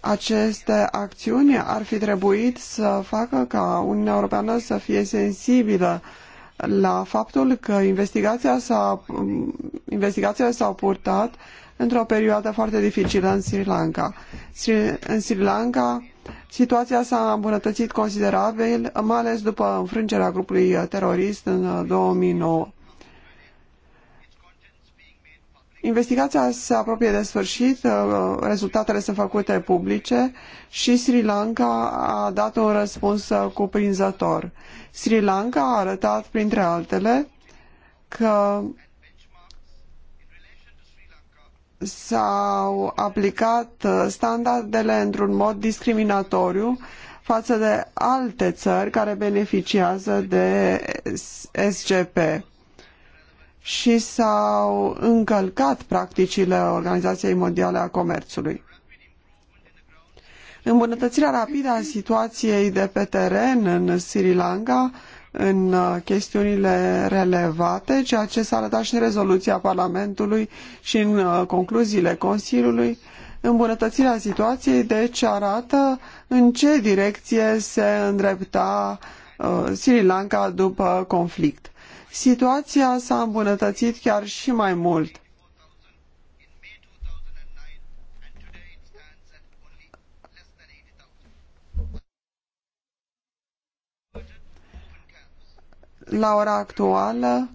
Aceste acțiuni ar fi trebuit să facă ca Uniunea Europeană să fie sensibilă la faptul că investigația s-a, investigațiile s-au purtat într-o perioadă foarte dificilă în Sri Lanka. În Sri Lanka situația s-a îmbunătățit considerabil, mai ales după înfrângerea grupului terorist în 2009. Uh, Investigația se apropie de sfârșit, uh, rezultatele sunt făcute publice și Sri Lanka a dat un răspuns uh, cuprinzător. Sri Lanka a arătat, printre altele, că s-au aplicat uh, standardele într-un mod discriminatoriu față de alte țări care beneficiază de SGP și s-au încălcat practicile Organizației Mondiale a Comerțului. Îmbunătățirea rapidă a situației de pe teren în Sri Lanka în uh, chestiunile relevate, ceea ce s-a arătat și în rezoluția Parlamentului și în uh, concluziile Consiliului, îmbunătățirea situației, deci arată în ce direcție se îndrepta uh, Sri Lanka după conflict situația s-a îmbunătățit chiar și mai mult. La ora actuală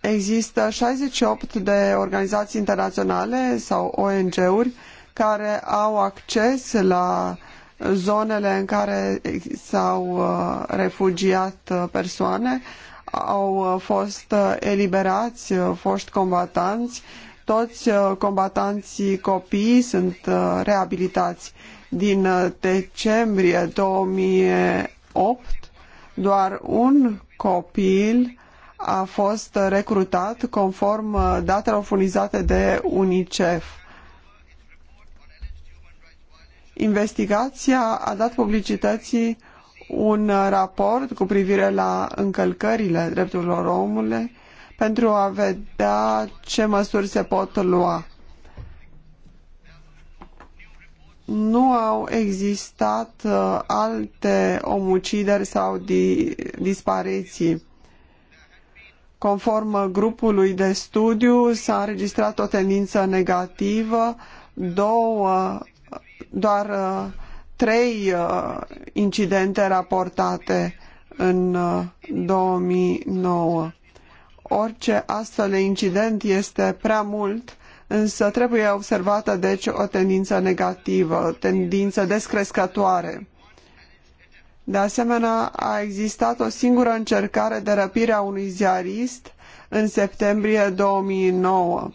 există 68 de organizații internaționale sau ONG-uri care au acces la zonele în care s-au uh, refugiat uh, persoane, au uh, fost eliberați foști combatanți, toți combatanții copii sunt reabilitați. Din decembrie 2008, doar un copil a fost recrutat conform datelor furnizate de UNICEF Investigația a dat publicității un raport cu privire la încălcările drepturilor omului pentru a vedea ce măsuri se pot lua. Nu au existat uh, alte omucideri sau di dispariții. Conform grupului de studiu s-a înregistrat o tendință negativă, două doar uh, trei uh, incidente raportate în 2009. Uh, Orice astfel de incident este prea mult, însă trebuie observată deci o tendință negativă, o tendință descrescătoare. De asemenea, a existat o singură încercare de răpire a unui ziarist în septembrie 2009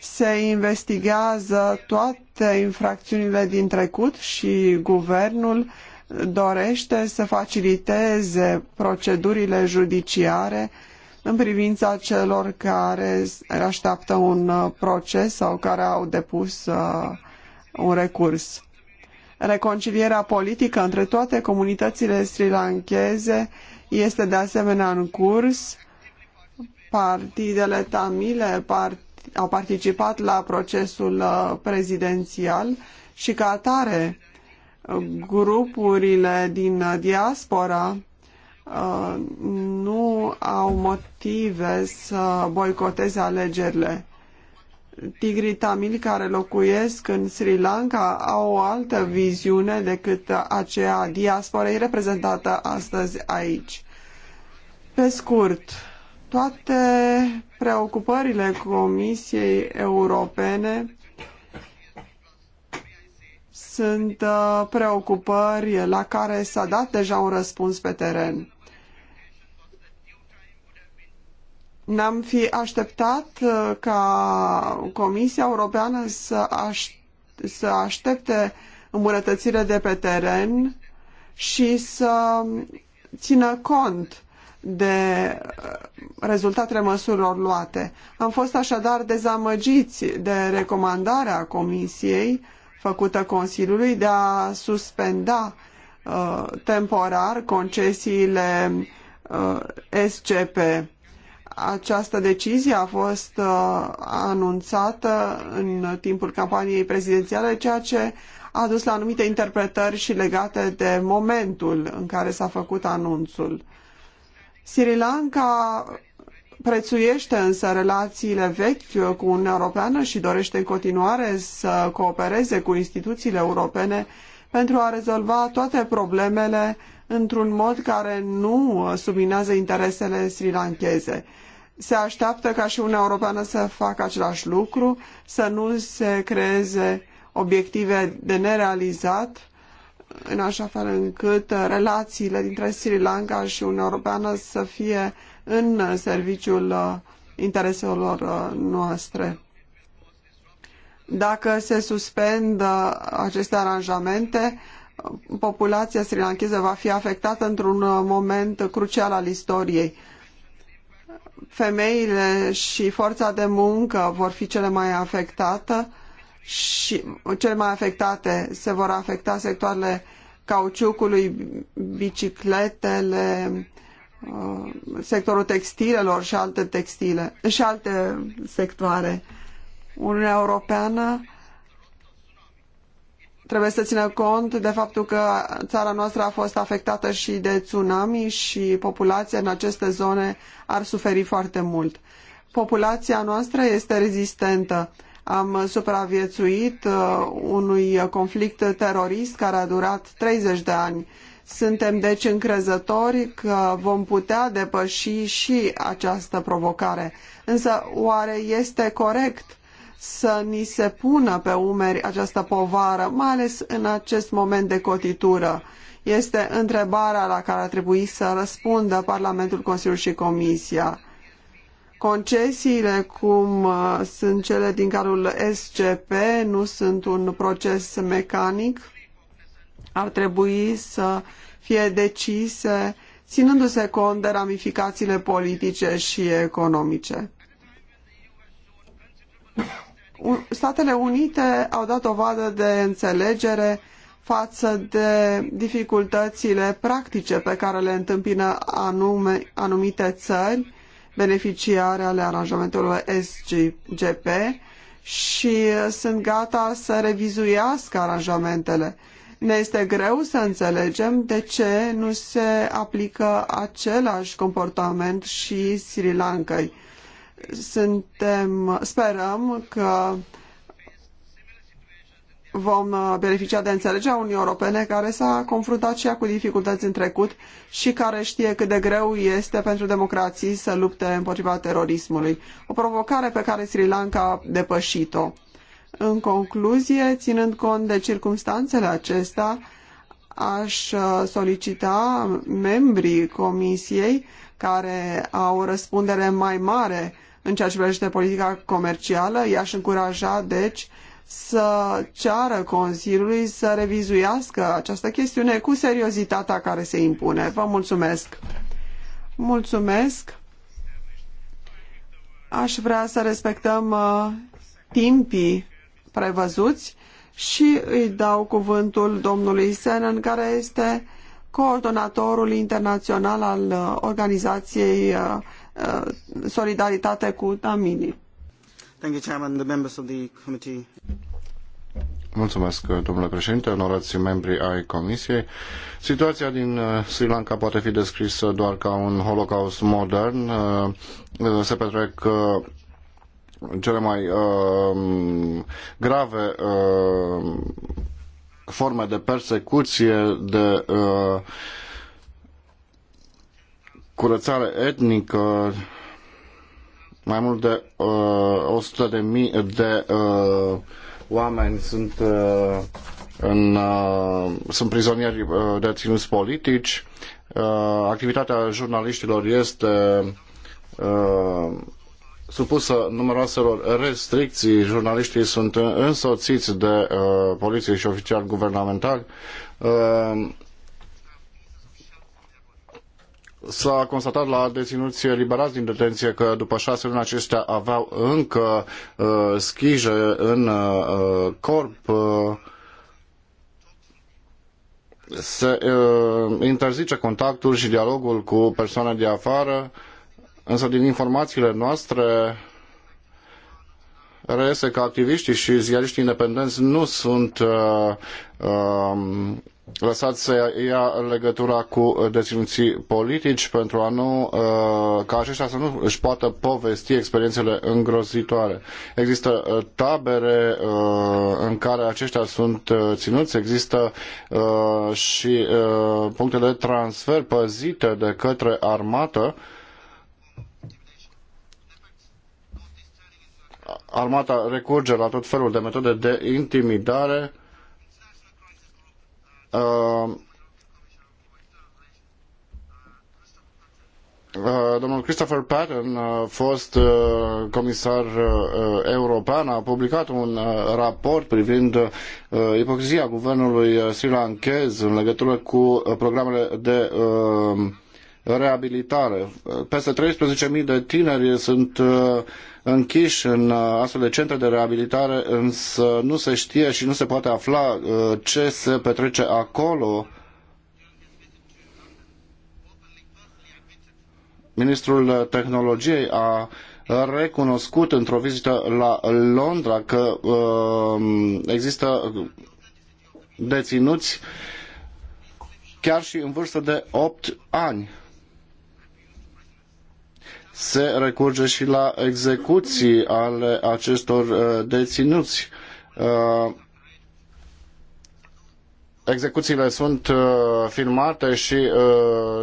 se investigează toate infracțiunile din trecut și guvernul dorește să faciliteze procedurile judiciare în privința celor care așteaptă un uh, proces sau care au depus uh, un recurs. Reconcilierea politică între toate comunitățile srilancheze este de asemenea în curs. Partidele tamile, partidele au participat la procesul uh, prezidențial și ca atare uh, grupurile din uh, diaspora nu au motive să boicoteze alegerile. Tigrii tamili care locuiesc în Sri Lanka au o altă viziune decât aceea diasporei reprezentată astăzi aici. Pe scurt, toate preocupările Comisiei Europene sunt uh, preocupări la care s-a dat deja un răspuns pe teren. N-am fi așteptat uh, ca Comisia Europeană să, aș- să aștepte îmbunătățire de pe teren și să țină cont de uh, rezultatele măsurilor luate. Am fost așadar dezamăgiți de recomandarea Comisiei făcută Consiliului de a suspenda uh, temporar concesiile uh, SCP. Această decizie a fost uh, anunțată în timpul campaniei prezidențiale, ceea ce a dus la anumite interpretări și legate de momentul în care s-a făcut anunțul. Sri Lanka prețuiește însă relațiile vechi cu Uniunea Europeană și dorește în continuare să coopereze cu instituțiile europene pentru a rezolva toate problemele într-un mod care nu subminează interesele sri lankeze. Se așteaptă ca și Uniunea Europeană să facă același lucru, să nu se creeze obiective de nerealizat în așa fel încât relațiile dintre Sri Lanka și Uniunea Europeană să fie în serviciul uh, intereselor uh, noastre. Dacă se suspendă aceste aranjamente, populația srilancheză va fi afectată într-un uh, moment crucial al istoriei. Femeile și forța de muncă vor fi cele mai afectate și cel mai afectate se vor afecta sectoarele cauciucului, bicicletele, uh, sectorul textilelor și alte textile și alte sectoare. Uniunea Europeană trebuie să țină cont de faptul că țara noastră a fost afectată și de tsunami și populația în aceste zone ar suferi foarte mult. Populația noastră este rezistentă am supraviețuit uh, unui conflict terorist care a durat 30 de ani. Suntem deci încrezători că vom putea depăși și această provocare. Însă oare este corect să ni se pună pe umeri această povară, mai ales în acest moment de cotitură? Este întrebarea la care ar trebui să răspundă Parlamentul, Consiliul și Comisia. Concesiile cum uh, sunt cele din cadrul SCP nu sunt un proces mecanic. Ar trebui să fie decise ținându-se cont de ramificațiile politice și economice. Statele Unite au dat o vadă de înțelegere față de dificultățile practice pe care le întâmpină anume, anumite țări beneficiare ale aranjamentelor SGP și sunt gata să revizuiască aranjamentele. Ne este greu să înțelegem de ce nu se aplică același comportament și Sri Lankai. Suntem, sperăm că vom uh, beneficia de înțelegerea Uniunii Europene care s-a confruntat și ea cu dificultăți în trecut și care știe cât de greu este pentru democrații să lupte împotriva terorismului. O provocare pe care Sri Lanka a depășit-o. În concluzie, ținând cont de circumstanțele acestea, aș uh, solicita membrii comisiei care au o răspundere mai mare în ceea ce privește politica comercială, i-aș încuraja, deci, să ceară Consiliului să revizuiască această chestiune cu seriozitatea care se impune. Vă mulțumesc! Mulțumesc! Aș vrea să respectăm uh, timpii prevăzuți și îi dau cuvântul domnului Senan, care este coordonatorul internațional al uh, organizației uh, uh, Solidaritate cu Tamini. Thank you, Chairman, the members of the committee. Mulțumesc, domnule președinte, onorați membri ai Comisiei. Situația din uh, Sri Lanka poate fi descrisă doar ca un holocaust modern. Uh, se petrec uh, cele mai grave forme de persecuție, de curățare etnică, mai mult de uh, 100 de mii de uh, oameni sunt, uh, în, uh, sunt prizonieri uh, deținuți politici. Activitatea jurnaliștilor este supusă numeroaselor restricții. Jurnaliștii sunt însoțiți de poliție și oficiali guvernamentali S-a constatat la deținuți eliberați din detenție că după șase luni aceștia aveau încă uh, schije în uh, corp. Uh, se uh, interzice contactul și dialogul cu persoane de afară, însă din informațiile noastre reiese că activiștii și ziariștii independenți nu sunt uh, uh, lăsat să ia legătura cu deținuții politici pentru a nu, uh, ca aceștia să nu își poată povesti experiențele îngrozitoare. Există uh, tabere uh, în care aceștia sunt ținuți, există și puncte de transfer păzite de către armată Armata recurge la tot felul de metode de intimidare Uh, uh, domnul Christopher Patton, fost uh, comisar european, a publicat un raport privind ipocrizia guvernului sri lankez în legătură cu programele de reabilitare. Peste 13.000 de tineri sunt închiși în astfel de centre de reabilitare, însă nu se știe și nu se poate afla uh, ce se petrece acolo. Ministrul Tehnologiei a recunoscut într-o vizită la Londra că uh, există deținuți chiar și în vârstă de opt ani se recurge și la execuții ale acestor uh, deținuți. Uh, execuțiile sunt uh, filmate și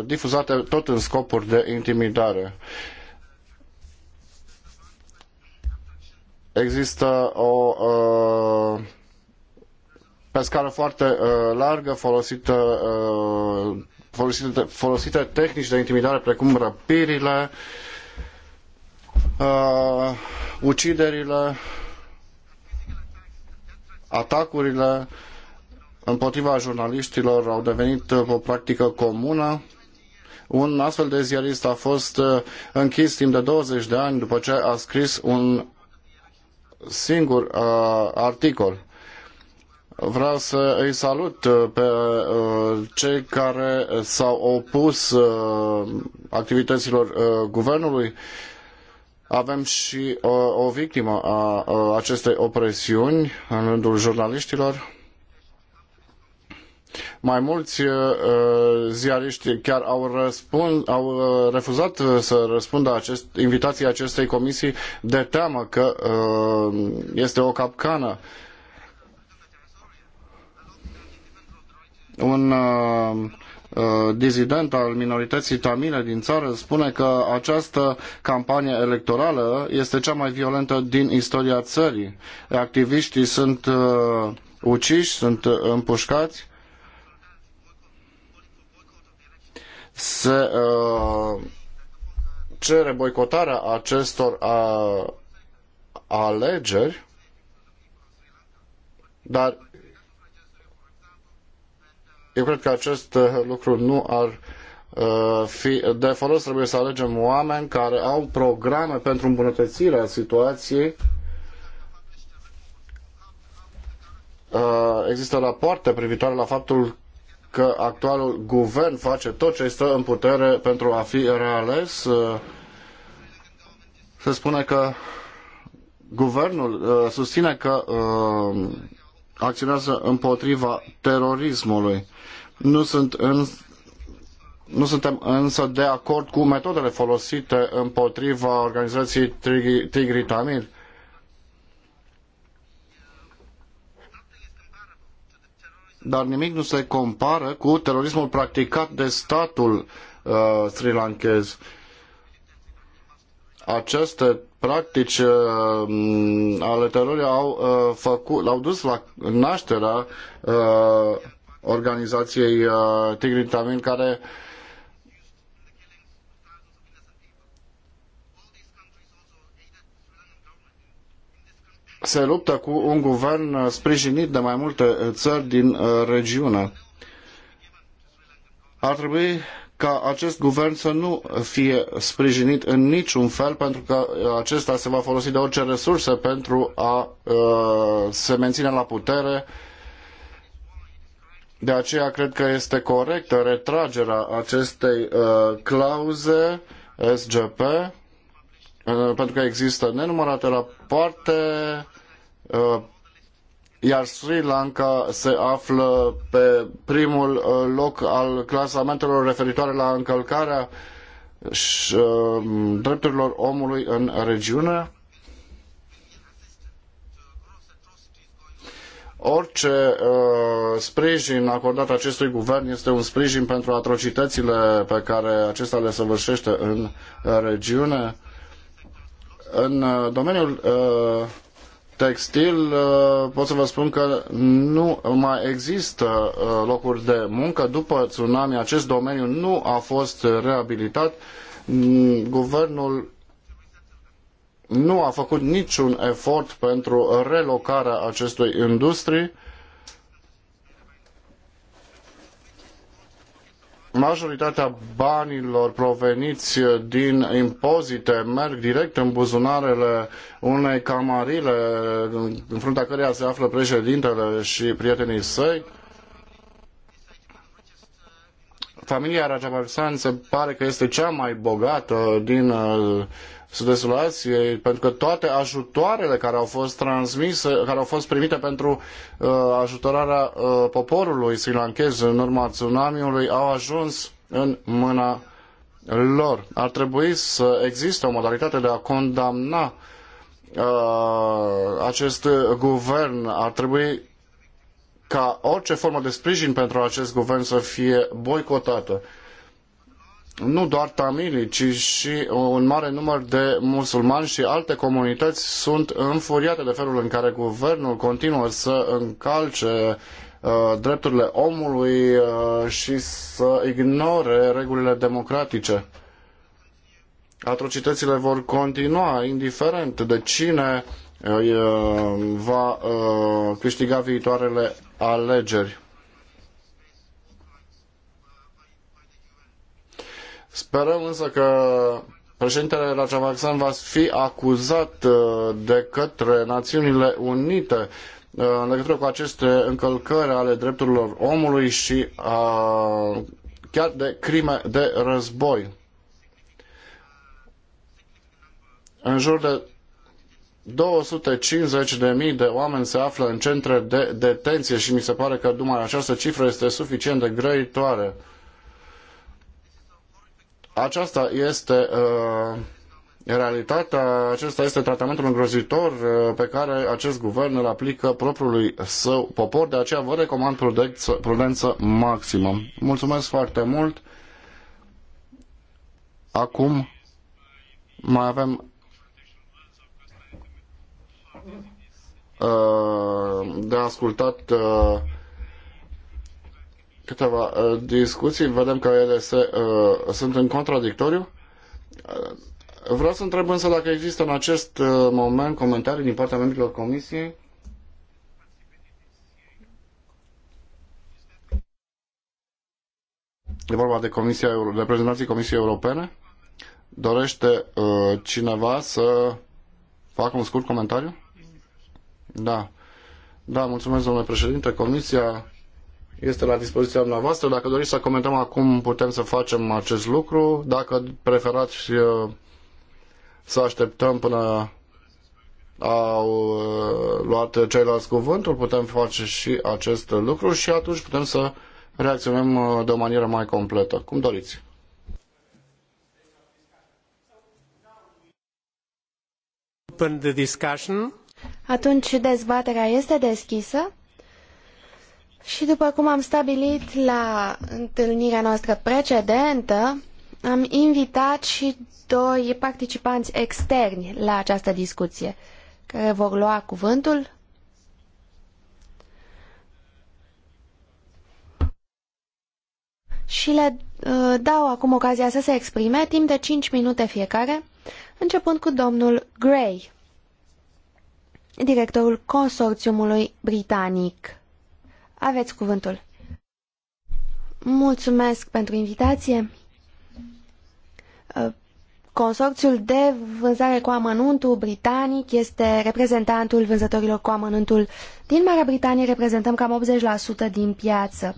difuzate tot în scopuri de intimidare. Există o pe scară foarte largă folosită folosite, folosită tehnici de intimidare precum răpirile, uh, uh, uciderile, atacurile împotriva jurnaliștilor au devenit uh, o practică comună. Un astfel de ziarist a fost uh, închis timp de 20 de ani după ce a scris un singur uh, articol. Vreau să îi salut uh, pe uh, cei care s-au opus uh, activităților uh, guvernului uh, avem și o, o victimă a, a acestei opresiuni în rândul jurnaliștilor. Mai mulți uh, ziariști chiar au, răspund, au uh, refuzat să răspundă acest, invitației acestei comisii de teamă că uh, este o capcană. Un uh, Uh, dizident al minorității tamile din țară spune că această campanie electorală este cea mai violentă din istoria țării. Activiștii sunt uh, uciși, sunt uh, împușcați. Se uh, cere boicotarea acestor uh, alegeri, dar eu cred că acest uh, lucru nu ar uh, fi de folos. Trebuie să alegem oameni care au programe pentru îmbunătățirea situației. Uh, există rapoarte privitoare la faptul că actualul guvern face tot ce stă în putere pentru a fi reales. Se spune că guvernul susține că acționează împotriva terorismului. Nu, sunt în, nu suntem însă de acord cu metodele folosite împotriva organizației Tigri, Tigri Tamil. Dar nimic nu se compară cu terorismul practicat de statul uh, sri lankez. Aceste practici uh, ale terorii au, uh, făcut, au dus la nașterea uh, organizației uh, Tigrin Tamin, care se luptă cu un guvern uh, sprijinit de mai multe uh, țări din regiune. Ar trebui ca acest guvern să nu fie sprijinit în niciun fel, pentru că acesta se va folosi de orice resurse pentru a se menține la putere uh, de aceea cred că este corectă retragerea acestei uh, clauze SGP, uh, pentru că există nenumărate rapoarte, uh, iar Sri Lanka se află pe primul uh, loc al clasamentelor referitoare la încălcarea uh, drepturilor omului în regiune. Orice uh, sprijin acordat acestui guvern este un sprijin pentru atrocitățile pe care acesta le săvârșește în uh, regiune. În uh, domeniul uh, textil, uh, pot să vă spun că nu mai există locuri de muncă. După tsunami, acest domeniu nu a fost reabilitat. Mm, guvernul nu a făcut niciun efort pentru relocarea acestei industrii. Majoritatea banilor proveniți din impozite merg direct în buzunarele unei camarile în fruntea căreia se află președintele și prietenii săi. Familia Rajapaksan se pare că este cea mai bogată din dezolației, pentru că toate ajutoarele care au fost transmise, care au fost primite pentru uh, ajutorarea uh, poporului lankez în urma tsunamiului au ajuns în mâna lor. Ar trebui să existe o modalitate de a condamna uh, acest guvern. Ar trebui ca orice formă de sprijin pentru acest guvern să fie boicotată. Uh, nu doar tamilii, ci și un mare număr de musulmani și alte comunități sunt înfuriate de felul în care guvernul continuă să încalce uh, drepturile omului uh, și să ignore regulile democratice. Atrocitățile vor continua, indiferent de cine uh, va câștiga viitoarele alegeri. Sperăm însă că președintele Rajavaxan va fi acuzat uh, de către Națiunile Unite uh, în legătură cu aceste încălcări ale drepturilor omului și a, uh, chiar de crime de război. În jur de 250.000 de mii de oameni se află în centre de detenție și mi se pare că numai această cifră este suficient de grăitoare. Aceasta este uh, realitatea, acesta este tratamentul îngrozitor uh, pe care acest guvern îl aplică propriului său popor, de aceea vă recomand prudență, prudență maximă. Mulțumesc foarte mult. Acum mai avem uh, de ascultat câteva uh, discuții, vedem că ele se, uh, sunt în contradictoriu. Uh, vreau să întreb însă dacă există în acest moment comentarii din partea membrilor comisiei. E vorba de Comisia Euro, reprezentanții Comisiei Europene. Dorește uh, cineva să facă un scurt comentariu? Da. Da, mulțumesc, domnule președinte. Comisia este la dispoziția dumneavoastră. Dacă doriți să comentăm acum, putem să facem acest lucru. Dacă preferați uh, să așteptăm până au uh, luat ceilalți cuvântul, putem face și acest lucru și atunci putem să reacționăm uh, de o manieră mai completă. Cum doriți. Open the discussion. Atunci dezbaterea este deschisă. Și după cum am stabilit la întâlnirea noastră precedentă, am invitat și doi participanți externi la această discuție, care vor lua cuvântul. Și le uh, dau acum ocazia să se exprime timp de 5 minute fiecare, începând cu domnul Gray, directorul consorțiumului britanic aveți cuvântul. Mulțumesc pentru invitație. Uh, consorțiul de vânzare cu amănuntul britanic este reprezentantul vânzătorilor cu amănuntul din Marea Britanie, reprezentăm cam 80% din piață.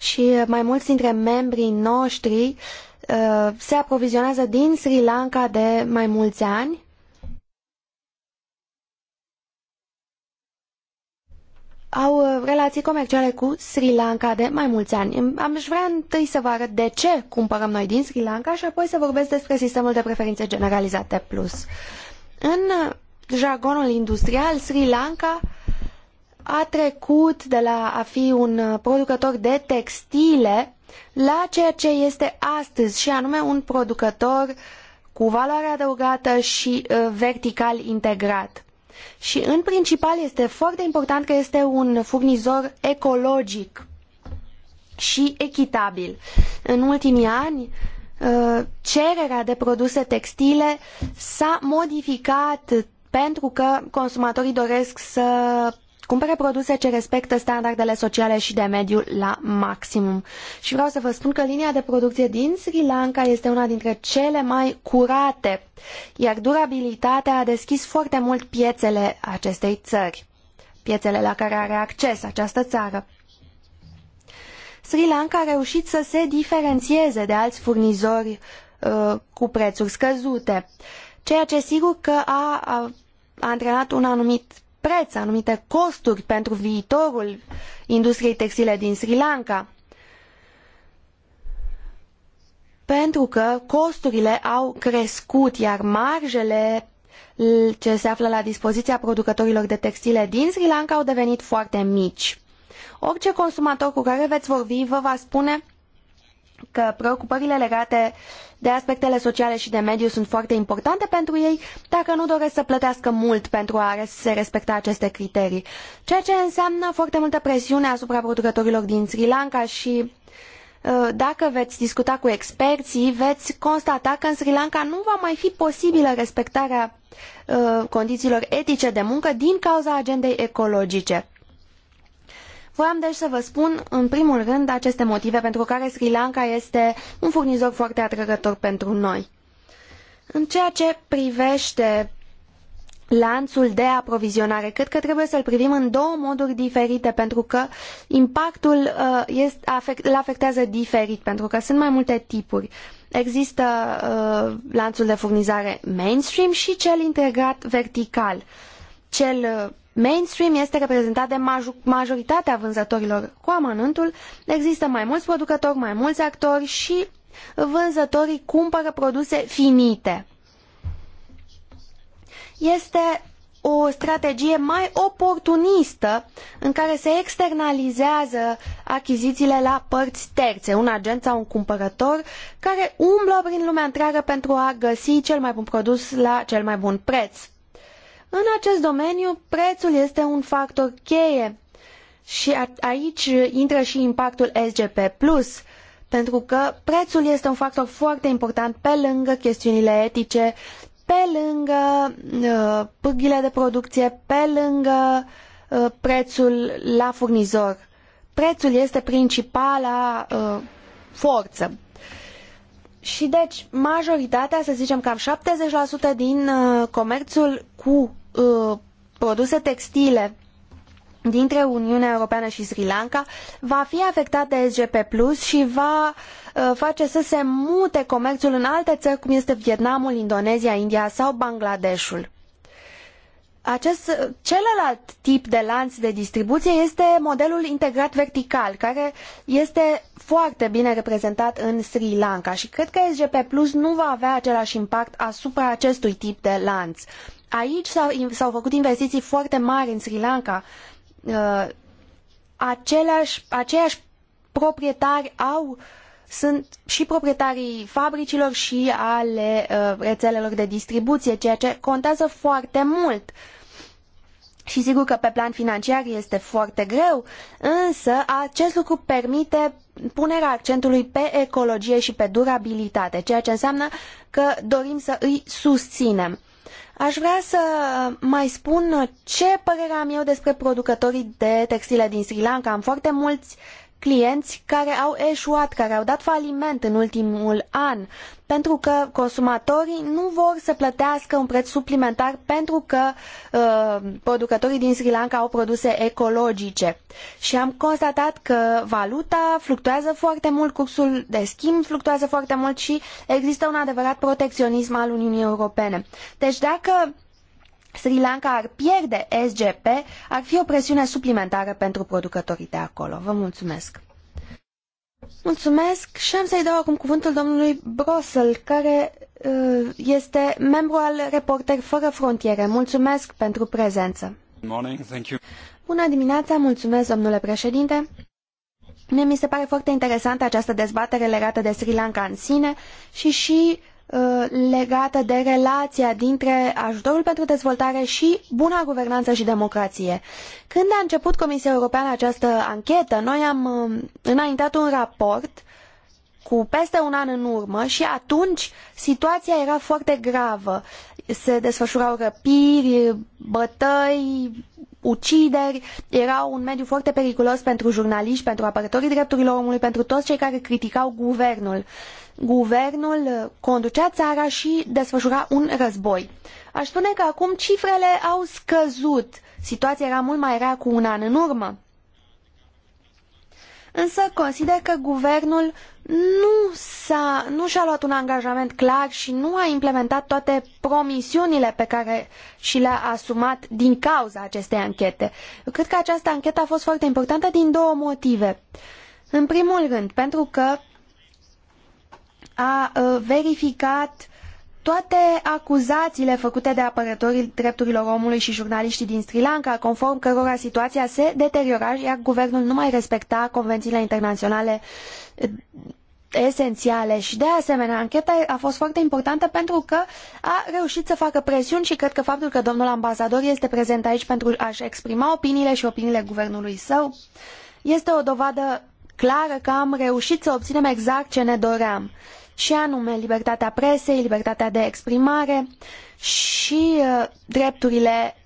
Și mai mulți dintre membrii noștri uh, se aprovizionează din Sri Lanka de mai mulți ani au uh, relații comerciale cu Sri Lanka de mai mulți ani. Am și vrea întâi să vă arăt de ce cumpărăm noi din Sri Lanka și apoi să vorbesc despre sistemul de preferințe generalizate plus. În uh, jargonul industrial, Sri Lanka a trecut de la a fi un uh, producător de textile la ceea ce este astăzi și anume un producător cu valoare adăugată și vertical integrat. Și în principal este foarte important că este un furnizor ecologic și echitabil. În ultimii ani, ă, cererea de produse textile s-a modificat pentru că consumatorii doresc să cumpere produse ce respectă standardele sociale și de mediu la maximum. Și vreau să vă spun că linia de producție din Sri Lanka este una dintre cele mai curate, iar durabilitatea a deschis foarte mult piețele acestei țări, piețele la care are acces această țară. Sri Lanka a reușit să se diferențieze de alți furnizori uh, cu prețuri scăzute, ceea ce sigur că a, a antrenat un anumit preț, anumite costuri pentru viitorul industriei textile din Sri Lanka. Pentru că costurile au crescut, iar marjele ce se află la dispoziția producătorilor de textile din Sri Lanka au devenit foarte mici. Orice consumator cu care veți vorbi vă va spune că preocupările legate de aspectele sociale și de mediu sunt foarte importante pentru ei dacă nu doresc să plătească mult pentru a se respecta aceste criterii. Ceea ce înseamnă foarte multă presiune asupra producătorilor din Sri Lanka și uh, dacă veți discuta cu experții, veți constata că în Sri Lanka nu va mai fi posibilă respectarea uh, condițiilor etice de muncă din cauza agendei ecologice. Voiam deci să vă spun, în primul rând, aceste motive pentru care Sri Lanka este un furnizor foarte atrăgător pentru noi. În ceea ce privește lanțul de aprovizionare. Cred că trebuie să-l privim în două moduri diferite, pentru că impactul uh, este, afect, îl afectează diferit, pentru că sunt mai multe tipuri. Există uh, lanțul de furnizare mainstream și cel integrat vertical, cel uh, Mainstream este reprezentat de majoritatea vânzătorilor cu amănântul, există mai mulți producători, mai mulți actori și vânzătorii cumpără produse finite. Este o strategie mai oportunistă în care se externalizează achizițiile la părți terțe, un agent sau un cumpărător care umblă prin lumea întreagă pentru a găsi cel mai bun produs la cel mai bun preț. În acest domeniu, prețul este un factor cheie și aici intră și impactul SGP+, pentru că prețul este un factor foarte important pe lângă chestiunile etice, pe lângă uh, pârghile de producție, pe lângă uh, prețul la furnizor. Prețul este principala uh, forță. Și deci, majoritatea, să zicem cam 70% din uh, comerțul cu Uh, produse textile dintre Uniunea Europeană și Sri Lanka va fi afectat de SGP Plus și va uh, face să se mute comerțul în alte țări cum este Vietnamul, Indonezia, India sau Bangladeshul. Acest celălalt tip de lanț de distribuție este modelul integrat vertical, care este foarte bine reprezentat în Sri Lanka și cred că SGP Plus nu va avea același impact asupra acestui tip de lanț. Aici s-au făcut investiții foarte mari în Sri Lanka. Uh, aceleași, aceiași proprietari au sunt și proprietarii fabricilor și ale uh, rețelelor de distribuție, ceea ce contează foarte mult. Și sigur că pe plan financiar este foarte greu, însă acest lucru permite punerea accentului pe ecologie și pe durabilitate, ceea ce înseamnă că dorim să îi susținem. Aș vrea să mai spun ce părere am eu despre producătorii de textile din Sri Lanka. Am foarte mulți clienți care au eșuat, care au dat faliment în ultimul an, pentru că consumatorii nu vor să plătească un preț suplimentar pentru că uh, producătorii din Sri Lanka au produse ecologice. Și am constatat că valuta fluctuează foarte mult, cursul de schimb fluctuează foarte mult și există un adevărat protecționism al Uniunii Europene. Deci dacă Sri Lanka ar pierde SGP, ar fi o presiune suplimentară pentru producătorii de acolo. Vă mulțumesc! Mulțumesc și am să-i dau acum cuvântul domnului Brosel, care uh, este membru al Reporteri Fără Frontiere. Mulțumesc pentru prezență. Bună dimineața, mulțumesc domnule președinte. Mie mi se pare foarte interesantă această dezbatere legată de Sri Lanka în sine și și Uh, legată de relația dintre ajutorul pentru dezvoltare și buna guvernanță și democrație. Când a început Comisia Europeană această anchetă, noi am uh, înaintat un raport cu peste un an în urmă și atunci situația era foarte gravă. Se desfășurau răpiri, bătăi, ucideri, era un mediu foarte periculos pentru jurnaliști, pentru apărătorii drepturilor omului, pentru toți cei care criticau guvernul. Uh, guvernul conducea țara și desfășura un război. Aș spune că acum cifrele au scăzut. Situația era mult mai rea cu un an în urmă. Însă consider că guvernul nu, s-a, nu și-a luat un angajament clar și nu a implementat toate promisiunile pe care și le-a asumat din cauza acestei anchete. Eu cred că această anchetă a fost foarte importantă din două motive. În primul rând, pentru că a verificat toate acuzațiile făcute de apărătorii drepturilor omului și jurnaliștii din Sri Lanka, conform cărora situația se deteriora, iar guvernul nu mai respecta convențiile internaționale esențiale și de asemenea ancheta a fost foarte importantă pentru că a reușit să facă presiuni și cred că faptul că domnul ambasador este prezent aici pentru a-și exprima opiniile și opiniile guvernului său este o dovadă clară că am reușit să obținem exact ce ne doream. Uh, și anume libertatea presei, libertatea de exprimare și uh, drepturile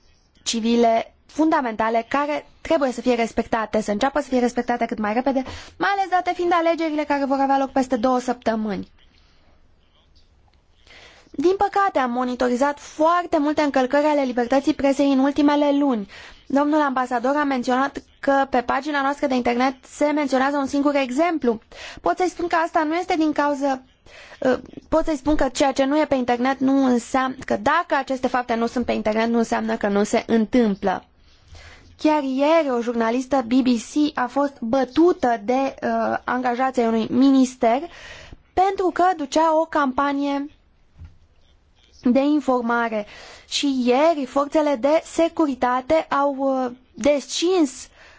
civile fundamentale care trebuie să fie respectate, să înceapă să fie respectate cât mai repede, mai ales date fiind alegerile care vor avea loc peste două săptămâni. Din păcate, am monitorizat foarte multe încălcări ale libertății presei în ultimele luni. Domnul ambasador a menționat că pe pagina noastră de internet se menționează un singur exemplu. Pot să-i spun că asta nu este din cauza Uh, pot să-i spun că ceea ce nu e pe internet nu înseamnă că dacă aceste fapte nu sunt pe internet, nu înseamnă că nu se întâmplă. Chiar ieri o jurnalistă BBC a fost bătută de uh, angajații unui minister pentru că ducea o campanie de informare. Și ieri forțele de securitate au uh, descins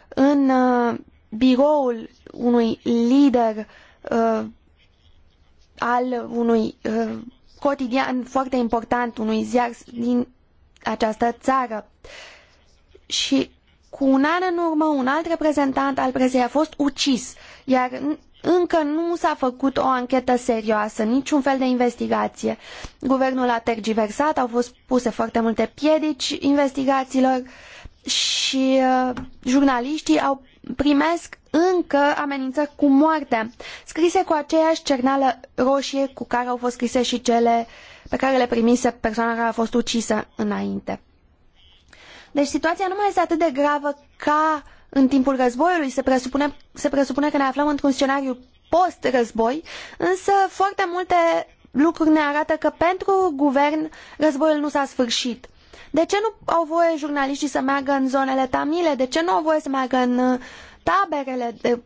în uh, biroul unui lider uh, al unui uh, cotidian foarte important, unui ziar din această țară. Și cu un an în urmă, un alt reprezentant al presei a fost ucis, iar încă nu s-a făcut o anchetă serioasă, niciun fel de investigație. Guvernul a tergiversat, au fost puse foarte multe piedici investigațiilor și uh, jurnaliștii au primesc încă amenințări cu moartea, scrise cu aceeași cerneală roșie cu care au fost scrise și cele pe care le primise persoana care a fost ucisă înainte. Deci situația nu mai este atât de gravă ca în timpul războiului, se presupune, se presupune că ne aflăm într-un scenariu post-război, însă foarte multe lucruri ne arată că pentru guvern războiul nu s-a sfârșit. De ce nu au voie jurnaliștii să meargă în zonele tamile? De ce nu au voie să meargă în uh, taberele de,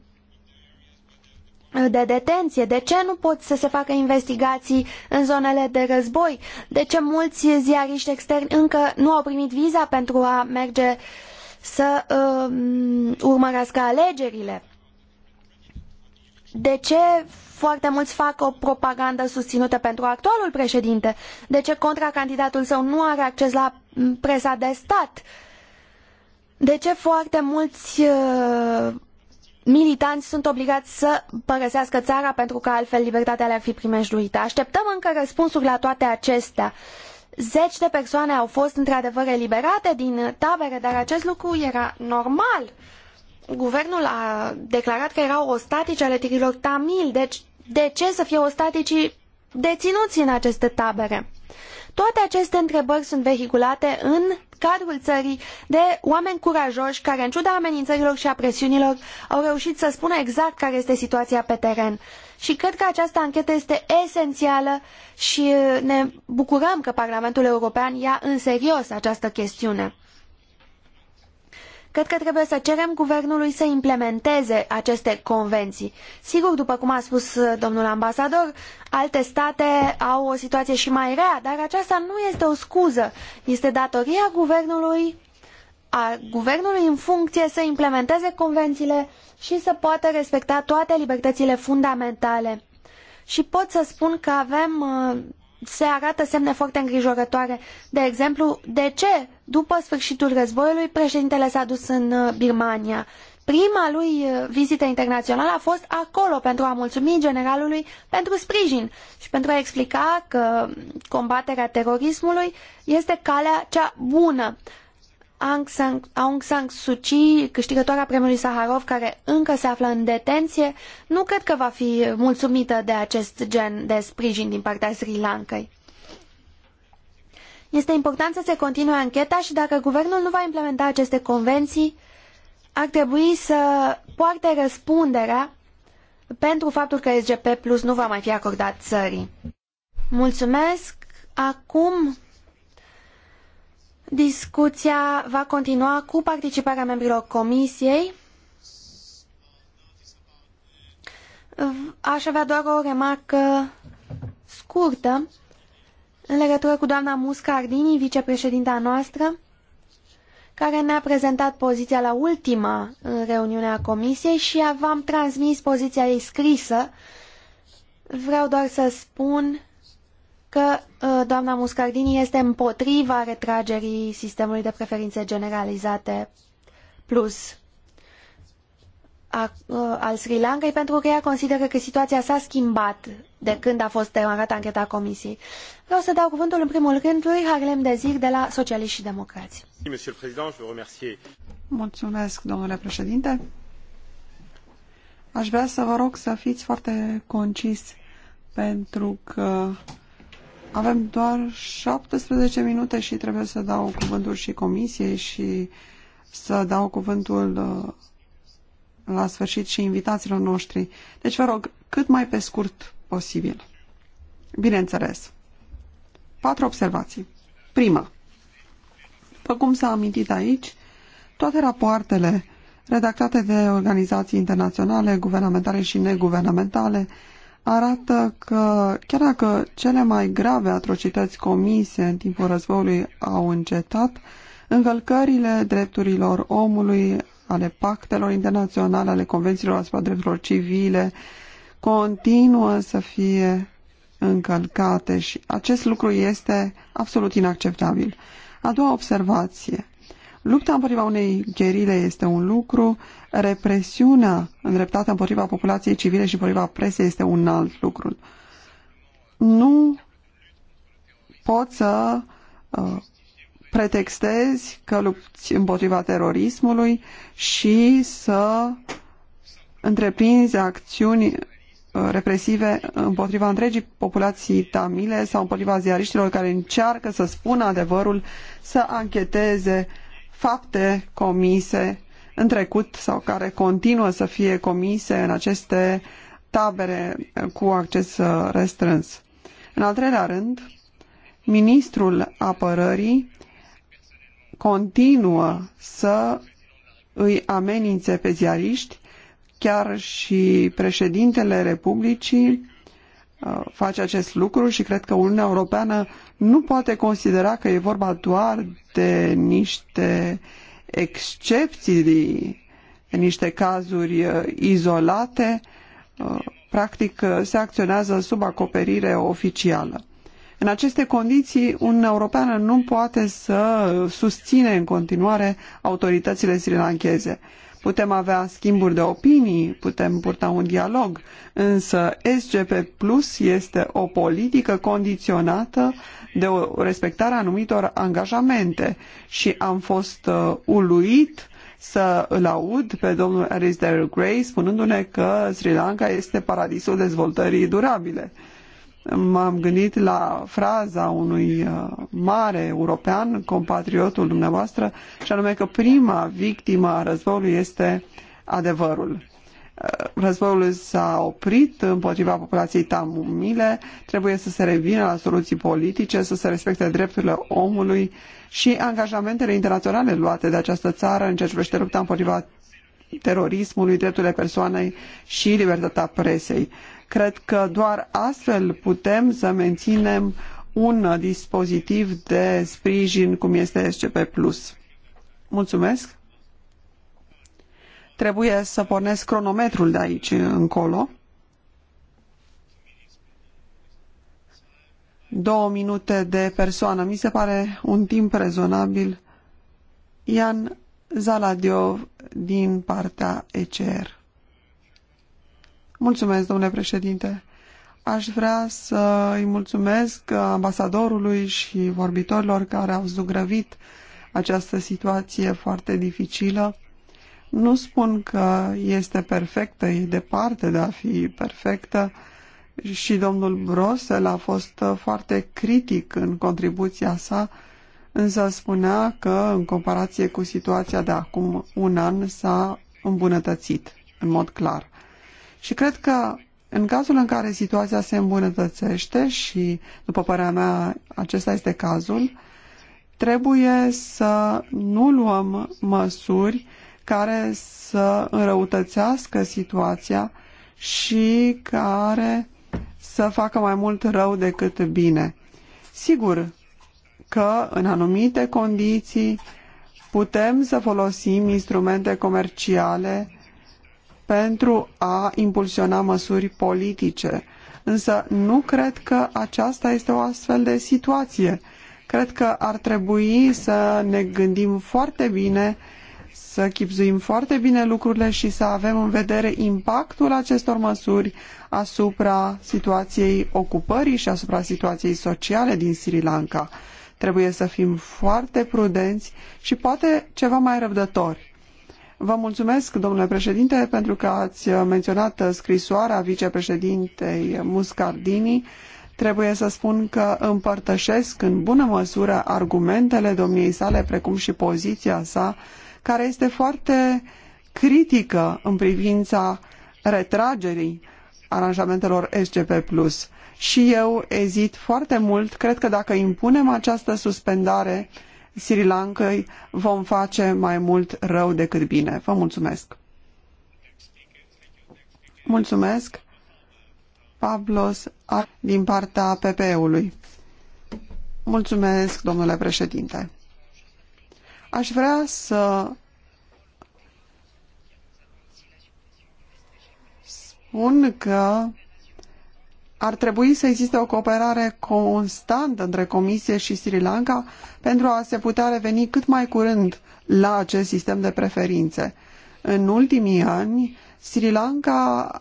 de detenție? De ce nu pot să se facă investigații în zonele de război? De ce mulți ziariști externi încă nu au primit viza pentru a merge să uh, urmărească alegerile? De ce foarte mulți fac o propagandă susținută pentru actualul președinte? De ce contracandidatul său nu are acces la mm, presa de stat? De ce foarte mulți uh, militanți sunt obligați să părăsească țara pentru că altfel libertatea le-ar fi primejduită? Așteptăm încă răspunsuri la toate acestea. Zeci de persoane au fost într-adevăr eliberate din tabere, dar acest lucru era normal. Uh, guvernul a declarat că erau ostatici ale tigrilor tamil, deci de ce să fie ostaticii deținuți în aceste tabere? Toate aceste întrebări sunt vehiculate în cadrul țării de oameni curajoși care, în ciuda amenințărilor și a presiunilor, au reușit să spună exact care este situația pe teren. Și cred că această anchetă este esențială și uh, ne bucurăm că Parlamentul European ia în serios această chestiune. Cred că trebuie să cerem guvernului să implementeze aceste convenții. Sigur, după cum a spus uh, domnul ambasador, alte state au o situație și mai rea, dar aceasta nu este o scuză. Este datoria guvernului a guvernului în funcție să implementeze convențiile și să poată respecta toate libertățile fundamentale. Și pot să spun că avem uh, se arată semne foarte îngrijorătoare. De exemplu, de ce, după sfârșitul războiului, președintele s-a dus în uh, Birmania? Prima lui uh, vizită internațională a fost acolo pentru a mulțumi generalului pentru sprijin și pentru a explica că combaterea terorismului este calea cea bună. Aung San, Aung San Suu Kyi, câștigătoarea premiului Saharov, care încă se află în detenție, nu cred că va fi mulțumită de acest gen de sprijin din partea Sri Lankai. Este important să se continue ancheta și dacă guvernul nu va implementa aceste convenții, ar trebui să poarte răspunderea pentru faptul că SGP Plus nu va mai fi acordat țării. Mulțumesc! Acum Discuția va continua cu participarea membrilor comisiei. Aș avea doar o remarcă scurtă în legătură cu doamna Muscardini, vicepreședinta noastră, care ne-a prezentat poziția la ultima reuniune a comisiei și v-am transmis poziția ei scrisă. Vreau doar să spun că uh, doamna Muscardini este împotriva retragerii sistemului de preferințe generalizate plus a, uh, al Sri Lankai pentru că ea consideră că situația s-a schimbat de când a fost demarată ancheta comisiei. Vreau să dau cuvântul în primul rând lui Harlem Dezir de la Socialiști și Democrați. Mulțumesc, domnule președinte. Aș vrea să vă rog să fiți foarte concis pentru că avem doar 17 minute și trebuie să dau cuvântul și comisiei și să dau cuvântul uh, la sfârșit și invitațiilor noștri. Deci vă rog, cât mai pe scurt posibil. Bineînțeles. Patru observații. Prima. După cum s-a amintit aici, toate rapoartele redactate de organizații internaționale, guvernamentale și neguvernamentale, arată că chiar dacă cele mai grave atrocități comise în timpul războiului au încetat, încălcările drepturilor omului, ale pactelor internaționale, ale convențiilor asupra drepturilor civile, continuă să fie încălcate și acest lucru este absolut inacceptabil. A doua observație. Lupta împotriva unei gerile este un lucru, represiunea îndreptată împotriva populației civile și împotriva presei este un alt lucru. Nu poți să uh, pretextezi că lupți împotriva terorismului și să întreprinzi acțiuni uh, represive împotriva întregii populații tamile sau împotriva ziariștilor care încearcă să spună adevărul, să ancheteze fapte comise în trecut sau care continuă să fie comise în aceste tabere cu acces uh, restrâns. În al treilea rând, ministrul apărării continuă să îi amenințe pe ziariști, chiar și președintele Republicii uh, face acest lucru și cred că Uniunea Europeană nu poate considera că e vorba doar de niște excepții, de niște cazuri uh, izolate, uh, practic uh, se acționează sub acoperire oficială. În aceste condiții, Uniunea Europeană nu poate să susține în continuare autoritățile srilancheze. Putem avea schimburi de opinii, putem purta un dialog, însă SGP Plus este o politică condiționată de respectarea anumitor angajamente și am fost uh, uluit să îl aud pe domnul Arisdale Gray spunându-ne că Sri Lanka este paradisul dezvoltării durabile. M-am gândit la fraza unui uh, mare european, compatriotul dumneavoastră, și anume că prima victimă a războiului este adevărul războiul s-a oprit împotriva populației tamumile, trebuie să se revină la soluții politice, să se respecte drepturile omului și angajamentele internaționale luate de această țară în ceea ce privește lupta împotriva terorismului, drepturile persoanei și libertatea presei. Cred că doar astfel putem să menținem un dispozitiv de sprijin cum este SCP+. Mulțumesc! Trebuie să pornesc cronometrul de aici încolo. Două minute de persoană. Mi se pare un timp rezonabil. Ian Zaladiov din partea ECR. Mulțumesc, domnule președinte. Aș vrea să îi mulțumesc ambasadorului și vorbitorilor care au zugrăvit această situație foarte dificilă. Nu spun că este perfectă, e departe de a fi perfectă și domnul Brosel a fost foarte critic în contribuția sa, însă spunea că în comparație cu situația de acum un an s-a îmbunătățit în mod clar. Și cred că în cazul în care situația se îmbunătățește și, după părerea mea, acesta este cazul, trebuie să nu luăm măsuri care să înrăutățească situația și care să facă mai mult rău decât bine. Sigur că în anumite condiții putem să folosim instrumente comerciale pentru a impulsiona măsuri politice. Însă nu cred că aceasta este o astfel de situație. Cred că ar trebui să ne gândim foarte bine să chipzuim foarte bine lucrurile și să avem în vedere impactul acestor măsuri asupra situației ocupării și asupra situației sociale din Sri Lanka. Trebuie să fim foarte prudenți și poate ceva mai răbdători. Vă mulțumesc, domnule președinte, pentru că ați menționat scrisoarea vicepreședintei Muscardini. Trebuie să spun că împărtășesc în bună măsură argumentele domniei sale, precum și poziția sa care este foarte critică în privința retragerii aranjamentelor SGP+. Și eu ezit foarte mult. Cred că dacă impunem această suspendare Sri Lankai, vom face mai mult rău decât bine. Vă mulțumesc! Mulțumesc! Pablos din partea PPE-ului. Mulțumesc, domnule președinte! Aș vrea să spun că ar trebui să existe o cooperare constantă între Comisie și Sri Lanka pentru a se putea reveni cât mai curând la acest sistem de preferințe. În ultimii ani, Sri Lanka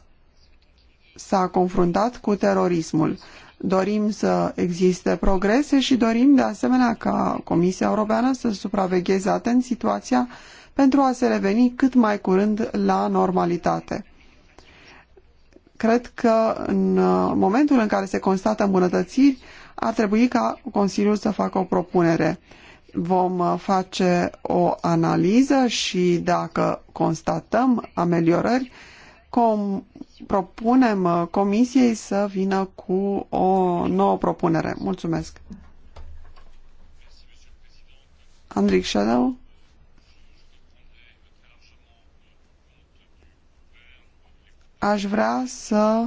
s-a confruntat cu terorismul dorim să existe progrese și dorim de asemenea ca Comisia Europeană să supravegheze atent situația pentru a se reveni cât mai curând la normalitate. Cred că în momentul în care se constată îmbunătățiri, ar trebui ca Consiliul să facă o propunere. Vom face o analiză și dacă constatăm ameliorări, com propunem uh, comisiei să vină cu o nouă propunere. Mulțumesc. Andric Shadow. Aș vrea să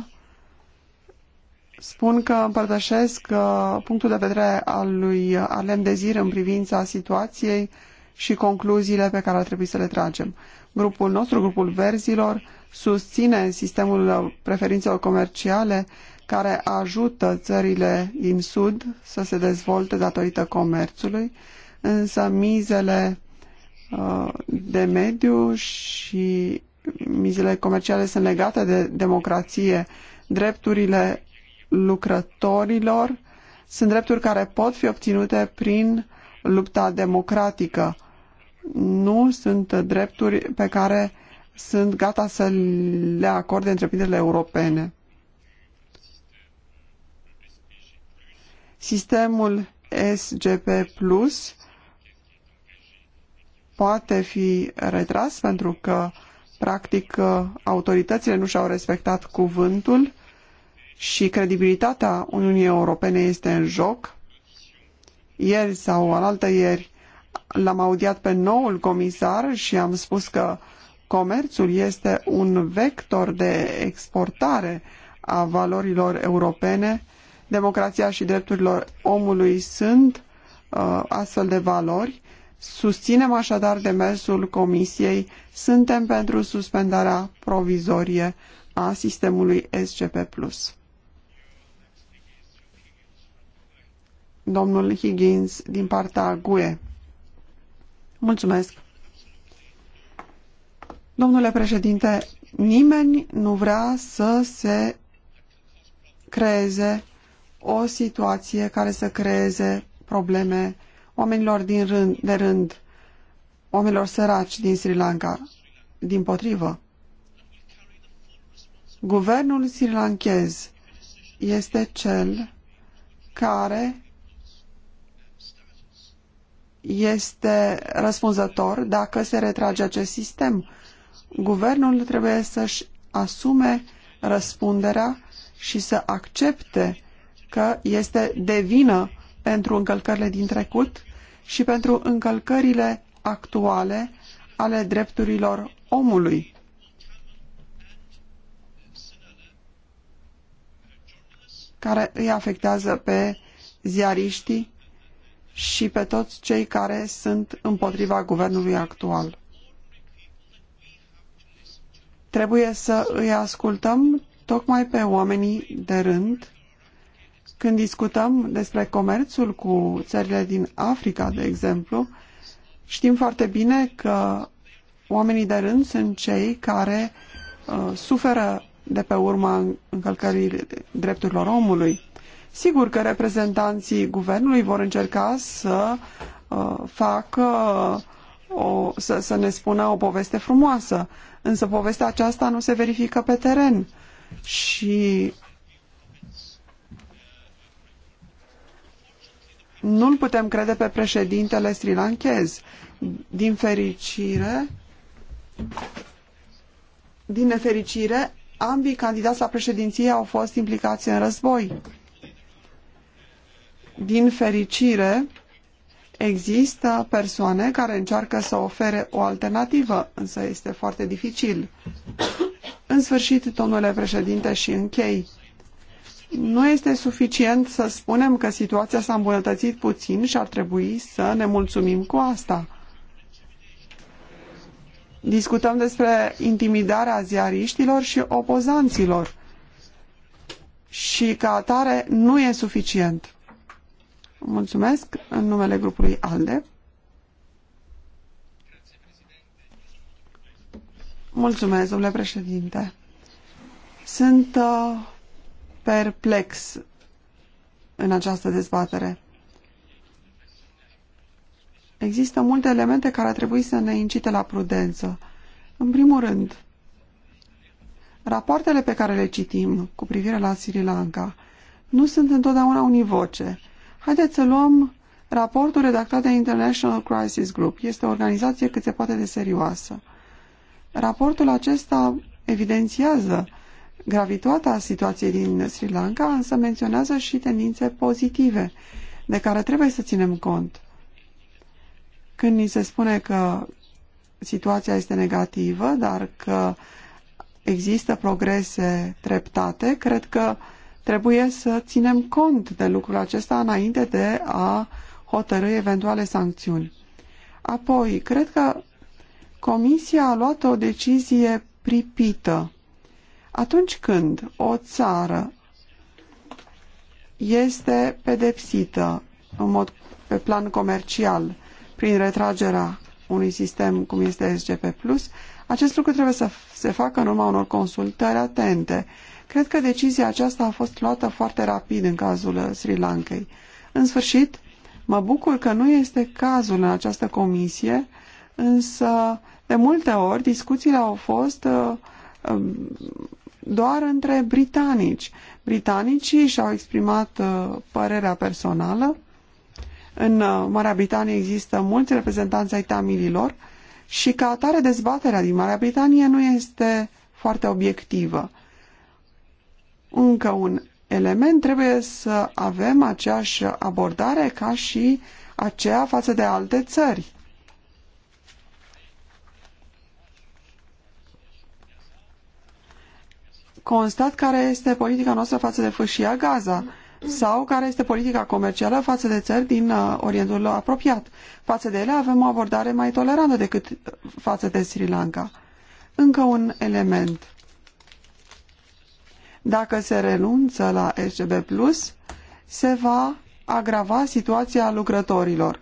spun că împărtășesc uh, punctul de vedere al lui Alem Dezir în privința situației și concluziile pe care ar trebui să le tragem. Grupul nostru, grupul verzilor, susține sistemul preferințelor comerciale care ajută țările din Sud să se dezvolte datorită comerțului, însă mizele uh, de mediu și mizele comerciale sunt legate de democrație. Drepturile lucrătorilor sunt drepturi care pot fi obținute prin lupta democratică nu sunt drepturi pe care sunt gata să le acorde întreprinderile europene. Sistemul SGP Plus poate fi retras pentru că, practic, autoritățile nu și-au respectat cuvântul și credibilitatea Uniunii Europene este în joc. Ieri sau alaltă ieri L-am audiat pe noul comisar și am spus că comerțul este un vector de exportare a valorilor europene. Democrația și drepturile omului sunt uh, astfel de valori. Susținem așadar demersul Comisiei. Suntem pentru suspendarea provizorie a sistemului SCP+. Domnul Higgins din partea GUE. Mulțumesc. Domnule președinte, nimeni nu vrea să se creeze o situație care să creeze probleme oamenilor din rând, de rând, oamenilor săraci din Sri Lanka. Din potrivă, guvernul sri lanchez este cel care este răspunzător dacă se retrage acest sistem. Guvernul trebuie să-și asume răspunderea și să accepte că este de vină pentru încălcările din trecut și pentru încălcările actuale ale drepturilor omului. care îi afectează pe ziariștii și pe toți cei care sunt împotriva guvernului actual. Trebuie să îi ascultăm tocmai pe oamenii de rând când discutăm despre comerțul cu țările din Africa, de exemplu, știm foarte bine că oamenii de rând sunt cei care uh, suferă de pe urma încălcării drepturilor omului. Sigur că reprezentanții guvernului vor încerca să uh, facă o, să, să ne spună o poveste frumoasă, însă povestea aceasta nu se verifică pe teren și nu-l putem crede pe președintele sri lankez. Din fericire, din nefericire, ambii candidați la președinție au fost implicați în război. Din fericire, există persoane care încearcă să ofere o alternativă, însă este foarte dificil. În sfârșit, domnule președinte, și închei. Nu este suficient să spunem că situația s-a îmbunătățit puțin și ar trebui să ne mulțumim cu asta. Discutăm despre intimidarea ziariștilor și opozanților și ca atare nu e suficient. Mulțumesc în numele grupului ALDE. Mulțumesc, domnule președinte. Sunt uh, perplex în această dezbatere. Există multe elemente care ar trebui să ne incite la prudență. În primul rând, rapoartele pe care le citim cu privire la Sri Lanka nu sunt întotdeauna univoce Haideți să luăm raportul redactat de International Crisis Group. Este o organizație cât se poate de serioasă. Raportul acesta evidențiază gravitatea situației din Sri Lanka, însă menționează și tendințe pozitive de care trebuie să ținem cont. Când ni se spune că situația este negativă, dar că există progrese treptate, cred că uh, Trebuie să ținem cont de lucrul acesta înainte de a hotărâi eventuale sancțiuni. Apoi, cred că Comisia a luat o decizie pripită. Atunci când o țară este pedepsită în mod pe plan comercial prin retragerea unui sistem cum este SGP+, acest lucru trebuie să se facă în urma unor consultări atente Cred că decizia aceasta a fost luată foarte rapid în cazul uh, Sri Lankei. În sfârșit, mă bucur că nu este cazul în această comisie, însă de multe ori discuțiile au fost uh, um, doar între britanici. Britanicii și-au exprimat uh, părerea personală. În Marea Britanie există mulți reprezentanți ai tamililor și ca atare dezbaterea din Marea Britanie nu este foarte obiectivă. Încă un element, trebuie să avem aceeași abordare ca și aceea față de alte țări. Constat care este politica noastră față de fâșia Gaza sau care este politica comercială față de țări din uh, Orientul apropiat. Față de ele avem o abordare mai tolerantă decât față de Sri Lanka. Încă un element. Dacă se renunță la SGB+, se va agrava situația lucrătorilor.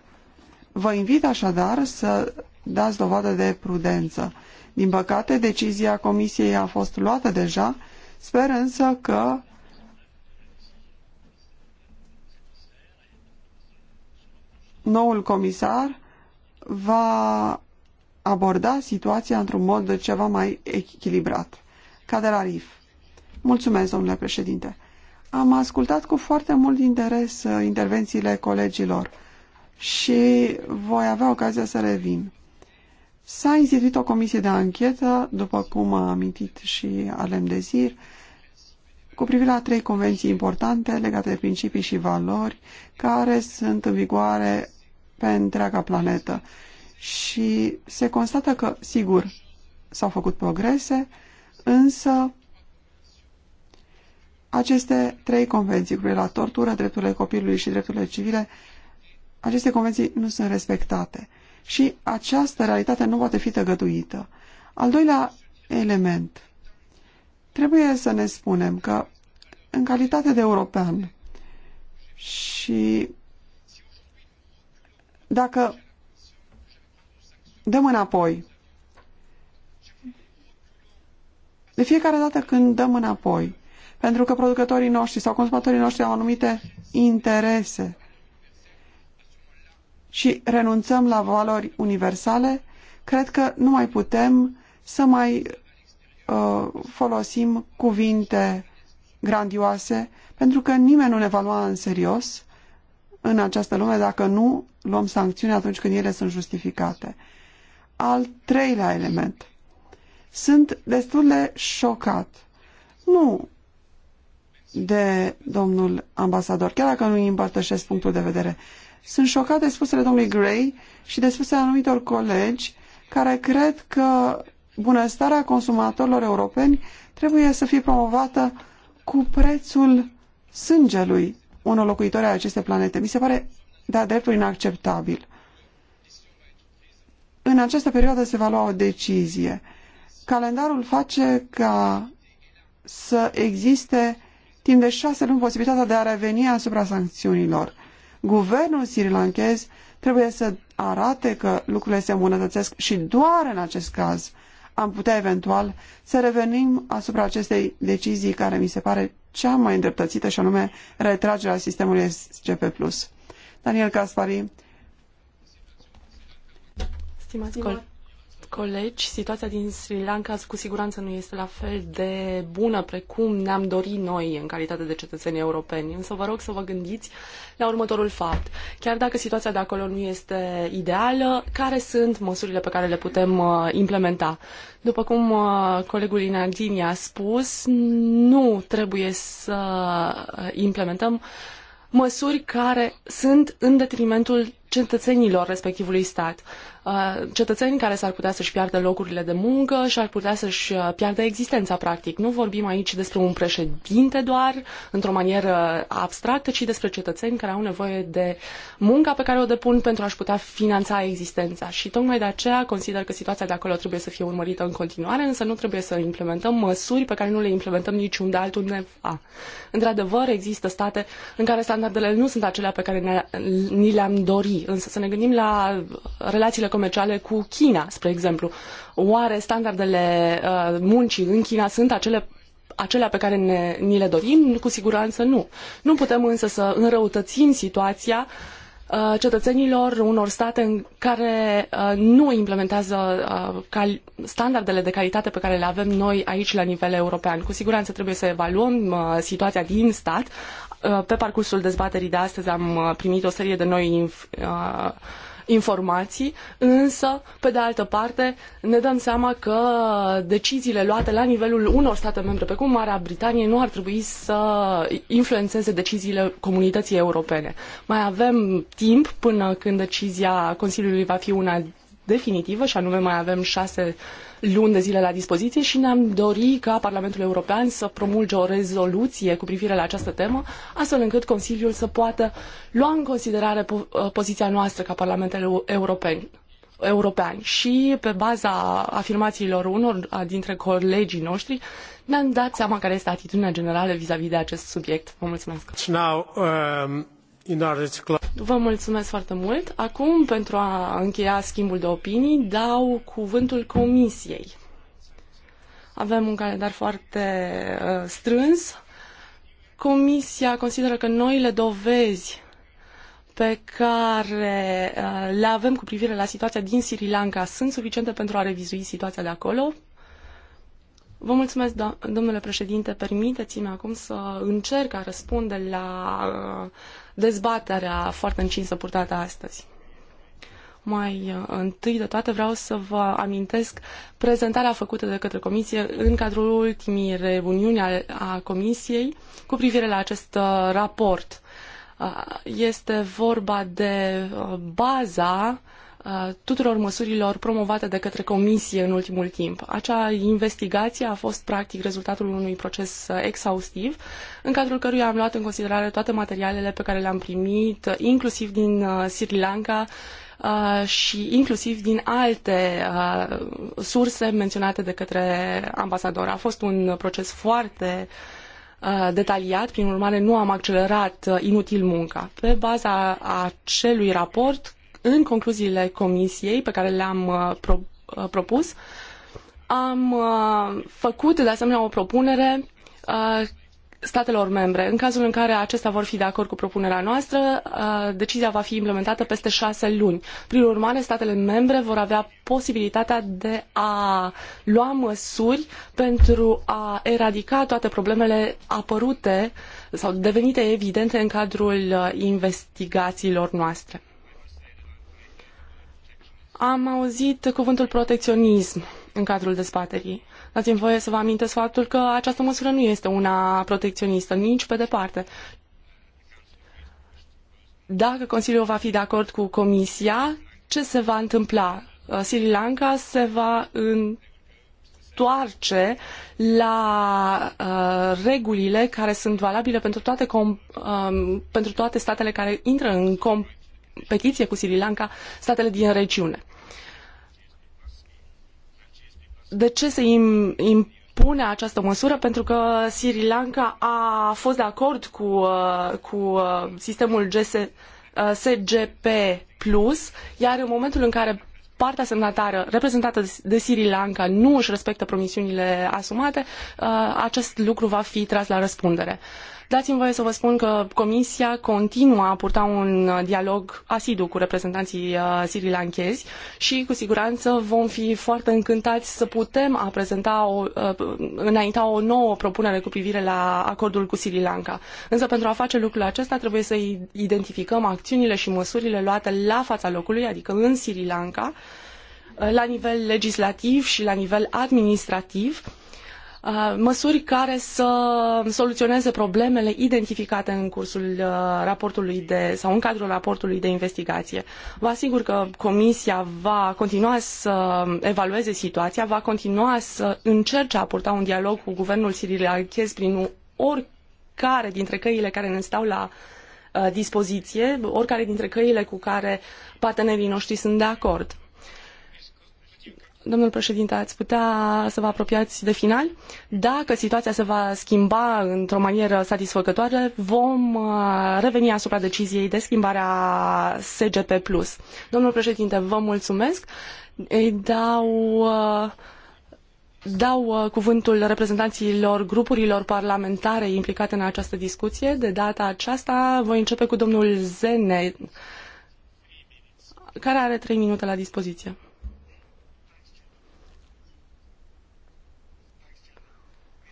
Vă invit așadar să dați dovadă de prudență. Din păcate, decizia Comisiei a fost luată deja, sper însă că noul comisar va aborda situația într-un mod ceva mai echilibrat. Caderarif. Mulțumesc, domnule președinte. Am ascultat cu foarte mult interes uh, intervențiile colegilor și voi avea ocazia să revin. S-a instituit o comisie de anchetă, după cum a amintit și Alem Dezir, cu privire la trei convenții importante legate de principii și valori care sunt în vigoare pe întreaga planetă. Și se constată că, sigur, s-au făcut progrese, însă aceste trei convenții cu la tortură, drepturile copilului și drepturile civile, aceste convenții nu sunt respectate și această realitate nu poate fi tăgăduită. Al doilea element. Trebuie să ne spunem că în calitate de european și dacă dăm înapoi, de fiecare dată când dăm înapoi, pentru că producătorii noștri sau consumatorii noștri au anumite interese și renunțăm la valori universale, cred că nu mai putem să mai uh, folosim cuvinte grandioase, pentru că nimeni nu ne va lua în serios în această lume dacă nu luăm sancțiuni atunci când ele sunt justificate. Al treilea element. Sunt destul de șocat. Nu de domnul ambasador, chiar dacă nu îi împărtășesc punctul de vedere. Sunt șocat de spusele domnului Gray și de spusele anumitor colegi care cred că bunăstarea consumatorilor europeni trebuie să fie promovată cu prețul sângelui unor locuitori ai acestei planete. Mi se pare de-a dreptul inacceptabil. În această perioadă se va lua o decizie. Calendarul face ca să existe timp de șase luni posibilitatea de a reveni asupra sancțiunilor. Guvernul sirilanchez trebuie să arate că lucrurile se îmbunătățesc și doar în acest caz am putea eventual să revenim asupra acestei decizii care mi se pare cea mai îndreptățită și anume retragerea sistemului SGP+. Daniel Caspari. Stimați colegi, situația din Sri Lanka cu siguranță nu este la fel de bună precum ne-am dorit noi în calitate de cetățeni europeni. Însă vă rog să vă gândiți la următorul fapt. Chiar dacă situația de acolo nu este ideală, care sunt măsurile pe care le putem uh, implementa? După cum uh, colegul Inardini a spus, nu trebuie să uh, implementăm măsuri care sunt în detrimentul cetățenilor respectivului stat. Uh, cetățeni care s-ar putea să-și piardă locurile de muncă și ar putea să-și uh, piardă existența, practic. Nu vorbim aici despre un președinte doar, într-o manieră abstractă, ci despre cetățeni care au nevoie de munca pe care o depun pentru a-și putea finanța existența. Și tocmai de aceea consider că situația de acolo trebuie să fie urmărită în continuare, însă nu trebuie să implementăm măsuri pe care nu le implementăm niciun de altundeva. Într-adevăr, există state în care standardele nu sunt acelea pe care ni le-am dori însă să ne gândim la relațiile comerciale cu China, spre exemplu. Oare standardele uh, muncii în China sunt acele acelea pe care ne, ni le dorim? Cu siguranță nu. Nu putem însă să înrăutățim situația uh, cetățenilor unor state în care uh, nu implementează standardele de calitate pe care le avem noi aici la nivel european. Cu siguranță trebuie să evaluăm situația din stat, Uh, pe parcursul dezbaterii de astăzi am uh, primit o serie de noi inf- uh, informații, însă, pe de altă parte, ne dăm seama că deciziile luate la nivelul unor state membre, precum Marea Britanie, nu ar trebui să influențeze deciziile comunității europene. Mai avem timp până când decizia Consiliului va fi una definitivă, și anume mai avem șase uh, luni de zile la dispoziție și ne-am dori ca Parlamentul European să promulge o rezoluție cu privire la această temă, astfel încât Consiliul să poată lua în considerare po- ă, poziția noastră ca Parlamentele european și pe baza afirmațiilor unor dintre colegii noștri ne-am dat seama care este atitudinea generală vis a -vis de acest subiect. Vă mulțumesc! Now, um... Vă mulțumesc foarte mult. Acum, pentru a încheia schimbul de opinii, dau cuvântul Comisiei. Avem un calendar foarte uh, strâns. Comisia consideră că noile dovezi pe care uh, le avem cu privire la situația din Sri Lanka sunt suficiente pentru a revizui situația de acolo, Vă mulțumesc, do domnule președinte. Permiteți-mi acum să încerc a răspunde la uh, dezbaterea foarte încinsă purtată astăzi. Mai uh, întâi de toate vreau să vă amintesc prezentarea făcută de către Comisie în cadrul ultimii reuniuni a Comisiei cu privire la acest uh, raport. Este vorba de baza uh, Uh, tuturor măsurilor promovate de către Comisie în ultimul timp. Acea investigație a fost practic rezultatul unui proces uh, exhaustiv, în cadrul căruia am luat în considerare toate materialele pe care le-am primit, uh, inclusiv din Sri Lanka și inclusiv din alte surse menționate de către ambasador. A fost un proces foarte detaliat, prin urmare nu am accelerat inutil munca. Pe baza acelui raport, în concluziile comisiei pe care le-am uh, pro, uh, propus, am uh, făcut de asemenea o propunere statelor membre. În cazul în care acestea vor fi de acord cu propunerea noastră, decizia va fi implementată peste șase luni. Prin urmare, statele membre vor avea posibilitatea de a lua măsuri pentru a eradica toate problemele apărute sau devenite evidente în cadrul investigațiilor noastre. Am auzit cuvântul protecționism în cadrul dezbaterii. Dați-mi voie să vă amintesc faptul că această măsură nu este una protecționistă, nici pe departe. Dacă Consiliul va fi de acord cu Comisia, ce se va întâmpla? Uh, Sri Lanka se va întoarce la uh, regulile care sunt valabile pentru toate, com, uh, pentru toate statele care intră în competiție cu Sri Lanka, statele din regiune de ce se impune această măsură? Pentru că Sri Lanka a fost de acord cu, uh, cu uh, sistemul GS, uh, SGP+, iar în momentul în care partea semnatară reprezentată de Sri Lanka nu își respectă promisiunile asumate, acest lucru va fi tras la răspundere. Uh, Dați-mi voie să vă spun că Comisia continuă a purta un uh, dialog asidu cu reprezentanții uh, sri lankezi și cu siguranță vom fi foarte încântați să putem a prezenta o, uh, înainta o nouă propunere cu privire la acordul cu Sri Lanka. Însă pentru a face lucrul acesta trebuie să identificăm acțiunile și măsurile luate la fața locului, adică în Sri Lanka, la nivel legislativ și la nivel administrativ, Uh, măsuri care să soluționeze problemele identificate în cursul uh, raportului de, sau în cadrul raportului de investigație. Vă asigur că Comisia va continua să evalueze situația, va continua să încerce a purta un dialog cu guvernul siriachez prin oricare dintre căile care ne stau la uh, dispoziție, oricare dintre căile cu care partenerii noștri sunt de acord. Domnul președinte, ați putea să vă apropiați de final? Dacă situația se va schimba într-o manieră satisfăcătoare, vom uh, reveni asupra deciziei de schimbare a SGP+. Domnul președinte, vă mulțumesc. Îi dau, uh, dau uh, cuvântul reprezentanților grupurilor parlamentare implicate în această discuție. De data aceasta voi începe cu domnul Zene, care are trei minute la dispoziție.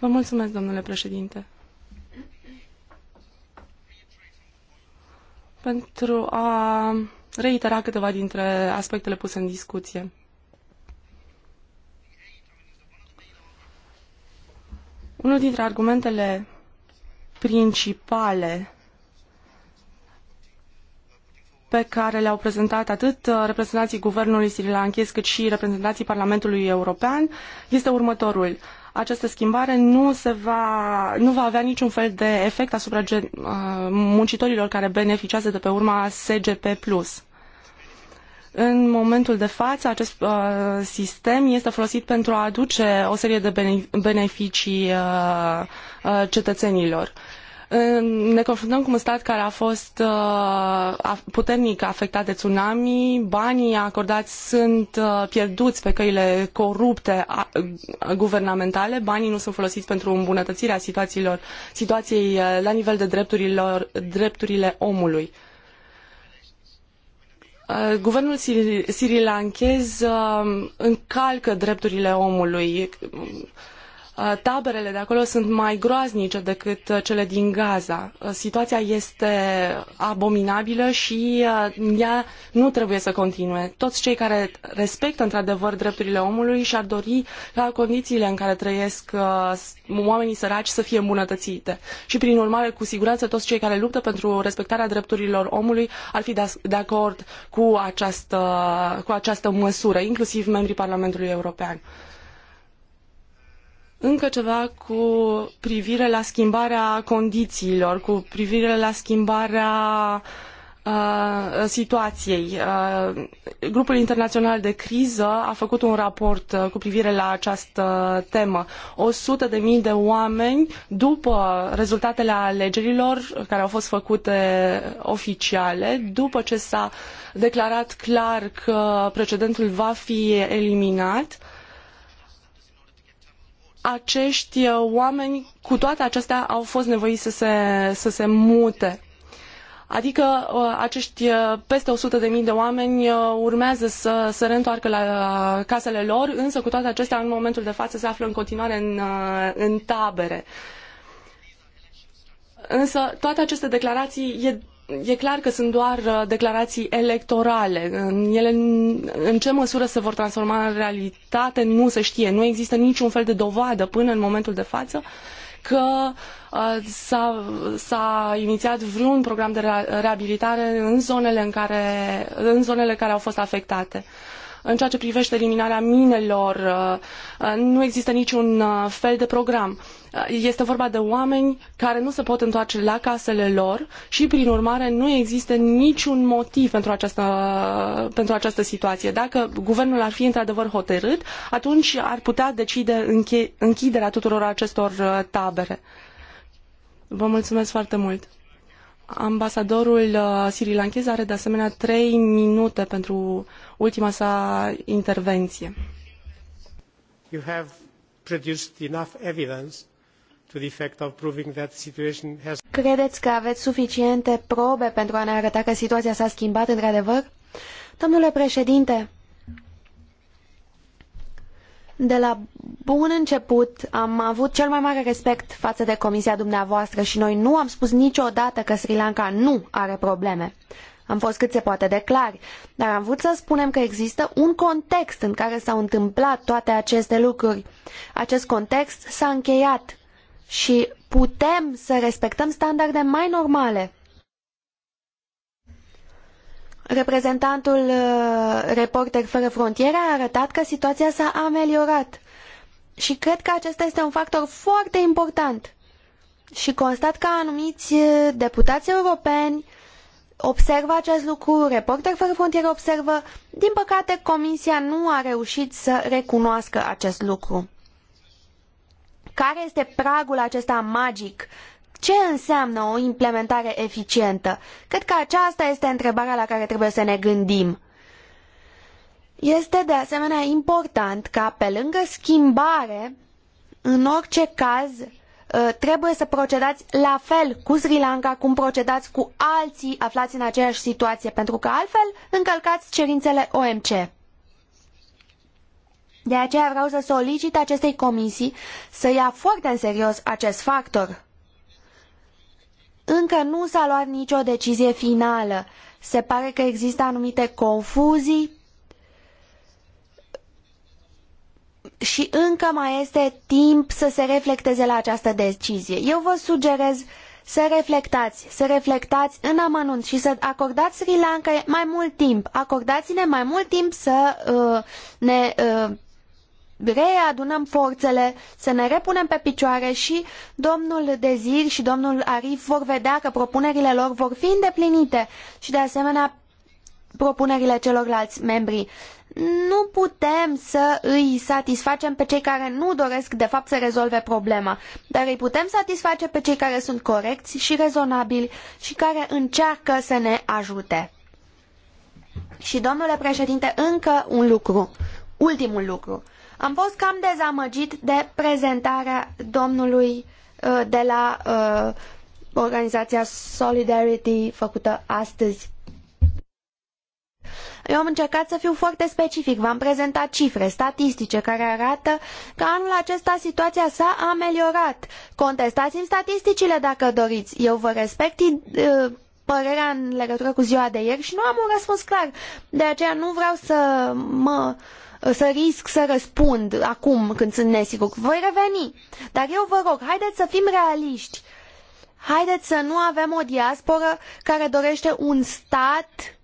Vă mulțumesc, domnule președinte. Pentru a reitera câteva dintre aspectele puse în discuție. Unul dintre argumentele principale pe care le-au prezentat atât uh, reprezentanții guvernului sri lankez cât și reprezentanții Parlamentului European este următorul această schimbare nu, se va, nu va avea niciun fel de efect asupra gen, uh, muncitorilor care beneficiază de pe urma SGP+. În momentul de față, acest uh, sistem este folosit pentru a aduce o serie de beneficii uh, uh, cetățenilor. Uh, ne confruntăm cu un stat care a fost uh, puternic afectat de tsunami, banii acordați sunt uh, pierduți pe căile corupte uh, guvernamentale, banii nu sunt folosiți pentru îmbunătățirea situațiilor, situației la nivel de drepturilor, drepturile omului. Guvernul sirilanchez încalcă drepturile omului Taberele de acolo sunt mai groaznice decât uh, cele din Gaza. Situația este abominabilă și ea nu trebuie să continue. Toți cei care respectă într-adevăr drepturile omului și-ar dori ca condițiile în care trăiesc oamenii săraci să fie îmbunătățite. Și prin urmare, cu siguranță, toți cei care luptă pentru respectarea drepturilor omului ar fi de acord cu această, cu această măsură, inclusiv membrii Parlamentului European încă ceva cu privire la schimbarea condițiilor, cu privire la schimbarea uh, situației. Uh, grupul internațional de criză a făcut un raport uh, cu privire la această temă. O sută de mii de oameni, după rezultatele alegerilor care au fost făcute oficiale, după ce s-a declarat clar că precedentul va fi eliminat, acești uh, oameni, cu toate acestea, au fost nevoiți să se, să se mute. Adică uh, acești uh, peste 100.000 de, de oameni urmează să se reîntoarcă la casele lor, însă cu toate acestea, în momentul de față, se află în continuare în, în tabere. Însă toate aceste declarații e e clar că sunt doar uh, declarații electorale. Ele în ce măsură se vor transforma în realitate nu se știe. Nu există niciun fel de dovadă până în momentul de față că uh, s-a, s-a inițiat vreun program de reabilitare în zonele, în care, în zonele care au fost afectate. În ceea ce privește eliminarea minelor, uh, uh, nu există niciun uh, fel de program. Este vorba de oameni care nu se pot întoarce la casele lor și, prin urmare, nu există niciun motiv pentru această, pentru această situație. Dacă guvernul ar fi într-adevăr hotărât, atunci ar putea decide închiderea tuturor acestor tabere. Vă mulțumesc foarte mult! Ambasadorul uh, Sri Lankez are de asemenea trei minute pentru ultima sa intervenție. You have produced enough evidence to the effect of proving that situation has... Credeți că aveți suficiente probe pentru a ne arăta că situația s-a schimbat într-adevăr? Domnule președinte, de la bun început am avut cel mai mare respect față de comisia dumneavoastră și noi nu am spus niciodată că Sri Lanka nu are probleme. Am fost cât se poate de clari, dar am vrut să spunem că există un context în care s-au întâmplat toate aceste lucruri. Acest context s-a încheiat și putem să respectăm standarde mai normale Reprezentantul uh, Reporter Fără Frontiere a arătat că situația s-a ameliorat și cred că acesta este un factor foarte important. Și constat că anumiți uh, deputați europeni observă acest lucru, Reporter Fără Frontiere observă, din păcate Comisia nu a reușit să recunoască acest lucru. Care este pragul acesta magic ce înseamnă o implementare eficientă? Cred că aceasta este întrebarea la care trebuie să ne gândim. Este de asemenea important ca pe lângă schimbare, în orice caz, uh, trebuie să procedați la fel cu Sri Lanka cum procedați cu alții aflați în aceeași situație, pentru că altfel încălcați cerințele OMC. De aceea vreau să solicit acestei comisii să ia foarte în serios acest factor încă nu s-a luat nicio decizie finală. Se pare că există anumite confuzii și încă mai este timp să se reflecteze la această decizie. Eu vă sugerez să reflectați, să reflectați în amănunt și să acordați Sri Lanka mai mult timp. Acordați-ne mai mult timp să uh, ne uh, readunăm forțele, să ne repunem pe picioare și domnul Dezir și domnul Arif vor vedea că propunerile lor vor fi îndeplinite și de asemenea propunerile celorlalți membri. Nu putem să îi satisfacem pe cei care nu doresc de fapt să rezolve problema, dar îi putem satisface pe cei care sunt corecți și rezonabili și care încearcă să ne ajute. Și domnule președinte, încă un lucru, ultimul lucru. Am fost cam dezamăgit de prezentarea domnului uh, de la uh, organizația Solidarity făcută astăzi. Eu am încercat să fiu foarte specific, v-am prezentat cifre statistice care arată că anul acesta situația s-a ameliorat. Contestați-mi statisticile dacă doriți. Eu vă respect uh, părerea în legătură cu ziua de ieri și nu am un răspuns clar. De aceea nu vreau să mă uh, să risc să răspund acum când sunt nesigur. Voi reveni. Dar eu vă rog, haideți să fim realiști. Haideți să nu avem o diasporă care dorește un stat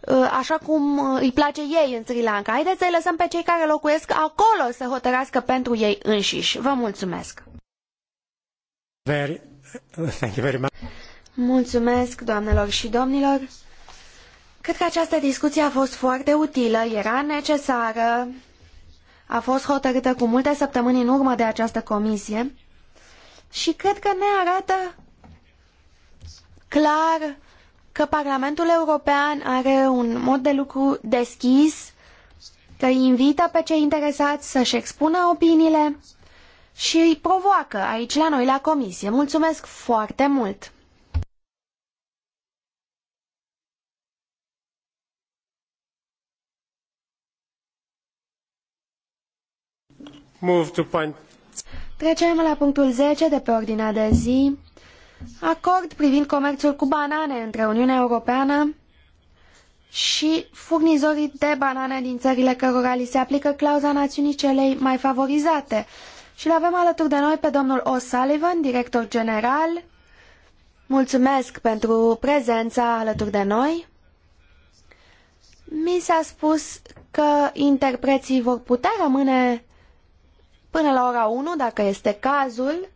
uh, așa cum uh, îi place ei în Sri Lanka. Haideți să-i lăsăm pe cei care locuiesc acolo să hotărască pentru ei înșiși. Vă mulțumesc! Very, thank you very much. Mulțumesc, doamnelor și domnilor! Cred că această discuție a fost foarte utilă, era necesară, a fost hotărâtă cu multe săptămâni în urmă de această comisie și cred că ne arată clar că Parlamentul European are un mod de lucru deschis, că îi invită pe cei interesați să-și expună opiniile și îi provoacă aici la noi la comisie. Mulțumesc foarte mult! Trecem la punctul 10 de pe ordinea de zi. Acord privind comerțul cu banane între Uniunea Europeană și furnizorii de banane din țările cărora li se aplică clauza națiunii celei mai favorizate. Și l-avem alături de noi pe domnul O'Sullivan, director general. Mulțumesc pentru prezența alături de noi. Mi s-a spus că interpreții vor putea rămâne până la ora 1, dacă este cazul.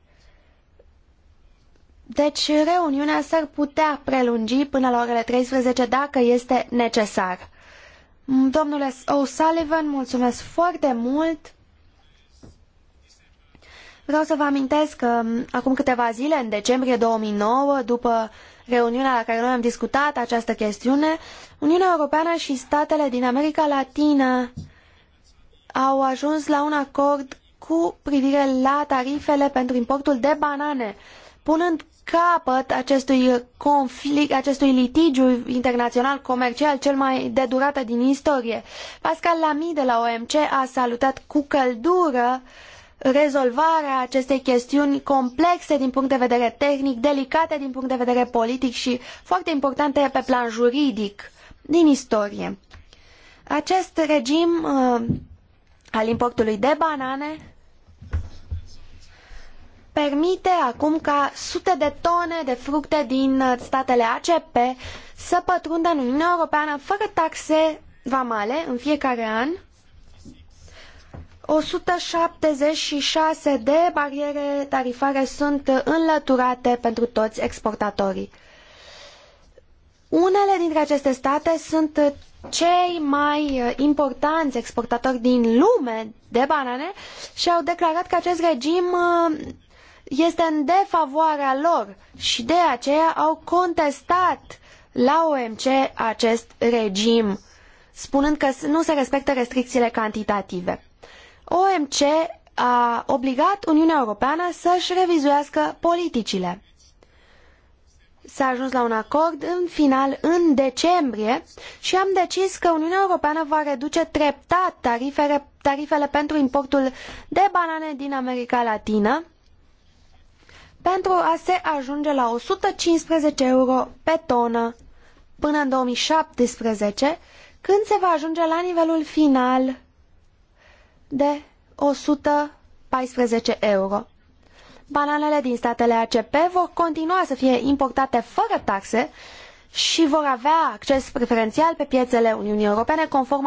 Deci reuniunea s-ar putea prelungi până la orele 13 dacă este necesar. Domnule O'Sullivan, mulțumesc foarte mult. Vreau să vă amintesc că um, acum câteva zile, în decembrie 2009, după reuniunea la care noi am discutat această chestiune, Uniunea Europeană și statele din America Latină au ajuns la un acord cu privire la tarifele pentru importul de banane, punând capăt acestui conflict, acestui litigiu internațional comercial cel mai de durată din istorie. Pascal Lamy de la OMC a salutat cu căldură rezolvarea acestei chestiuni complexe din punct de vedere tehnic, delicate din punct de vedere politic și foarte importante pe plan juridic din istorie. Acest regim uh, al importului de banane permite acum ca sute de tone de fructe din statele ACP să pătrundă în Uniunea Europeană fără taxe vamale în fiecare an, 176 de bariere tarifare sunt înlăturate pentru toți exportatorii. Unele dintre aceste state sunt cei mai uh, importanți exportatori din lume de banane și au declarat că acest regim uh, este în defavoarea lor și de aceea au contestat la OMC acest regim, spunând că nu se respectă restricțiile cantitative. OMC a obligat Uniunea Europeană să-și revizuiască politicile s-a ajuns la un acord în final în decembrie și am decis că Uniunea Europeană va reduce treptat tarifele, tarifele pentru importul de banane din America Latină pentru a se ajunge la 115 euro pe tonă până în 2017, când se va ajunge la nivelul final de 114 euro bananele din statele ACP vor continua să fie importate fără taxe și vor avea acces preferențial pe piețele Uniunii Europene conform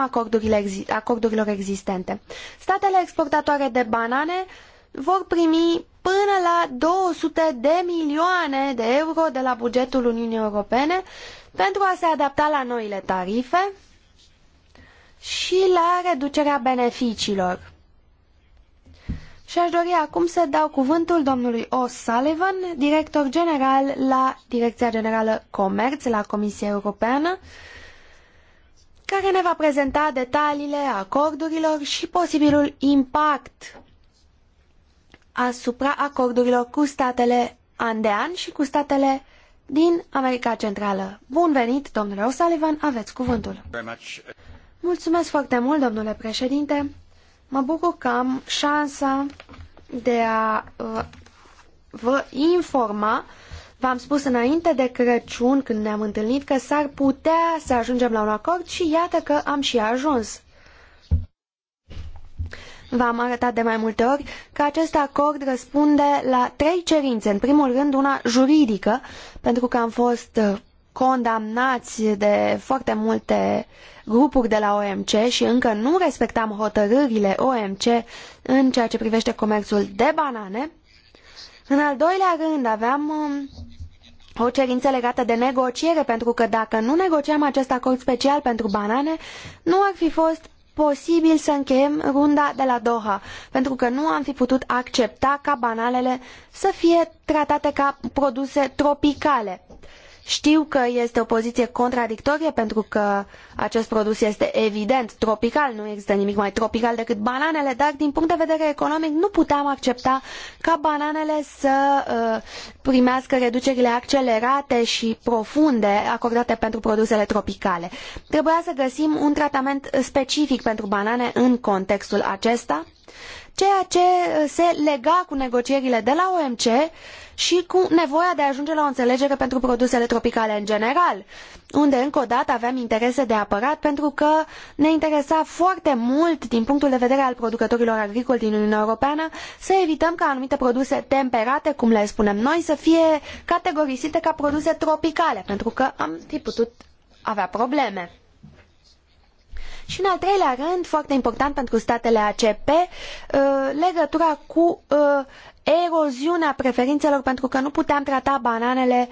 acordurilor existente. Statele exportatoare de banane vor primi până la 200 de milioane de euro de la bugetul Uniunii Europene pentru a se adapta la noile tarife și la reducerea beneficiilor. Și aș dori acum să dau cuvântul domnului O'Sullivan, director general la Direcția Generală Comerț la Comisia Europeană, care ne va prezenta detaliile acordurilor și posibilul impact asupra acordurilor cu statele andean și cu statele din America Centrală. Bun venit, domnule O'Sullivan, aveți cuvântul. Mulțumesc foarte mult, domnule președinte. Mă bucur că am șansa de a uh, vă informa. V-am spus înainte de Crăciun, când ne-am întâlnit, că s-ar putea să ajungem la un acord și iată că am și ajuns. V-am arătat de mai multe ori că acest acord răspunde la trei cerințe. În primul rând, una juridică, pentru că am fost uh, condamnați de foarte multe uh, grupuri de la OMC și încă nu respectam hotărârile OMC în ceea ce privește comerțul de banane. În al doilea rând aveam um, o cerință legată de negociere, pentru că dacă nu negociam acest acord special pentru banane, nu ar fi fost posibil să încheiem runda de la Doha, pentru că nu am fi putut accepta ca bananele să fie tratate ca produse tropicale. Știu că este o poziție contradictorie pentru că acest produs este evident tropical, nu există nimic mai tropical decât bananele, dar din punct de vedere economic nu puteam accepta ca bananele să uh, primească reducerile accelerate și profunde acordate pentru produsele tropicale. Trebuia să găsim un tratament specific pentru banane în contextul acesta, ceea ce se lega cu negocierile de la OMC și cu nevoia de a ajunge la o înțelegere pentru produsele tropicale în general, unde încă o dată aveam interese de apărat pentru că ne interesa foarte mult din punctul de vedere al producătorilor agricoli din Uniunea Europeană să evităm ca anumite produse temperate, cum le spunem noi, să fie categorisite ca produse tropicale, pentru că am fi putut avea probleme. Și în al treilea rând, foarte important pentru statele ACP, uh, legătura cu uh, eroziunea preferințelor pentru că nu puteam trata bananele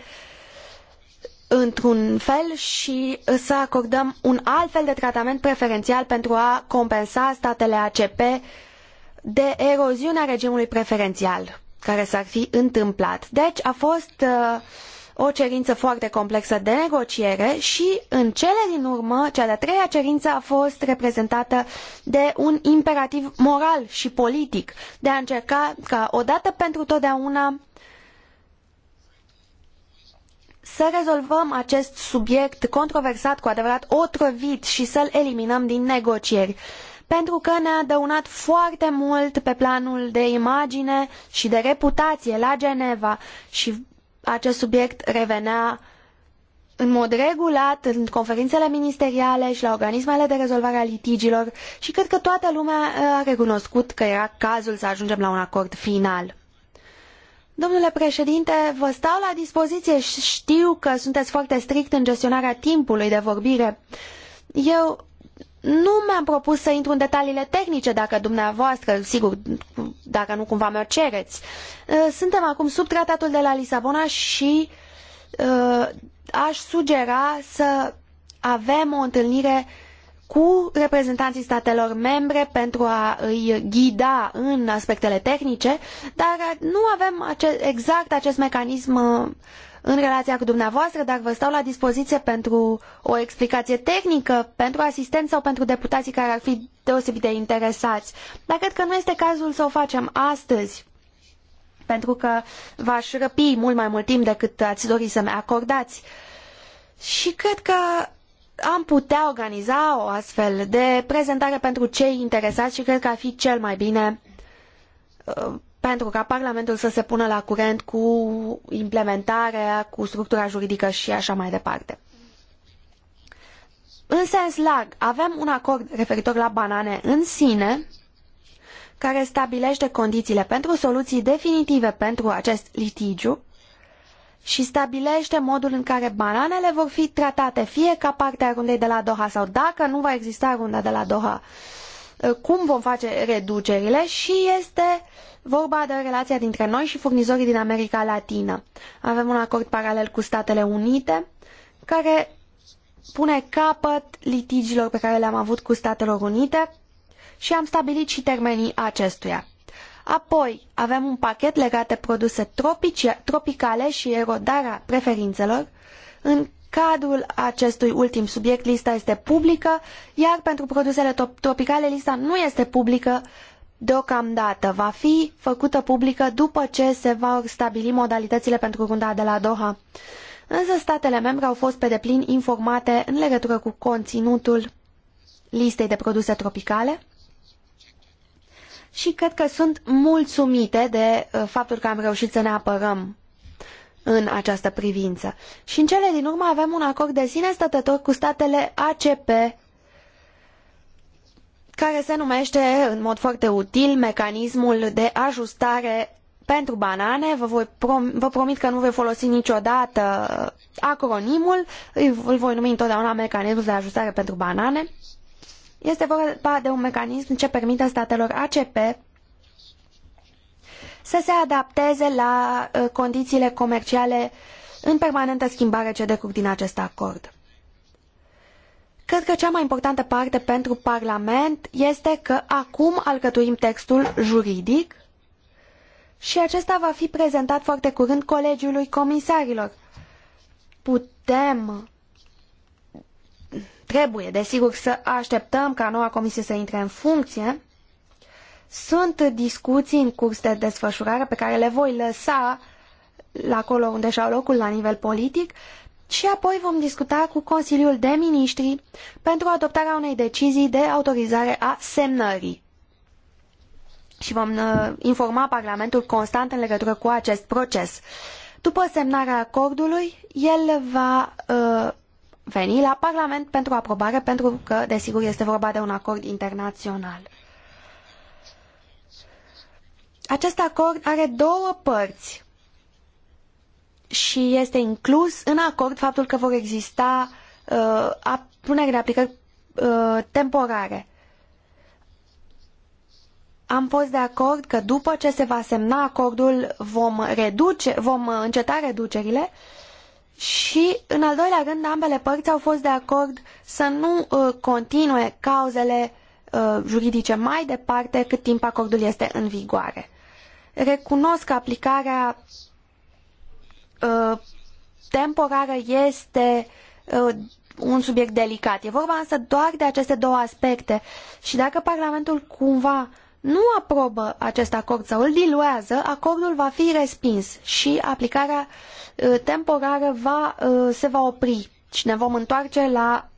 într-un fel și să acordăm un alt fel de tratament preferențial pentru a compensa statele ACP de eroziunea regimului preferențial care s-ar fi întâmplat. Deci a fost uh, o cerință foarte complexă de negociere și, în cele din urmă, cea de-a treia cerință a fost reprezentată de un imperativ moral și politic de a încerca ca, odată pentru totdeauna, să rezolvăm acest subiect controversat, cu adevărat otrăvit și să-l eliminăm din negocieri pentru că ne-a dăunat foarte mult pe planul de imagine și de reputație la Geneva și acest subiect revenea în mod regulat în conferințele ministeriale și la organismele de rezolvare a litigiilor și cred că toată lumea uh, a recunoscut că era cazul să ajungem la un acord final. Domnule președinte, vă stau la dispoziție și știu că sunteți foarte strict în gestionarea timpului de vorbire. Eu nu mi-am propus să intru în detaliile tehnice, dacă dumneavoastră, sigur, dacă nu cumva mi-o cereți. Uh, suntem acum sub tratatul de la Lisabona și uh, aș sugera să avem o întâlnire cu reprezentanții statelor membre pentru a îi ghida în aspectele tehnice, dar nu avem exact acest mecanism uh, în relația cu dumneavoastră, dar vă stau la dispoziție pentru o explicație tehnică, pentru asistență sau pentru deputații care ar fi deosebit de interesați. Dar cred că nu este cazul să o facem astăzi, pentru că v-aș răpi mult mai mult timp decât ați dori să-mi acordați. Și cred că am putea organiza o astfel de prezentare pentru cei interesați și cred că ar fi cel mai bine uh, pentru ca Parlamentul să se pună la curent cu implementarea, cu structura juridică și așa mai departe. În sens larg, avem un acord referitor la banane în sine, care stabilește condițiile pentru soluții definitive pentru acest litigiu și stabilește modul în care bananele vor fi tratate fie ca parte a rundei de la Doha sau dacă nu va exista runda de la Doha, uh, Uh, cum vom face reducerile și este vorba de relația dintre noi și furnizorii din America Latină. Avem un acord paralel cu Statele Unite care pune capăt litigiilor pe care le-am avut cu Statele Unite și am stabilit și termenii acestuia. Apoi avem un pachet legat de produse tropice, tropicale și erodarea preferințelor, în Cadrul acestui ultim subiect, lista este publică, iar pentru produsele tropicale lista nu este publică deocamdată. Va fi făcută publică după ce se vor stabili modalitățile pentru runda de la Doha. Însă statele membre au fost pe deplin informate în legătură cu conținutul listei de produse tropicale și cred că sunt mulțumite de uh, faptul că am reușit să ne apărăm în această privință. Și în cele din urmă avem un acord de sine stătător cu statele ACP care se numește în mod foarte util mecanismul de ajustare pentru banane. Vă, voi prom vă promit că nu voi folosi niciodată acronimul, îl voi numi întotdeauna mecanismul de ajustare pentru banane. Este vorba de un mecanism ce permite statelor ACP să se adapteze la uh, condițiile comerciale în permanentă schimbare ce decurg din acest acord. Cred că cea mai importantă parte pentru Parlament este că acum alcătuim textul juridic și acesta va fi prezentat foarte curând Colegiului Comisarilor. Putem, trebuie, desigur, să așteptăm ca noua comisie să intre în funcție, sunt discuții în curs de desfășurare pe care le voi lăsa la acolo unde și-au locul la nivel politic și apoi vom discuta cu Consiliul de Ministri pentru adoptarea unei decizii de autorizare a semnării. Și vom uh, informa Parlamentul constant în legătură cu acest proces. După semnarea acordului, el va uh, veni la Parlament pentru aprobare, pentru că, desigur, este vorba de un acord internațional. Acest acord are două părți și este inclus în acord faptul că vor exista uh, punere puneri în aplicări uh, temporare. Am fost de acord că după ce se va semna acordul vom, reduce, vom înceta reducerile și, în al doilea rând, ambele părți au fost de acord să nu uh, continue cauzele uh, juridice mai departe cât timp acordul este în vigoare recunosc aplicarea uh, temporară este uh, un subiect delicat. E vorba însă doar de aceste două aspecte și dacă Parlamentul cumva nu aprobă acest acord sau îl diluează, acordul va fi respins și aplicarea uh, temporară va, se va opri și ne vom întoarce la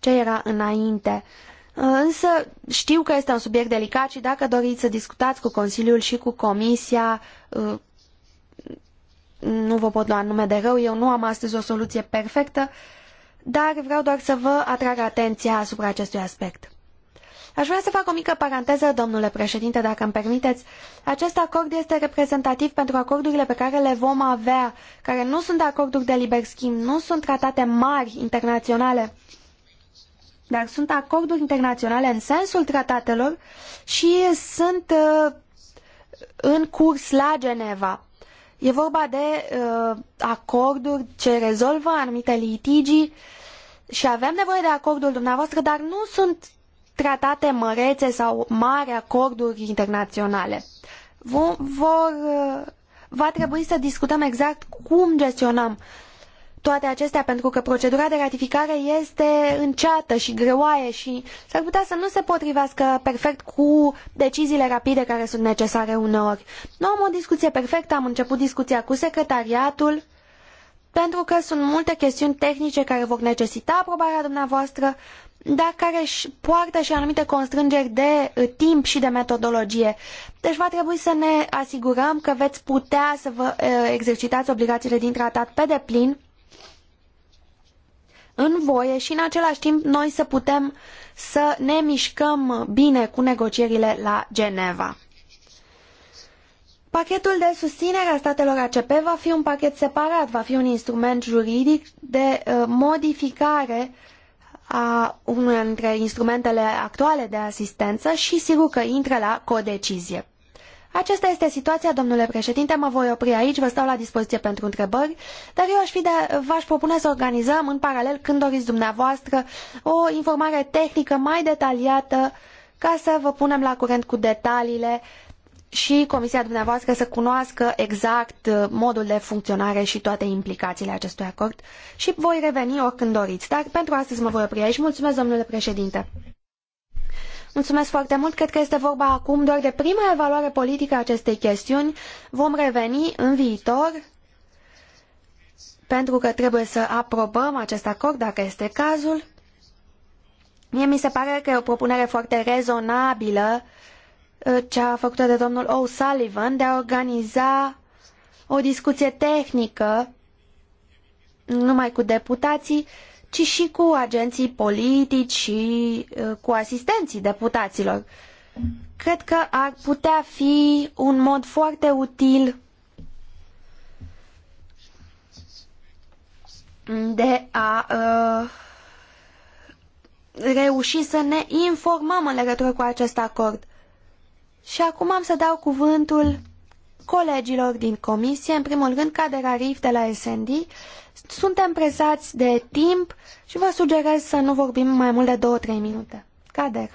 ce era înainte. Însă știu că este un subiect delicat și dacă doriți să discutați cu Consiliul și cu Comisia, uh, nu vă pot lua nume de rău, eu nu am astăzi o soluție perfectă, dar vreau doar să vă atrag atenția asupra acestui aspect. Aș vrea să fac o mică paranteză, domnule președinte, dacă îmi permiteți. Acest acord este reprezentativ pentru acordurile pe care le vom avea, care nu sunt acorduri de liber schimb, nu sunt tratate mari internaționale dar sunt acorduri internaționale în sensul tratatelor și sunt uh, în curs la Geneva. E vorba de uh, acorduri ce rezolvă anumite litigii și avem nevoie de acordul dumneavoastră, dar nu sunt tratate mărețe sau mari acorduri internaționale. Vor, uh, va trebui să discutăm exact cum gestionăm toate acestea pentru că procedura de ratificare este înceată și greoaie și s-ar putea să nu se potrivească perfect cu deciziile rapide care sunt necesare uneori. Nu am o discuție perfectă, am început discuția cu secretariatul pentru că sunt multe chestiuni tehnice care vor necesita aprobarea dumneavoastră, dar care își poartă și anumite constrângeri de eh, timp și de metodologie. Deci va trebui să ne asigurăm că veți putea să vă eh, exercitați obligațiile din tratat pe deplin în voie și în același timp noi să putem să ne mișcăm bine cu negocierile la Geneva. Pachetul de susținere a statelor ACP va fi un pachet separat, va fi un instrument juridic de uh, modificare a unul dintre instrumentele actuale de asistență și sigur că intră la codecizie. Aceasta este situația, domnule președinte, mă voi opri aici, vă stau la dispoziție pentru întrebări, dar eu aș fi de, v-aș propune să organizăm în paralel, când doriți dumneavoastră, o informare tehnică mai detaliată ca să vă punem la curent cu detaliile și comisia dumneavoastră să cunoască exact uh, modul de funcționare și toate implicațiile acestui acord și voi reveni oricând doriți. Dar pentru astăzi mă voi opri aici. Mulțumesc, domnule președinte! Mulțumesc foarte mult. Cred că este vorba acum doar de prima evaluare politică a acestei chestiuni. Vom reveni în viitor pentru că trebuie să aprobăm acest acord, dacă este cazul. Mie mi se pare că e o propunere foarte rezonabilă ă, cea făcută de domnul O'Sullivan de a organiza o discuție tehnică numai cu deputații ci și cu agenții politici și uh, cu asistenții deputaților. Cred că ar putea fi un mod foarte util de a uh, reuși să ne informăm în legătură cu acest acord. Și acum am să dau cuvântul colegilor din comisie, în primul rând Caderarif de la SND, suntem presați de timp și vă sugerez să nu vorbim mai mult de două-trei minute. Cader.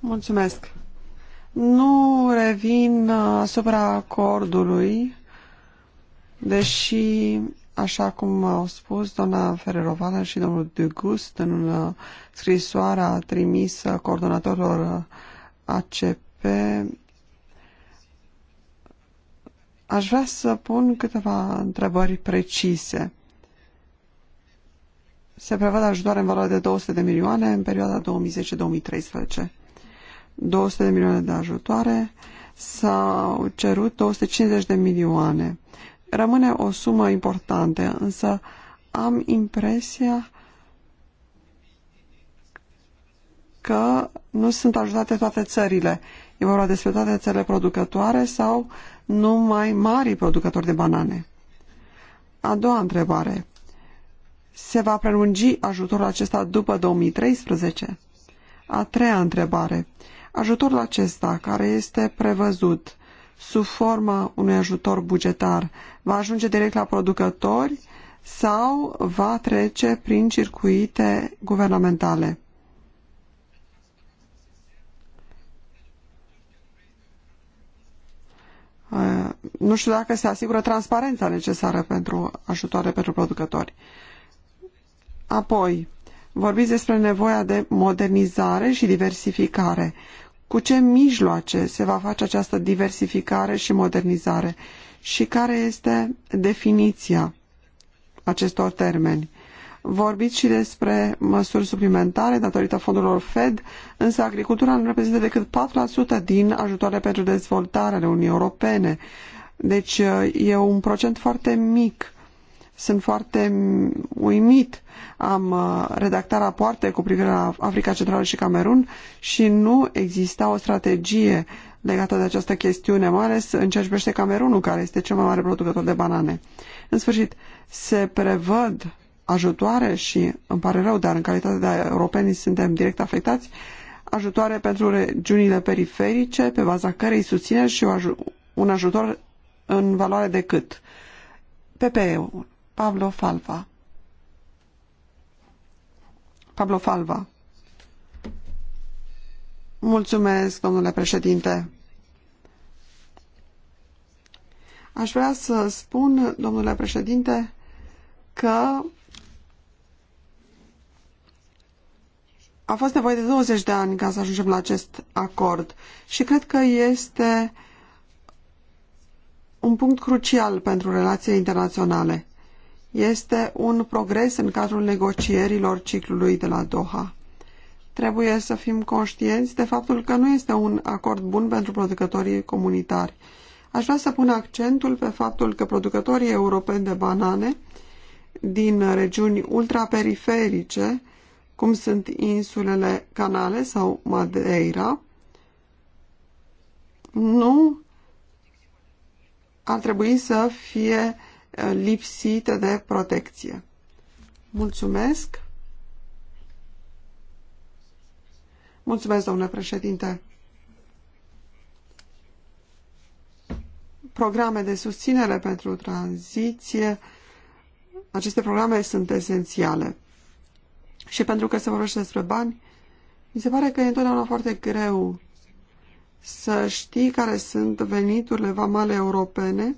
Mulțumesc. Nu revin asupra acordului, deși, așa cum au spus doamna Ferrerovala și domnul de Gust în scrisoarea trimisă coordonatorilor ACP, Aș vrea să pun câteva întrebări precise. Se prevede ajutoare în valoare de 200 de milioane în perioada 2010-2013. 200 de milioane de ajutoare s-au cerut 250 de milioane. Rămâne o sumă importantă, însă am impresia că nu sunt ajutate toate țările E vorba despre toate țările producătoare sau numai mari producători de banane? A doua întrebare. Se va prelungi ajutorul acesta după 2013? A treia întrebare. Ajutorul acesta, care este prevăzut sub forma unui ajutor bugetar, va ajunge direct la producători sau va trece prin circuite guvernamentale? Uh, nu știu dacă se asigură transparența necesară pentru ajutoare pentru producători. Apoi, vorbiți despre nevoia de modernizare și diversificare. Cu ce mijloace se va face această diversificare și modernizare? Și care este definiția acestor termeni? vorbit și despre măsuri suplimentare datorită fondurilor Fed, însă agricultura nu reprezintă decât 4% din ajutoarele pentru dezvoltare ale Uniunii Europene. Deci e un procent foarte mic. Sunt foarte uimit. Am uh, redactat rapoarte cu privire la Africa Centrală și Camerun și nu exista o strategie legată de această chestiune, mai ales în ceea ce privește Camerunul, care este cel mai mare producător de banane. În sfârșit, se prevăd ajutoare și îmi pare rău, dar în calitate de europeni suntem direct afectați, ajutoare pentru regiunile periferice, pe baza cărei susține și un ajutor în valoare de cât? PPE-ul. Pablo Falva. Pablo Falva. Mulțumesc, domnule președinte. Aș vrea să spun, domnule președinte, că a fost nevoie de 20 de ani ca să ajungem la acest acord și cred că este un punct crucial pentru relațiile internaționale. Este un progres în cadrul negocierilor ciclului de la Doha. Trebuie să fim conștienți de faptul că nu este un acord bun pentru producătorii comunitari. Aș vrea să pun accentul pe faptul că producătorii europeni de banane din regiuni ultraperiferice cum sunt insulele Canale sau Madeira, nu ar trebui să fie lipsite de protecție. Mulțumesc! Mulțumesc, domnule președinte! Programe de susținere pentru tranziție, aceste programe sunt esențiale și pentru că se vorbește despre bani, mi se pare că e întotdeauna foarte greu să știi care sunt veniturile vamale europene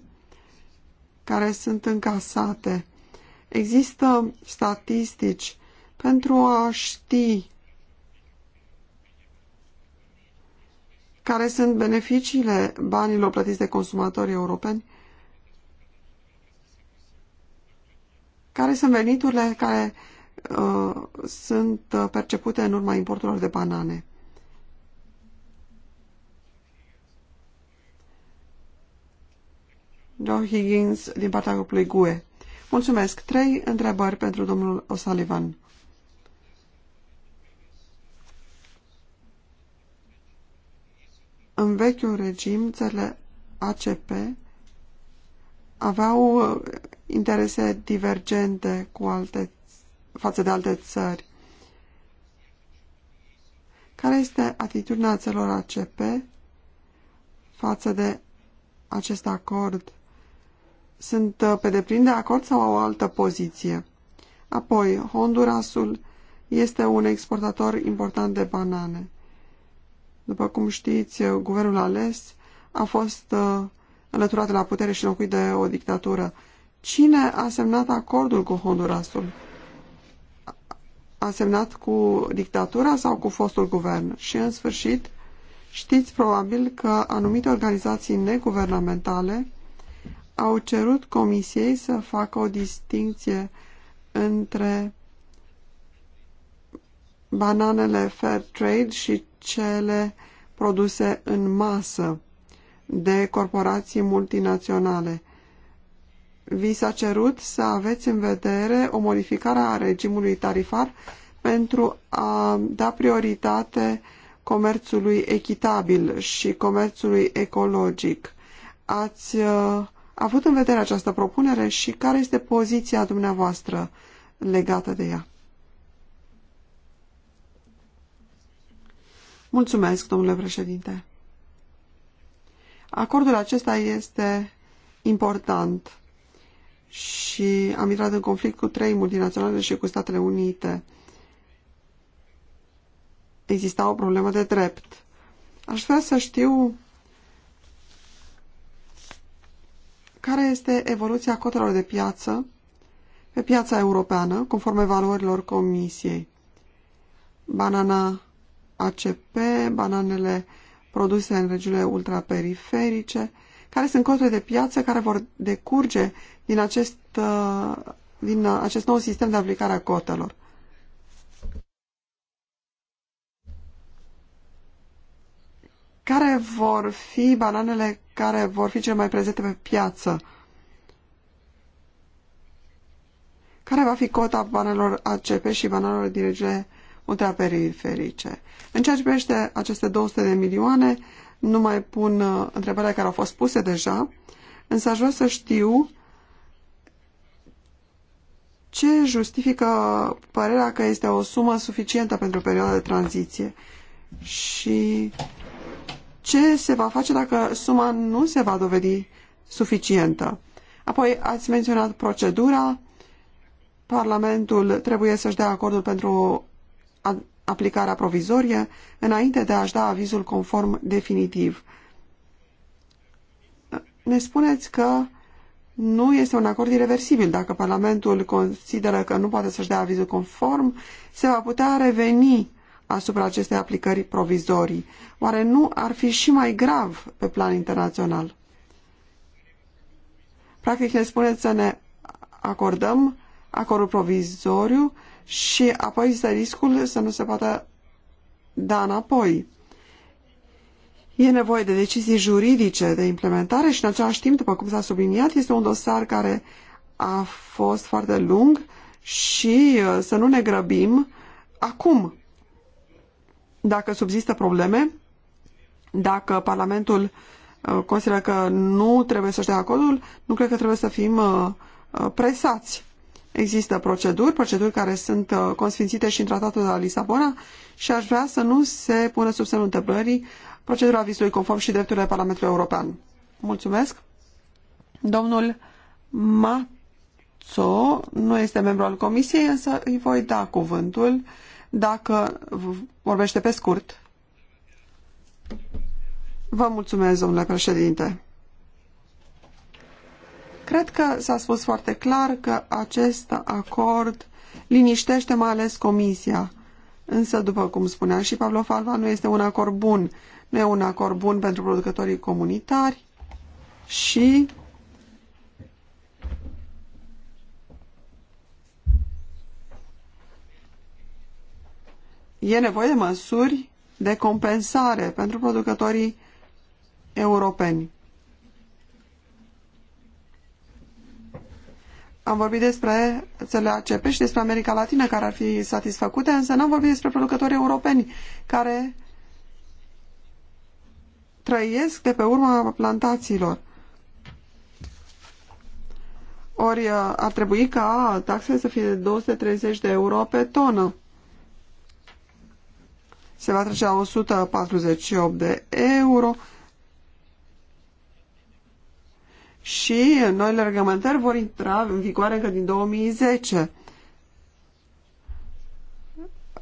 care sunt încasate. Există statistici pentru a ști care sunt beneficiile banilor plătiți de consumatorii europeni, care sunt veniturile care Uh, sunt uh, percepute în urma importurilor de banane. Joe Higgins din partea grupului GUE. Mulțumesc. Trei întrebări pentru domnul O'Sullivan. În vechiul regim, țările ACP aveau uh, interese divergente cu alte față de alte țări. Care este atitudinea țărilor ACP față de acest acord? Sunt uh, pe deplin de acord sau au o altă poziție? Apoi, Hondurasul este un exportator important de banane. După cum știți, uh, guvernul ales a fost uh, înlăturat la putere și înlocuit de o dictatură. Cine a semnat acordul cu Hondurasul? a semnat cu dictatura sau cu fostul guvern. Și, în sfârșit, știți probabil că anumite organizații neguvernamentale au cerut Comisiei să facă o distinție între bananele fair trade și cele produse în masă de corporații multinaționale vi s-a cerut să aveți în vedere o modificare a regimului tarifar pentru a da prioritate comerțului echitabil și comerțului ecologic. Ați uh, avut în vedere această propunere și care este poziția dumneavoastră legată de ea? Mulțumesc, domnule președinte. Acordul acesta este important și am intrat în conflict cu trei multinaționale și cu Statele Unite. Exista o problemă de drept. Aș vrea să știu care este evoluția cotelor de piață pe piața europeană, conform evaluărilor Comisiei. Banana ACP, bananele produse în regiunile ultraperiferice, care sunt costurile de piață care vor decurge din acest, uh, din uh, acest nou sistem de aplicare a cotelor. Care vor fi bananele care vor fi cele mai prezente pe piață? Care va fi cota bananelor ACP și bananelor din regiune ultraperiferice? În ceea ce privește aceste 200 de milioane, nu mai pun uh, întrebarea care au fost puse deja, însă aș vrea să știu ce justifică părerea că este o sumă suficientă pentru o perioadă de tranziție și ce se va face dacă suma nu se va dovedi suficientă. Apoi ați menționat procedura. Parlamentul trebuie să-și dea acordul pentru aplicarea provizorie înainte de a-și da avizul conform definitiv. Ne spuneți că nu este un acord irreversibil. Dacă Parlamentul consideră că nu poate să-și dea avizul conform, se va putea reveni asupra acestei aplicări provizorii. Oare nu ar fi și mai grav pe plan internațional? Practic ne spuneți să ne acordăm acordul provizoriu și apoi există riscul să nu se poată da înapoi. E nevoie de decizii juridice de implementare și în același timp, după cum s-a subliniat, este un dosar care a fost foarte lung și uh, să nu ne grăbim acum. Dacă subzistă probleme, dacă Parlamentul uh, consideră că nu trebuie să-și dea acordul, nu cred că trebuie să fim uh, presați. Există proceduri, proceduri care sunt uh, consfințite și în tratatul de la Lisabona și aș vrea să nu se pună sub semnul întrebării procedura vizului conform și drepturile Parlamentului European. Mulțumesc. Domnul Mațo nu este membru al Comisiei, însă îi voi da cuvântul dacă vorbește pe scurt. Vă mulțumesc, domnule președinte. Cred că s-a spus foarte clar că acest acord liniștește mai ales Comisia. Însă, după cum spunea și Pablo Falva, nu este un acord bun. Nu e un acord bun pentru producătorii comunitari și e nevoie de măsuri de compensare pentru producătorii europeni. am vorbit despre țările ACP și despre America Latină care ar fi satisfăcute, însă n-am vorbit despre producători europeni care trăiesc de pe urma plantațiilor. Ori uh, ar trebui ca taxele să fie de 230 de euro pe tonă. Se va trece la 148 de euro și noile reglementări vor intra în vigoare încă din 2010.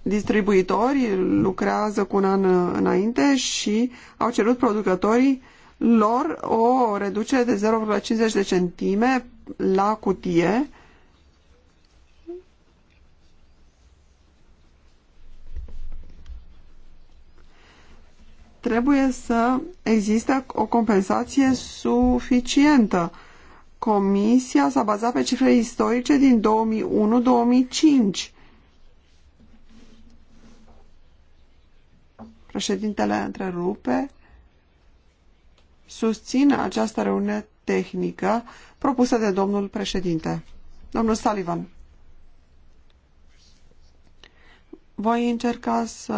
Distribuitorii lucrează cu un an înainte și au cerut producătorii lor o reducere de 0,50 de centime la cutie trebuie să existe o compensație suficientă. Comisia s-a bazat pe cifre istorice din 2001-2005. Președintele întrerupe susține această reuniune tehnică propusă de domnul președinte. Domnul Sullivan, voi încerca să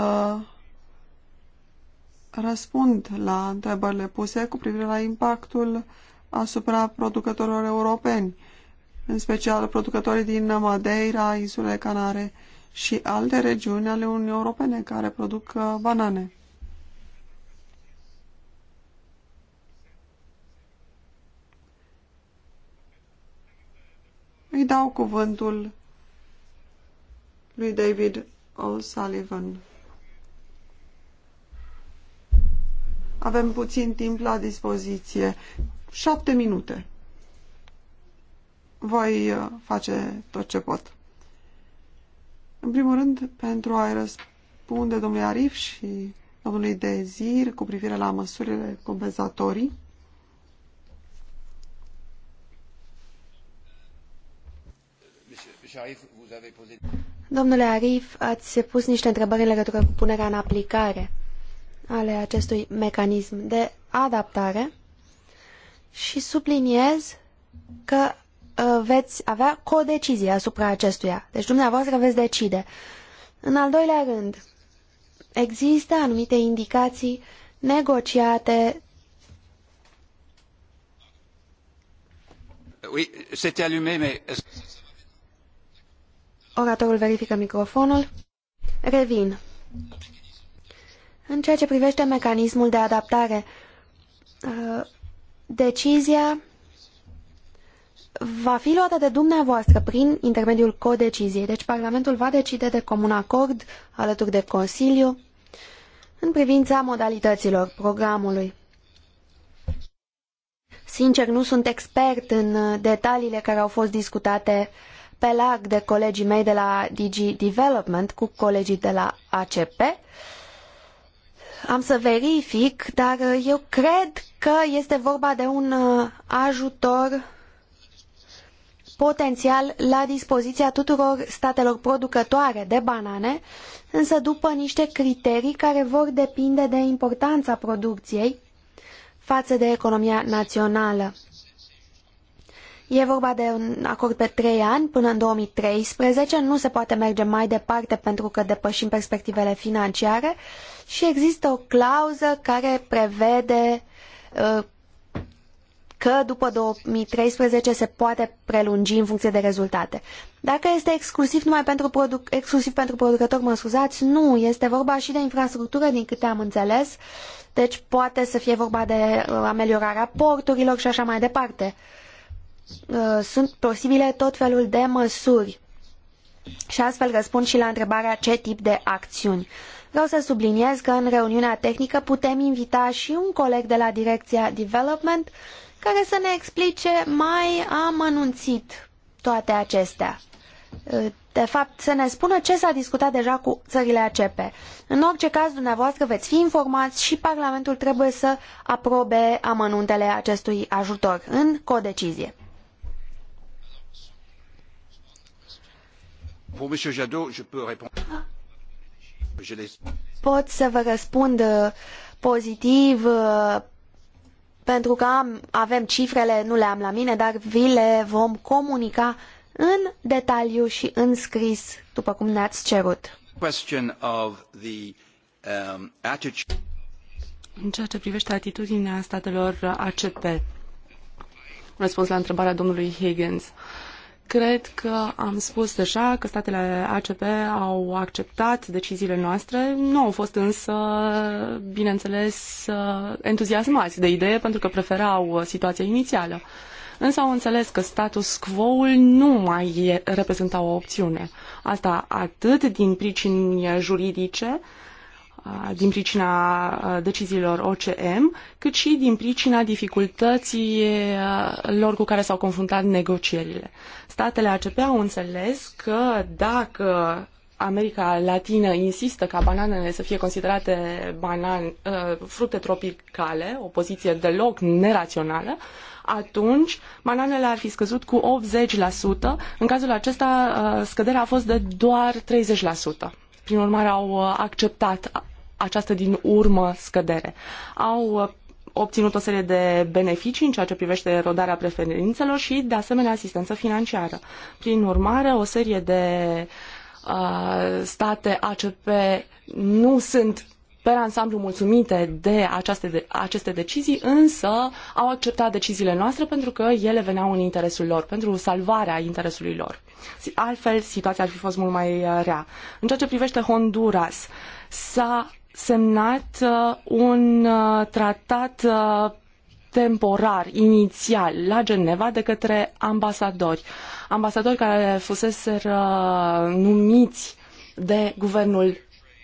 răspund la întrebările puse cu privire la impactul asupra producătorilor europeni, în special producătorii din Madeira, insulele Canare și alte regiuni ale Uniunii Europene care produc uh, banane. Îi dau cuvântul lui David O'Sullivan. Avem puțin timp la dispoziție. Șapte minute. Voi uh, face tot ce pot. În primul rând, pentru a-i răspunde domnului Arif și domnului Dezir cu privire la măsurile compensatorii, Domnule Arif, ați pus niște întrebări în legătură cu punerea în aplicare ale acestui mecanism de adaptare și subliniez că uh, veți avea codecizie asupra acestuia. Deci dumneavoastră veți decide. În al doilea rând, există anumite indicații negociate Oui, c'était allumé, mais... Oratorul verifică microfonul. Revin. În ceea ce privește mecanismul de adaptare, uh, decizia va fi luată de dumneavoastră prin intermediul codeciziei. Deci Parlamentul va decide de comun acord, alături de Consiliu, în privința modalităților programului. Sincer, nu sunt expert în detaliile care au fost discutate pe larg de colegii mei de la DG Development cu colegii de la ACP, am să verific, dar uh, eu cred că este vorba de un uh, ajutor potențial la dispoziția tuturor statelor producătoare de banane, însă după niște criterii care vor depinde de importanța producției față de economia națională. E vorba de un acord pe trei ani până în 2013, nu se poate merge mai departe pentru că depășim perspectivele financiare și există o clauză care prevede uh, că după 2013 se poate prelungi în funcție de rezultate. Dacă este exclusiv numai pentru, produc, exclusiv pentru producători, mă scuzați, nu, este vorba și de infrastructură, din câte am înțeles, deci poate să fie vorba de uh, ameliorarea porturilor și așa mai departe. Uh, sunt posibile tot felul de măsuri. Și astfel răspund și la întrebarea ce tip de acțiuni. Vreau să subliniez că în reuniunea tehnică putem invita și un coleg de la direcția Development care să ne explice mai amănunțit toate acestea. De fapt, să ne spună ce s-a discutat deja cu țările ACP. În orice caz, dumneavoastră veți fi informați și Parlamentul trebuie să aprobe amănuntele acestui ajutor în codecizie. Pour Monsieur Jadot, je peux répondre. Ah, Pot să vă răspund uh, pozitiv uh, pentru că am, avem cifrele, nu le am la mine, dar vi le vom comunica în detaliu și în scris, după cum ne-ați cerut. Um, în ceea ce privește atitudinea statelor ACP, răspuns la întrebarea domnului Higgins. Uh, Cred că am spus deja că statele ACP au acceptat deciziile noastre. Nu au fost însă, bineînțeles, entuziasmați de idee pentru că preferau situația inițială. Însă au înțeles că status quo-ul nu mai reprezenta o opțiune. Asta atât din pricini juridice, din pricina deciziilor OCM, cât și din pricina dificultății lor cu care s-au confruntat negocierile. Statele ACP au înțeles că dacă America Latină insistă ca bananele să fie considerate banan, fructe tropicale, o poziție deloc nerațională, atunci bananele ar fi scăzut cu 80%, în cazul acesta scăderea a fost de doar 30% prin urmare au uh, acceptat această din urmă scădere. Au uh, obținut o serie de beneficii în ceea ce privește rodarea preferințelor și, de asemenea, asistență financiară. Prin urmare, o serie de uh, state ACP nu sunt pe ansamblu mulțumite de aceste, de aceste decizii, însă au acceptat deciziile noastre pentru că ele veneau în interesul lor, pentru salvarea interesului lor. Altfel, situația ar fi fost mult mai uh, rea. În ceea ce privește Honduras, s-a semnat uh, un uh, tratat temporar, inițial, la Geneva, de către ambasadori. Ambasadori care fusese numiți de guvernul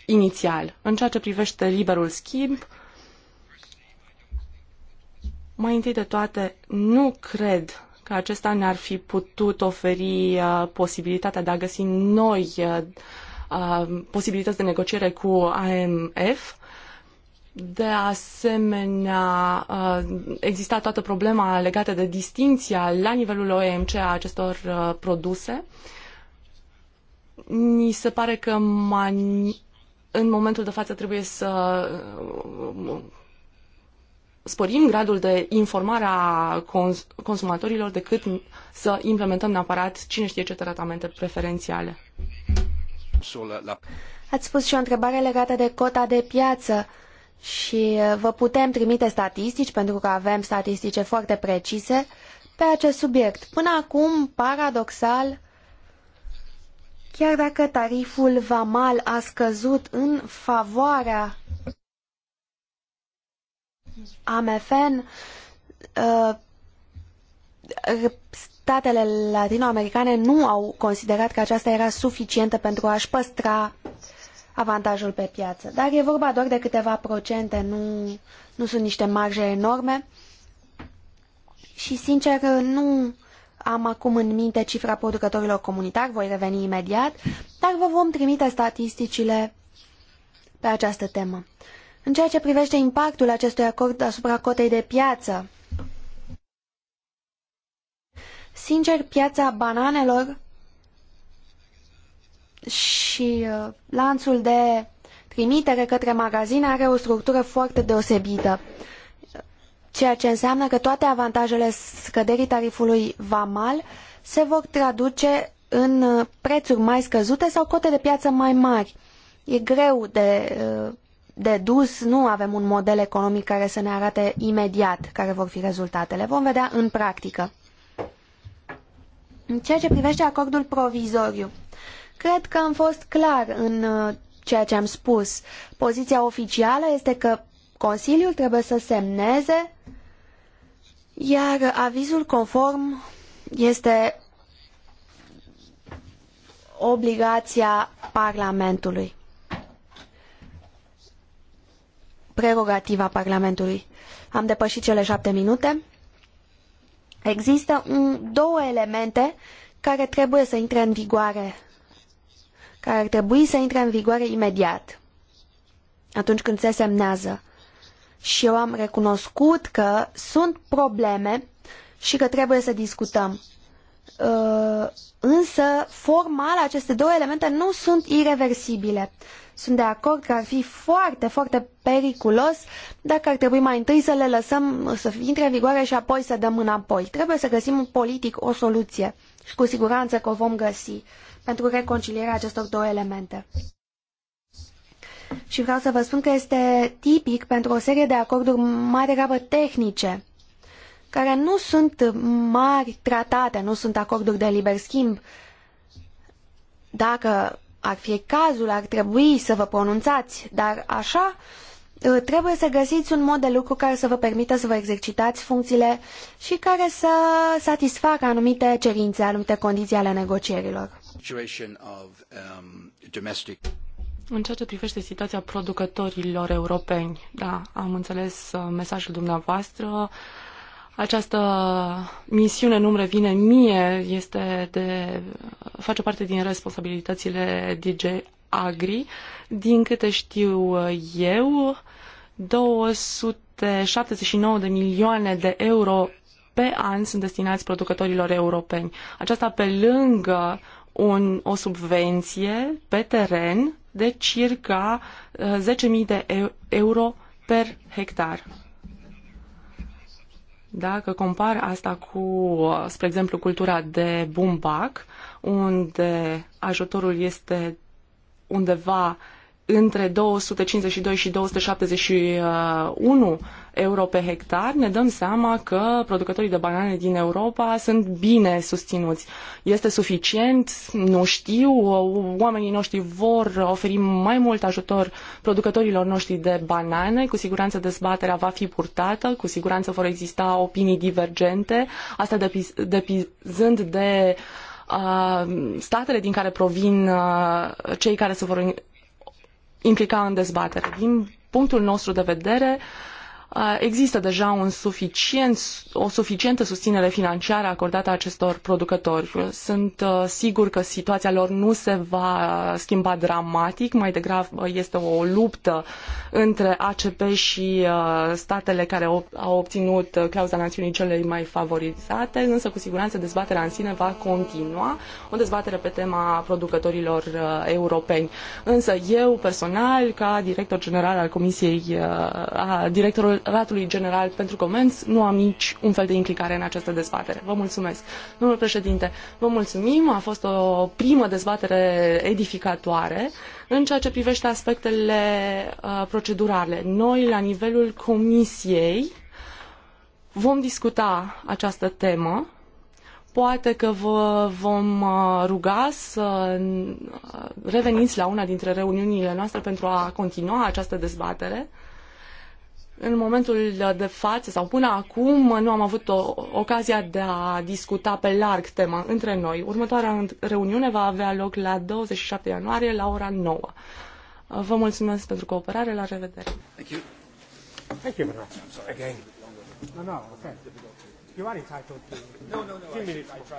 inițial. În ceea ce privește liberul schimb, mai întâi de toate, nu cred că acesta ne-ar fi putut oferi uh, posibilitatea de a găsi noi uh, uh posibilități de negociere cu AMF. De asemenea, uh, exista toată problema legată de distinția la nivelul OMC a acestor uh, produse. Ni se pare că mani- în momentul de față trebuie să uh, sporim gradul de informare a cons- consumatorilor decât să implementăm neapărat cine știe ce tratamente preferențiale. Ați spus și o întrebare legată de cota de piață și uh, vă putem trimite statistici pentru că avem statistice foarte precise pe acest subiect. Până acum, paradoxal, Chiar dacă tariful vamal a scăzut în favoarea AMFN, uh, statele latinoamericane nu au considerat că aceasta era suficientă pentru a-și păstra avantajul pe piață. Dar e vorba doar de câteva procente, nu, nu sunt niște marje enorme și, sincer, nu am acum în minte cifra producătorilor comunitari, voi reveni imediat, dar vă vom trimite statisticile pe această temă. În ceea ce privește impactul acestui acord asupra cotei de piață, sincer, piața bananelor și uh, lanțul de trimitere către magazine are o structură foarte deosebită ceea ce înseamnă că toate avantajele scăderii tarifului VAMAL se vor traduce în uh, prețuri mai scăzute sau cote de piață mai mari. E greu de uh, dedus, nu avem un model economic care să ne arate imediat care vor fi rezultatele. Vom vedea în practică. În ceea ce privește acordul provizoriu, cred că am fost clar în uh, ceea ce am spus. Poziția oficială este că Consiliul trebuie să semneze, iar avizul conform este obligația Parlamentului. Prerogativa Parlamentului. Am depășit cele șapte minute. Există un, două elemente care trebuie să intre în vigoare, care ar trebui să intre în vigoare imediat, atunci când se semnează și eu am recunoscut că sunt probleme și că trebuie să discutăm. Uh, însă, formal, aceste două elemente nu sunt irreversibile. Sunt de acord că ar fi foarte, foarte periculos dacă ar trebui mai întâi să le lăsăm să intre în vigoare și apoi să dăm înapoi. Trebuie să găsim politic o soluție și cu siguranță că o vom găsi pentru reconcilierea acestor două elemente și vreau să vă spun că este tipic pentru o serie de acorduri mai degrabă tehnice, care nu sunt mari tratate, nu sunt acorduri de liber schimb. Dacă ar fi cazul, ar trebui să vă pronunțați, dar așa ă, trebuie să găsiți un mod de lucru care să vă permită să vă exercitați funcțiile și care să satisfacă anumite cerințe, anumite condiții ale negocierilor. În ceea ce privește situația producătorilor europeni, da, am înțeles uh, mesajul dumneavoastră. Această misiune nu-mi revine mie, este de, face parte din responsabilitățile DJ Agri. Din câte știu uh, eu, 279 de milioane de euro pe an sunt destinați producătorilor europeni. Aceasta pe lângă un, o subvenție pe teren de circa 10.000 uh, de euro per hectar. Dacă compar asta cu, uh, spre exemplu, cultura de bumbac, unde ajutorul este undeva între 252 și 271 euro pe hectar, ne dăm seama că producătorii de banane din Europa sunt bine susținuți. Este suficient? Nu știu. Oamenii noștri vor oferi mai mult ajutor producătorilor noștri de banane. Cu siguranță dezbaterea va fi purtată, cu siguranță vor exista opinii divergente, asta depizând de statele din care provin cei care se vor implica în dezbatere. Din punctul nostru de vedere, uh, există deja un suficient, o suficientă susținere financiară acordată acestor producători. Sunt uh, sigur că situația lor nu se va uh, schimba dramatic, mai degrabă uh, este o luptă între ACP și statele care au obținut clauza națiunii celei mai favorizate, însă cu siguranță dezbaterea în sine va continua, o dezbatere pe tema producătorilor europeni. Însă eu personal, ca director general al Comisiei, a directorului Directoratului General pentru Comenzi, nu am nici un fel de implicare în această dezbatere. Vă mulțumesc. Domnul președinte, vă mulțumim. A fost o primă dezbatere edificatoare în ceea ce privește aspectele uh, procedurale. Noi, la nivelul Comisiei, vom discuta această temă poate că vă vom uh, ruga să uh, reveniți la una dintre reuniunile noastre pentru a continua această dezbatere în momentul de față sau până acum nu am avut o, ocazia de a discuta pe larg tema între noi. Următoarea reuniune va avea loc la 27 ianuarie la ora 9. Vă mulțumesc pentru cooperare, la revedere. Thank you. Thank you again. No, no, okay. You are entitled to... No, no, no.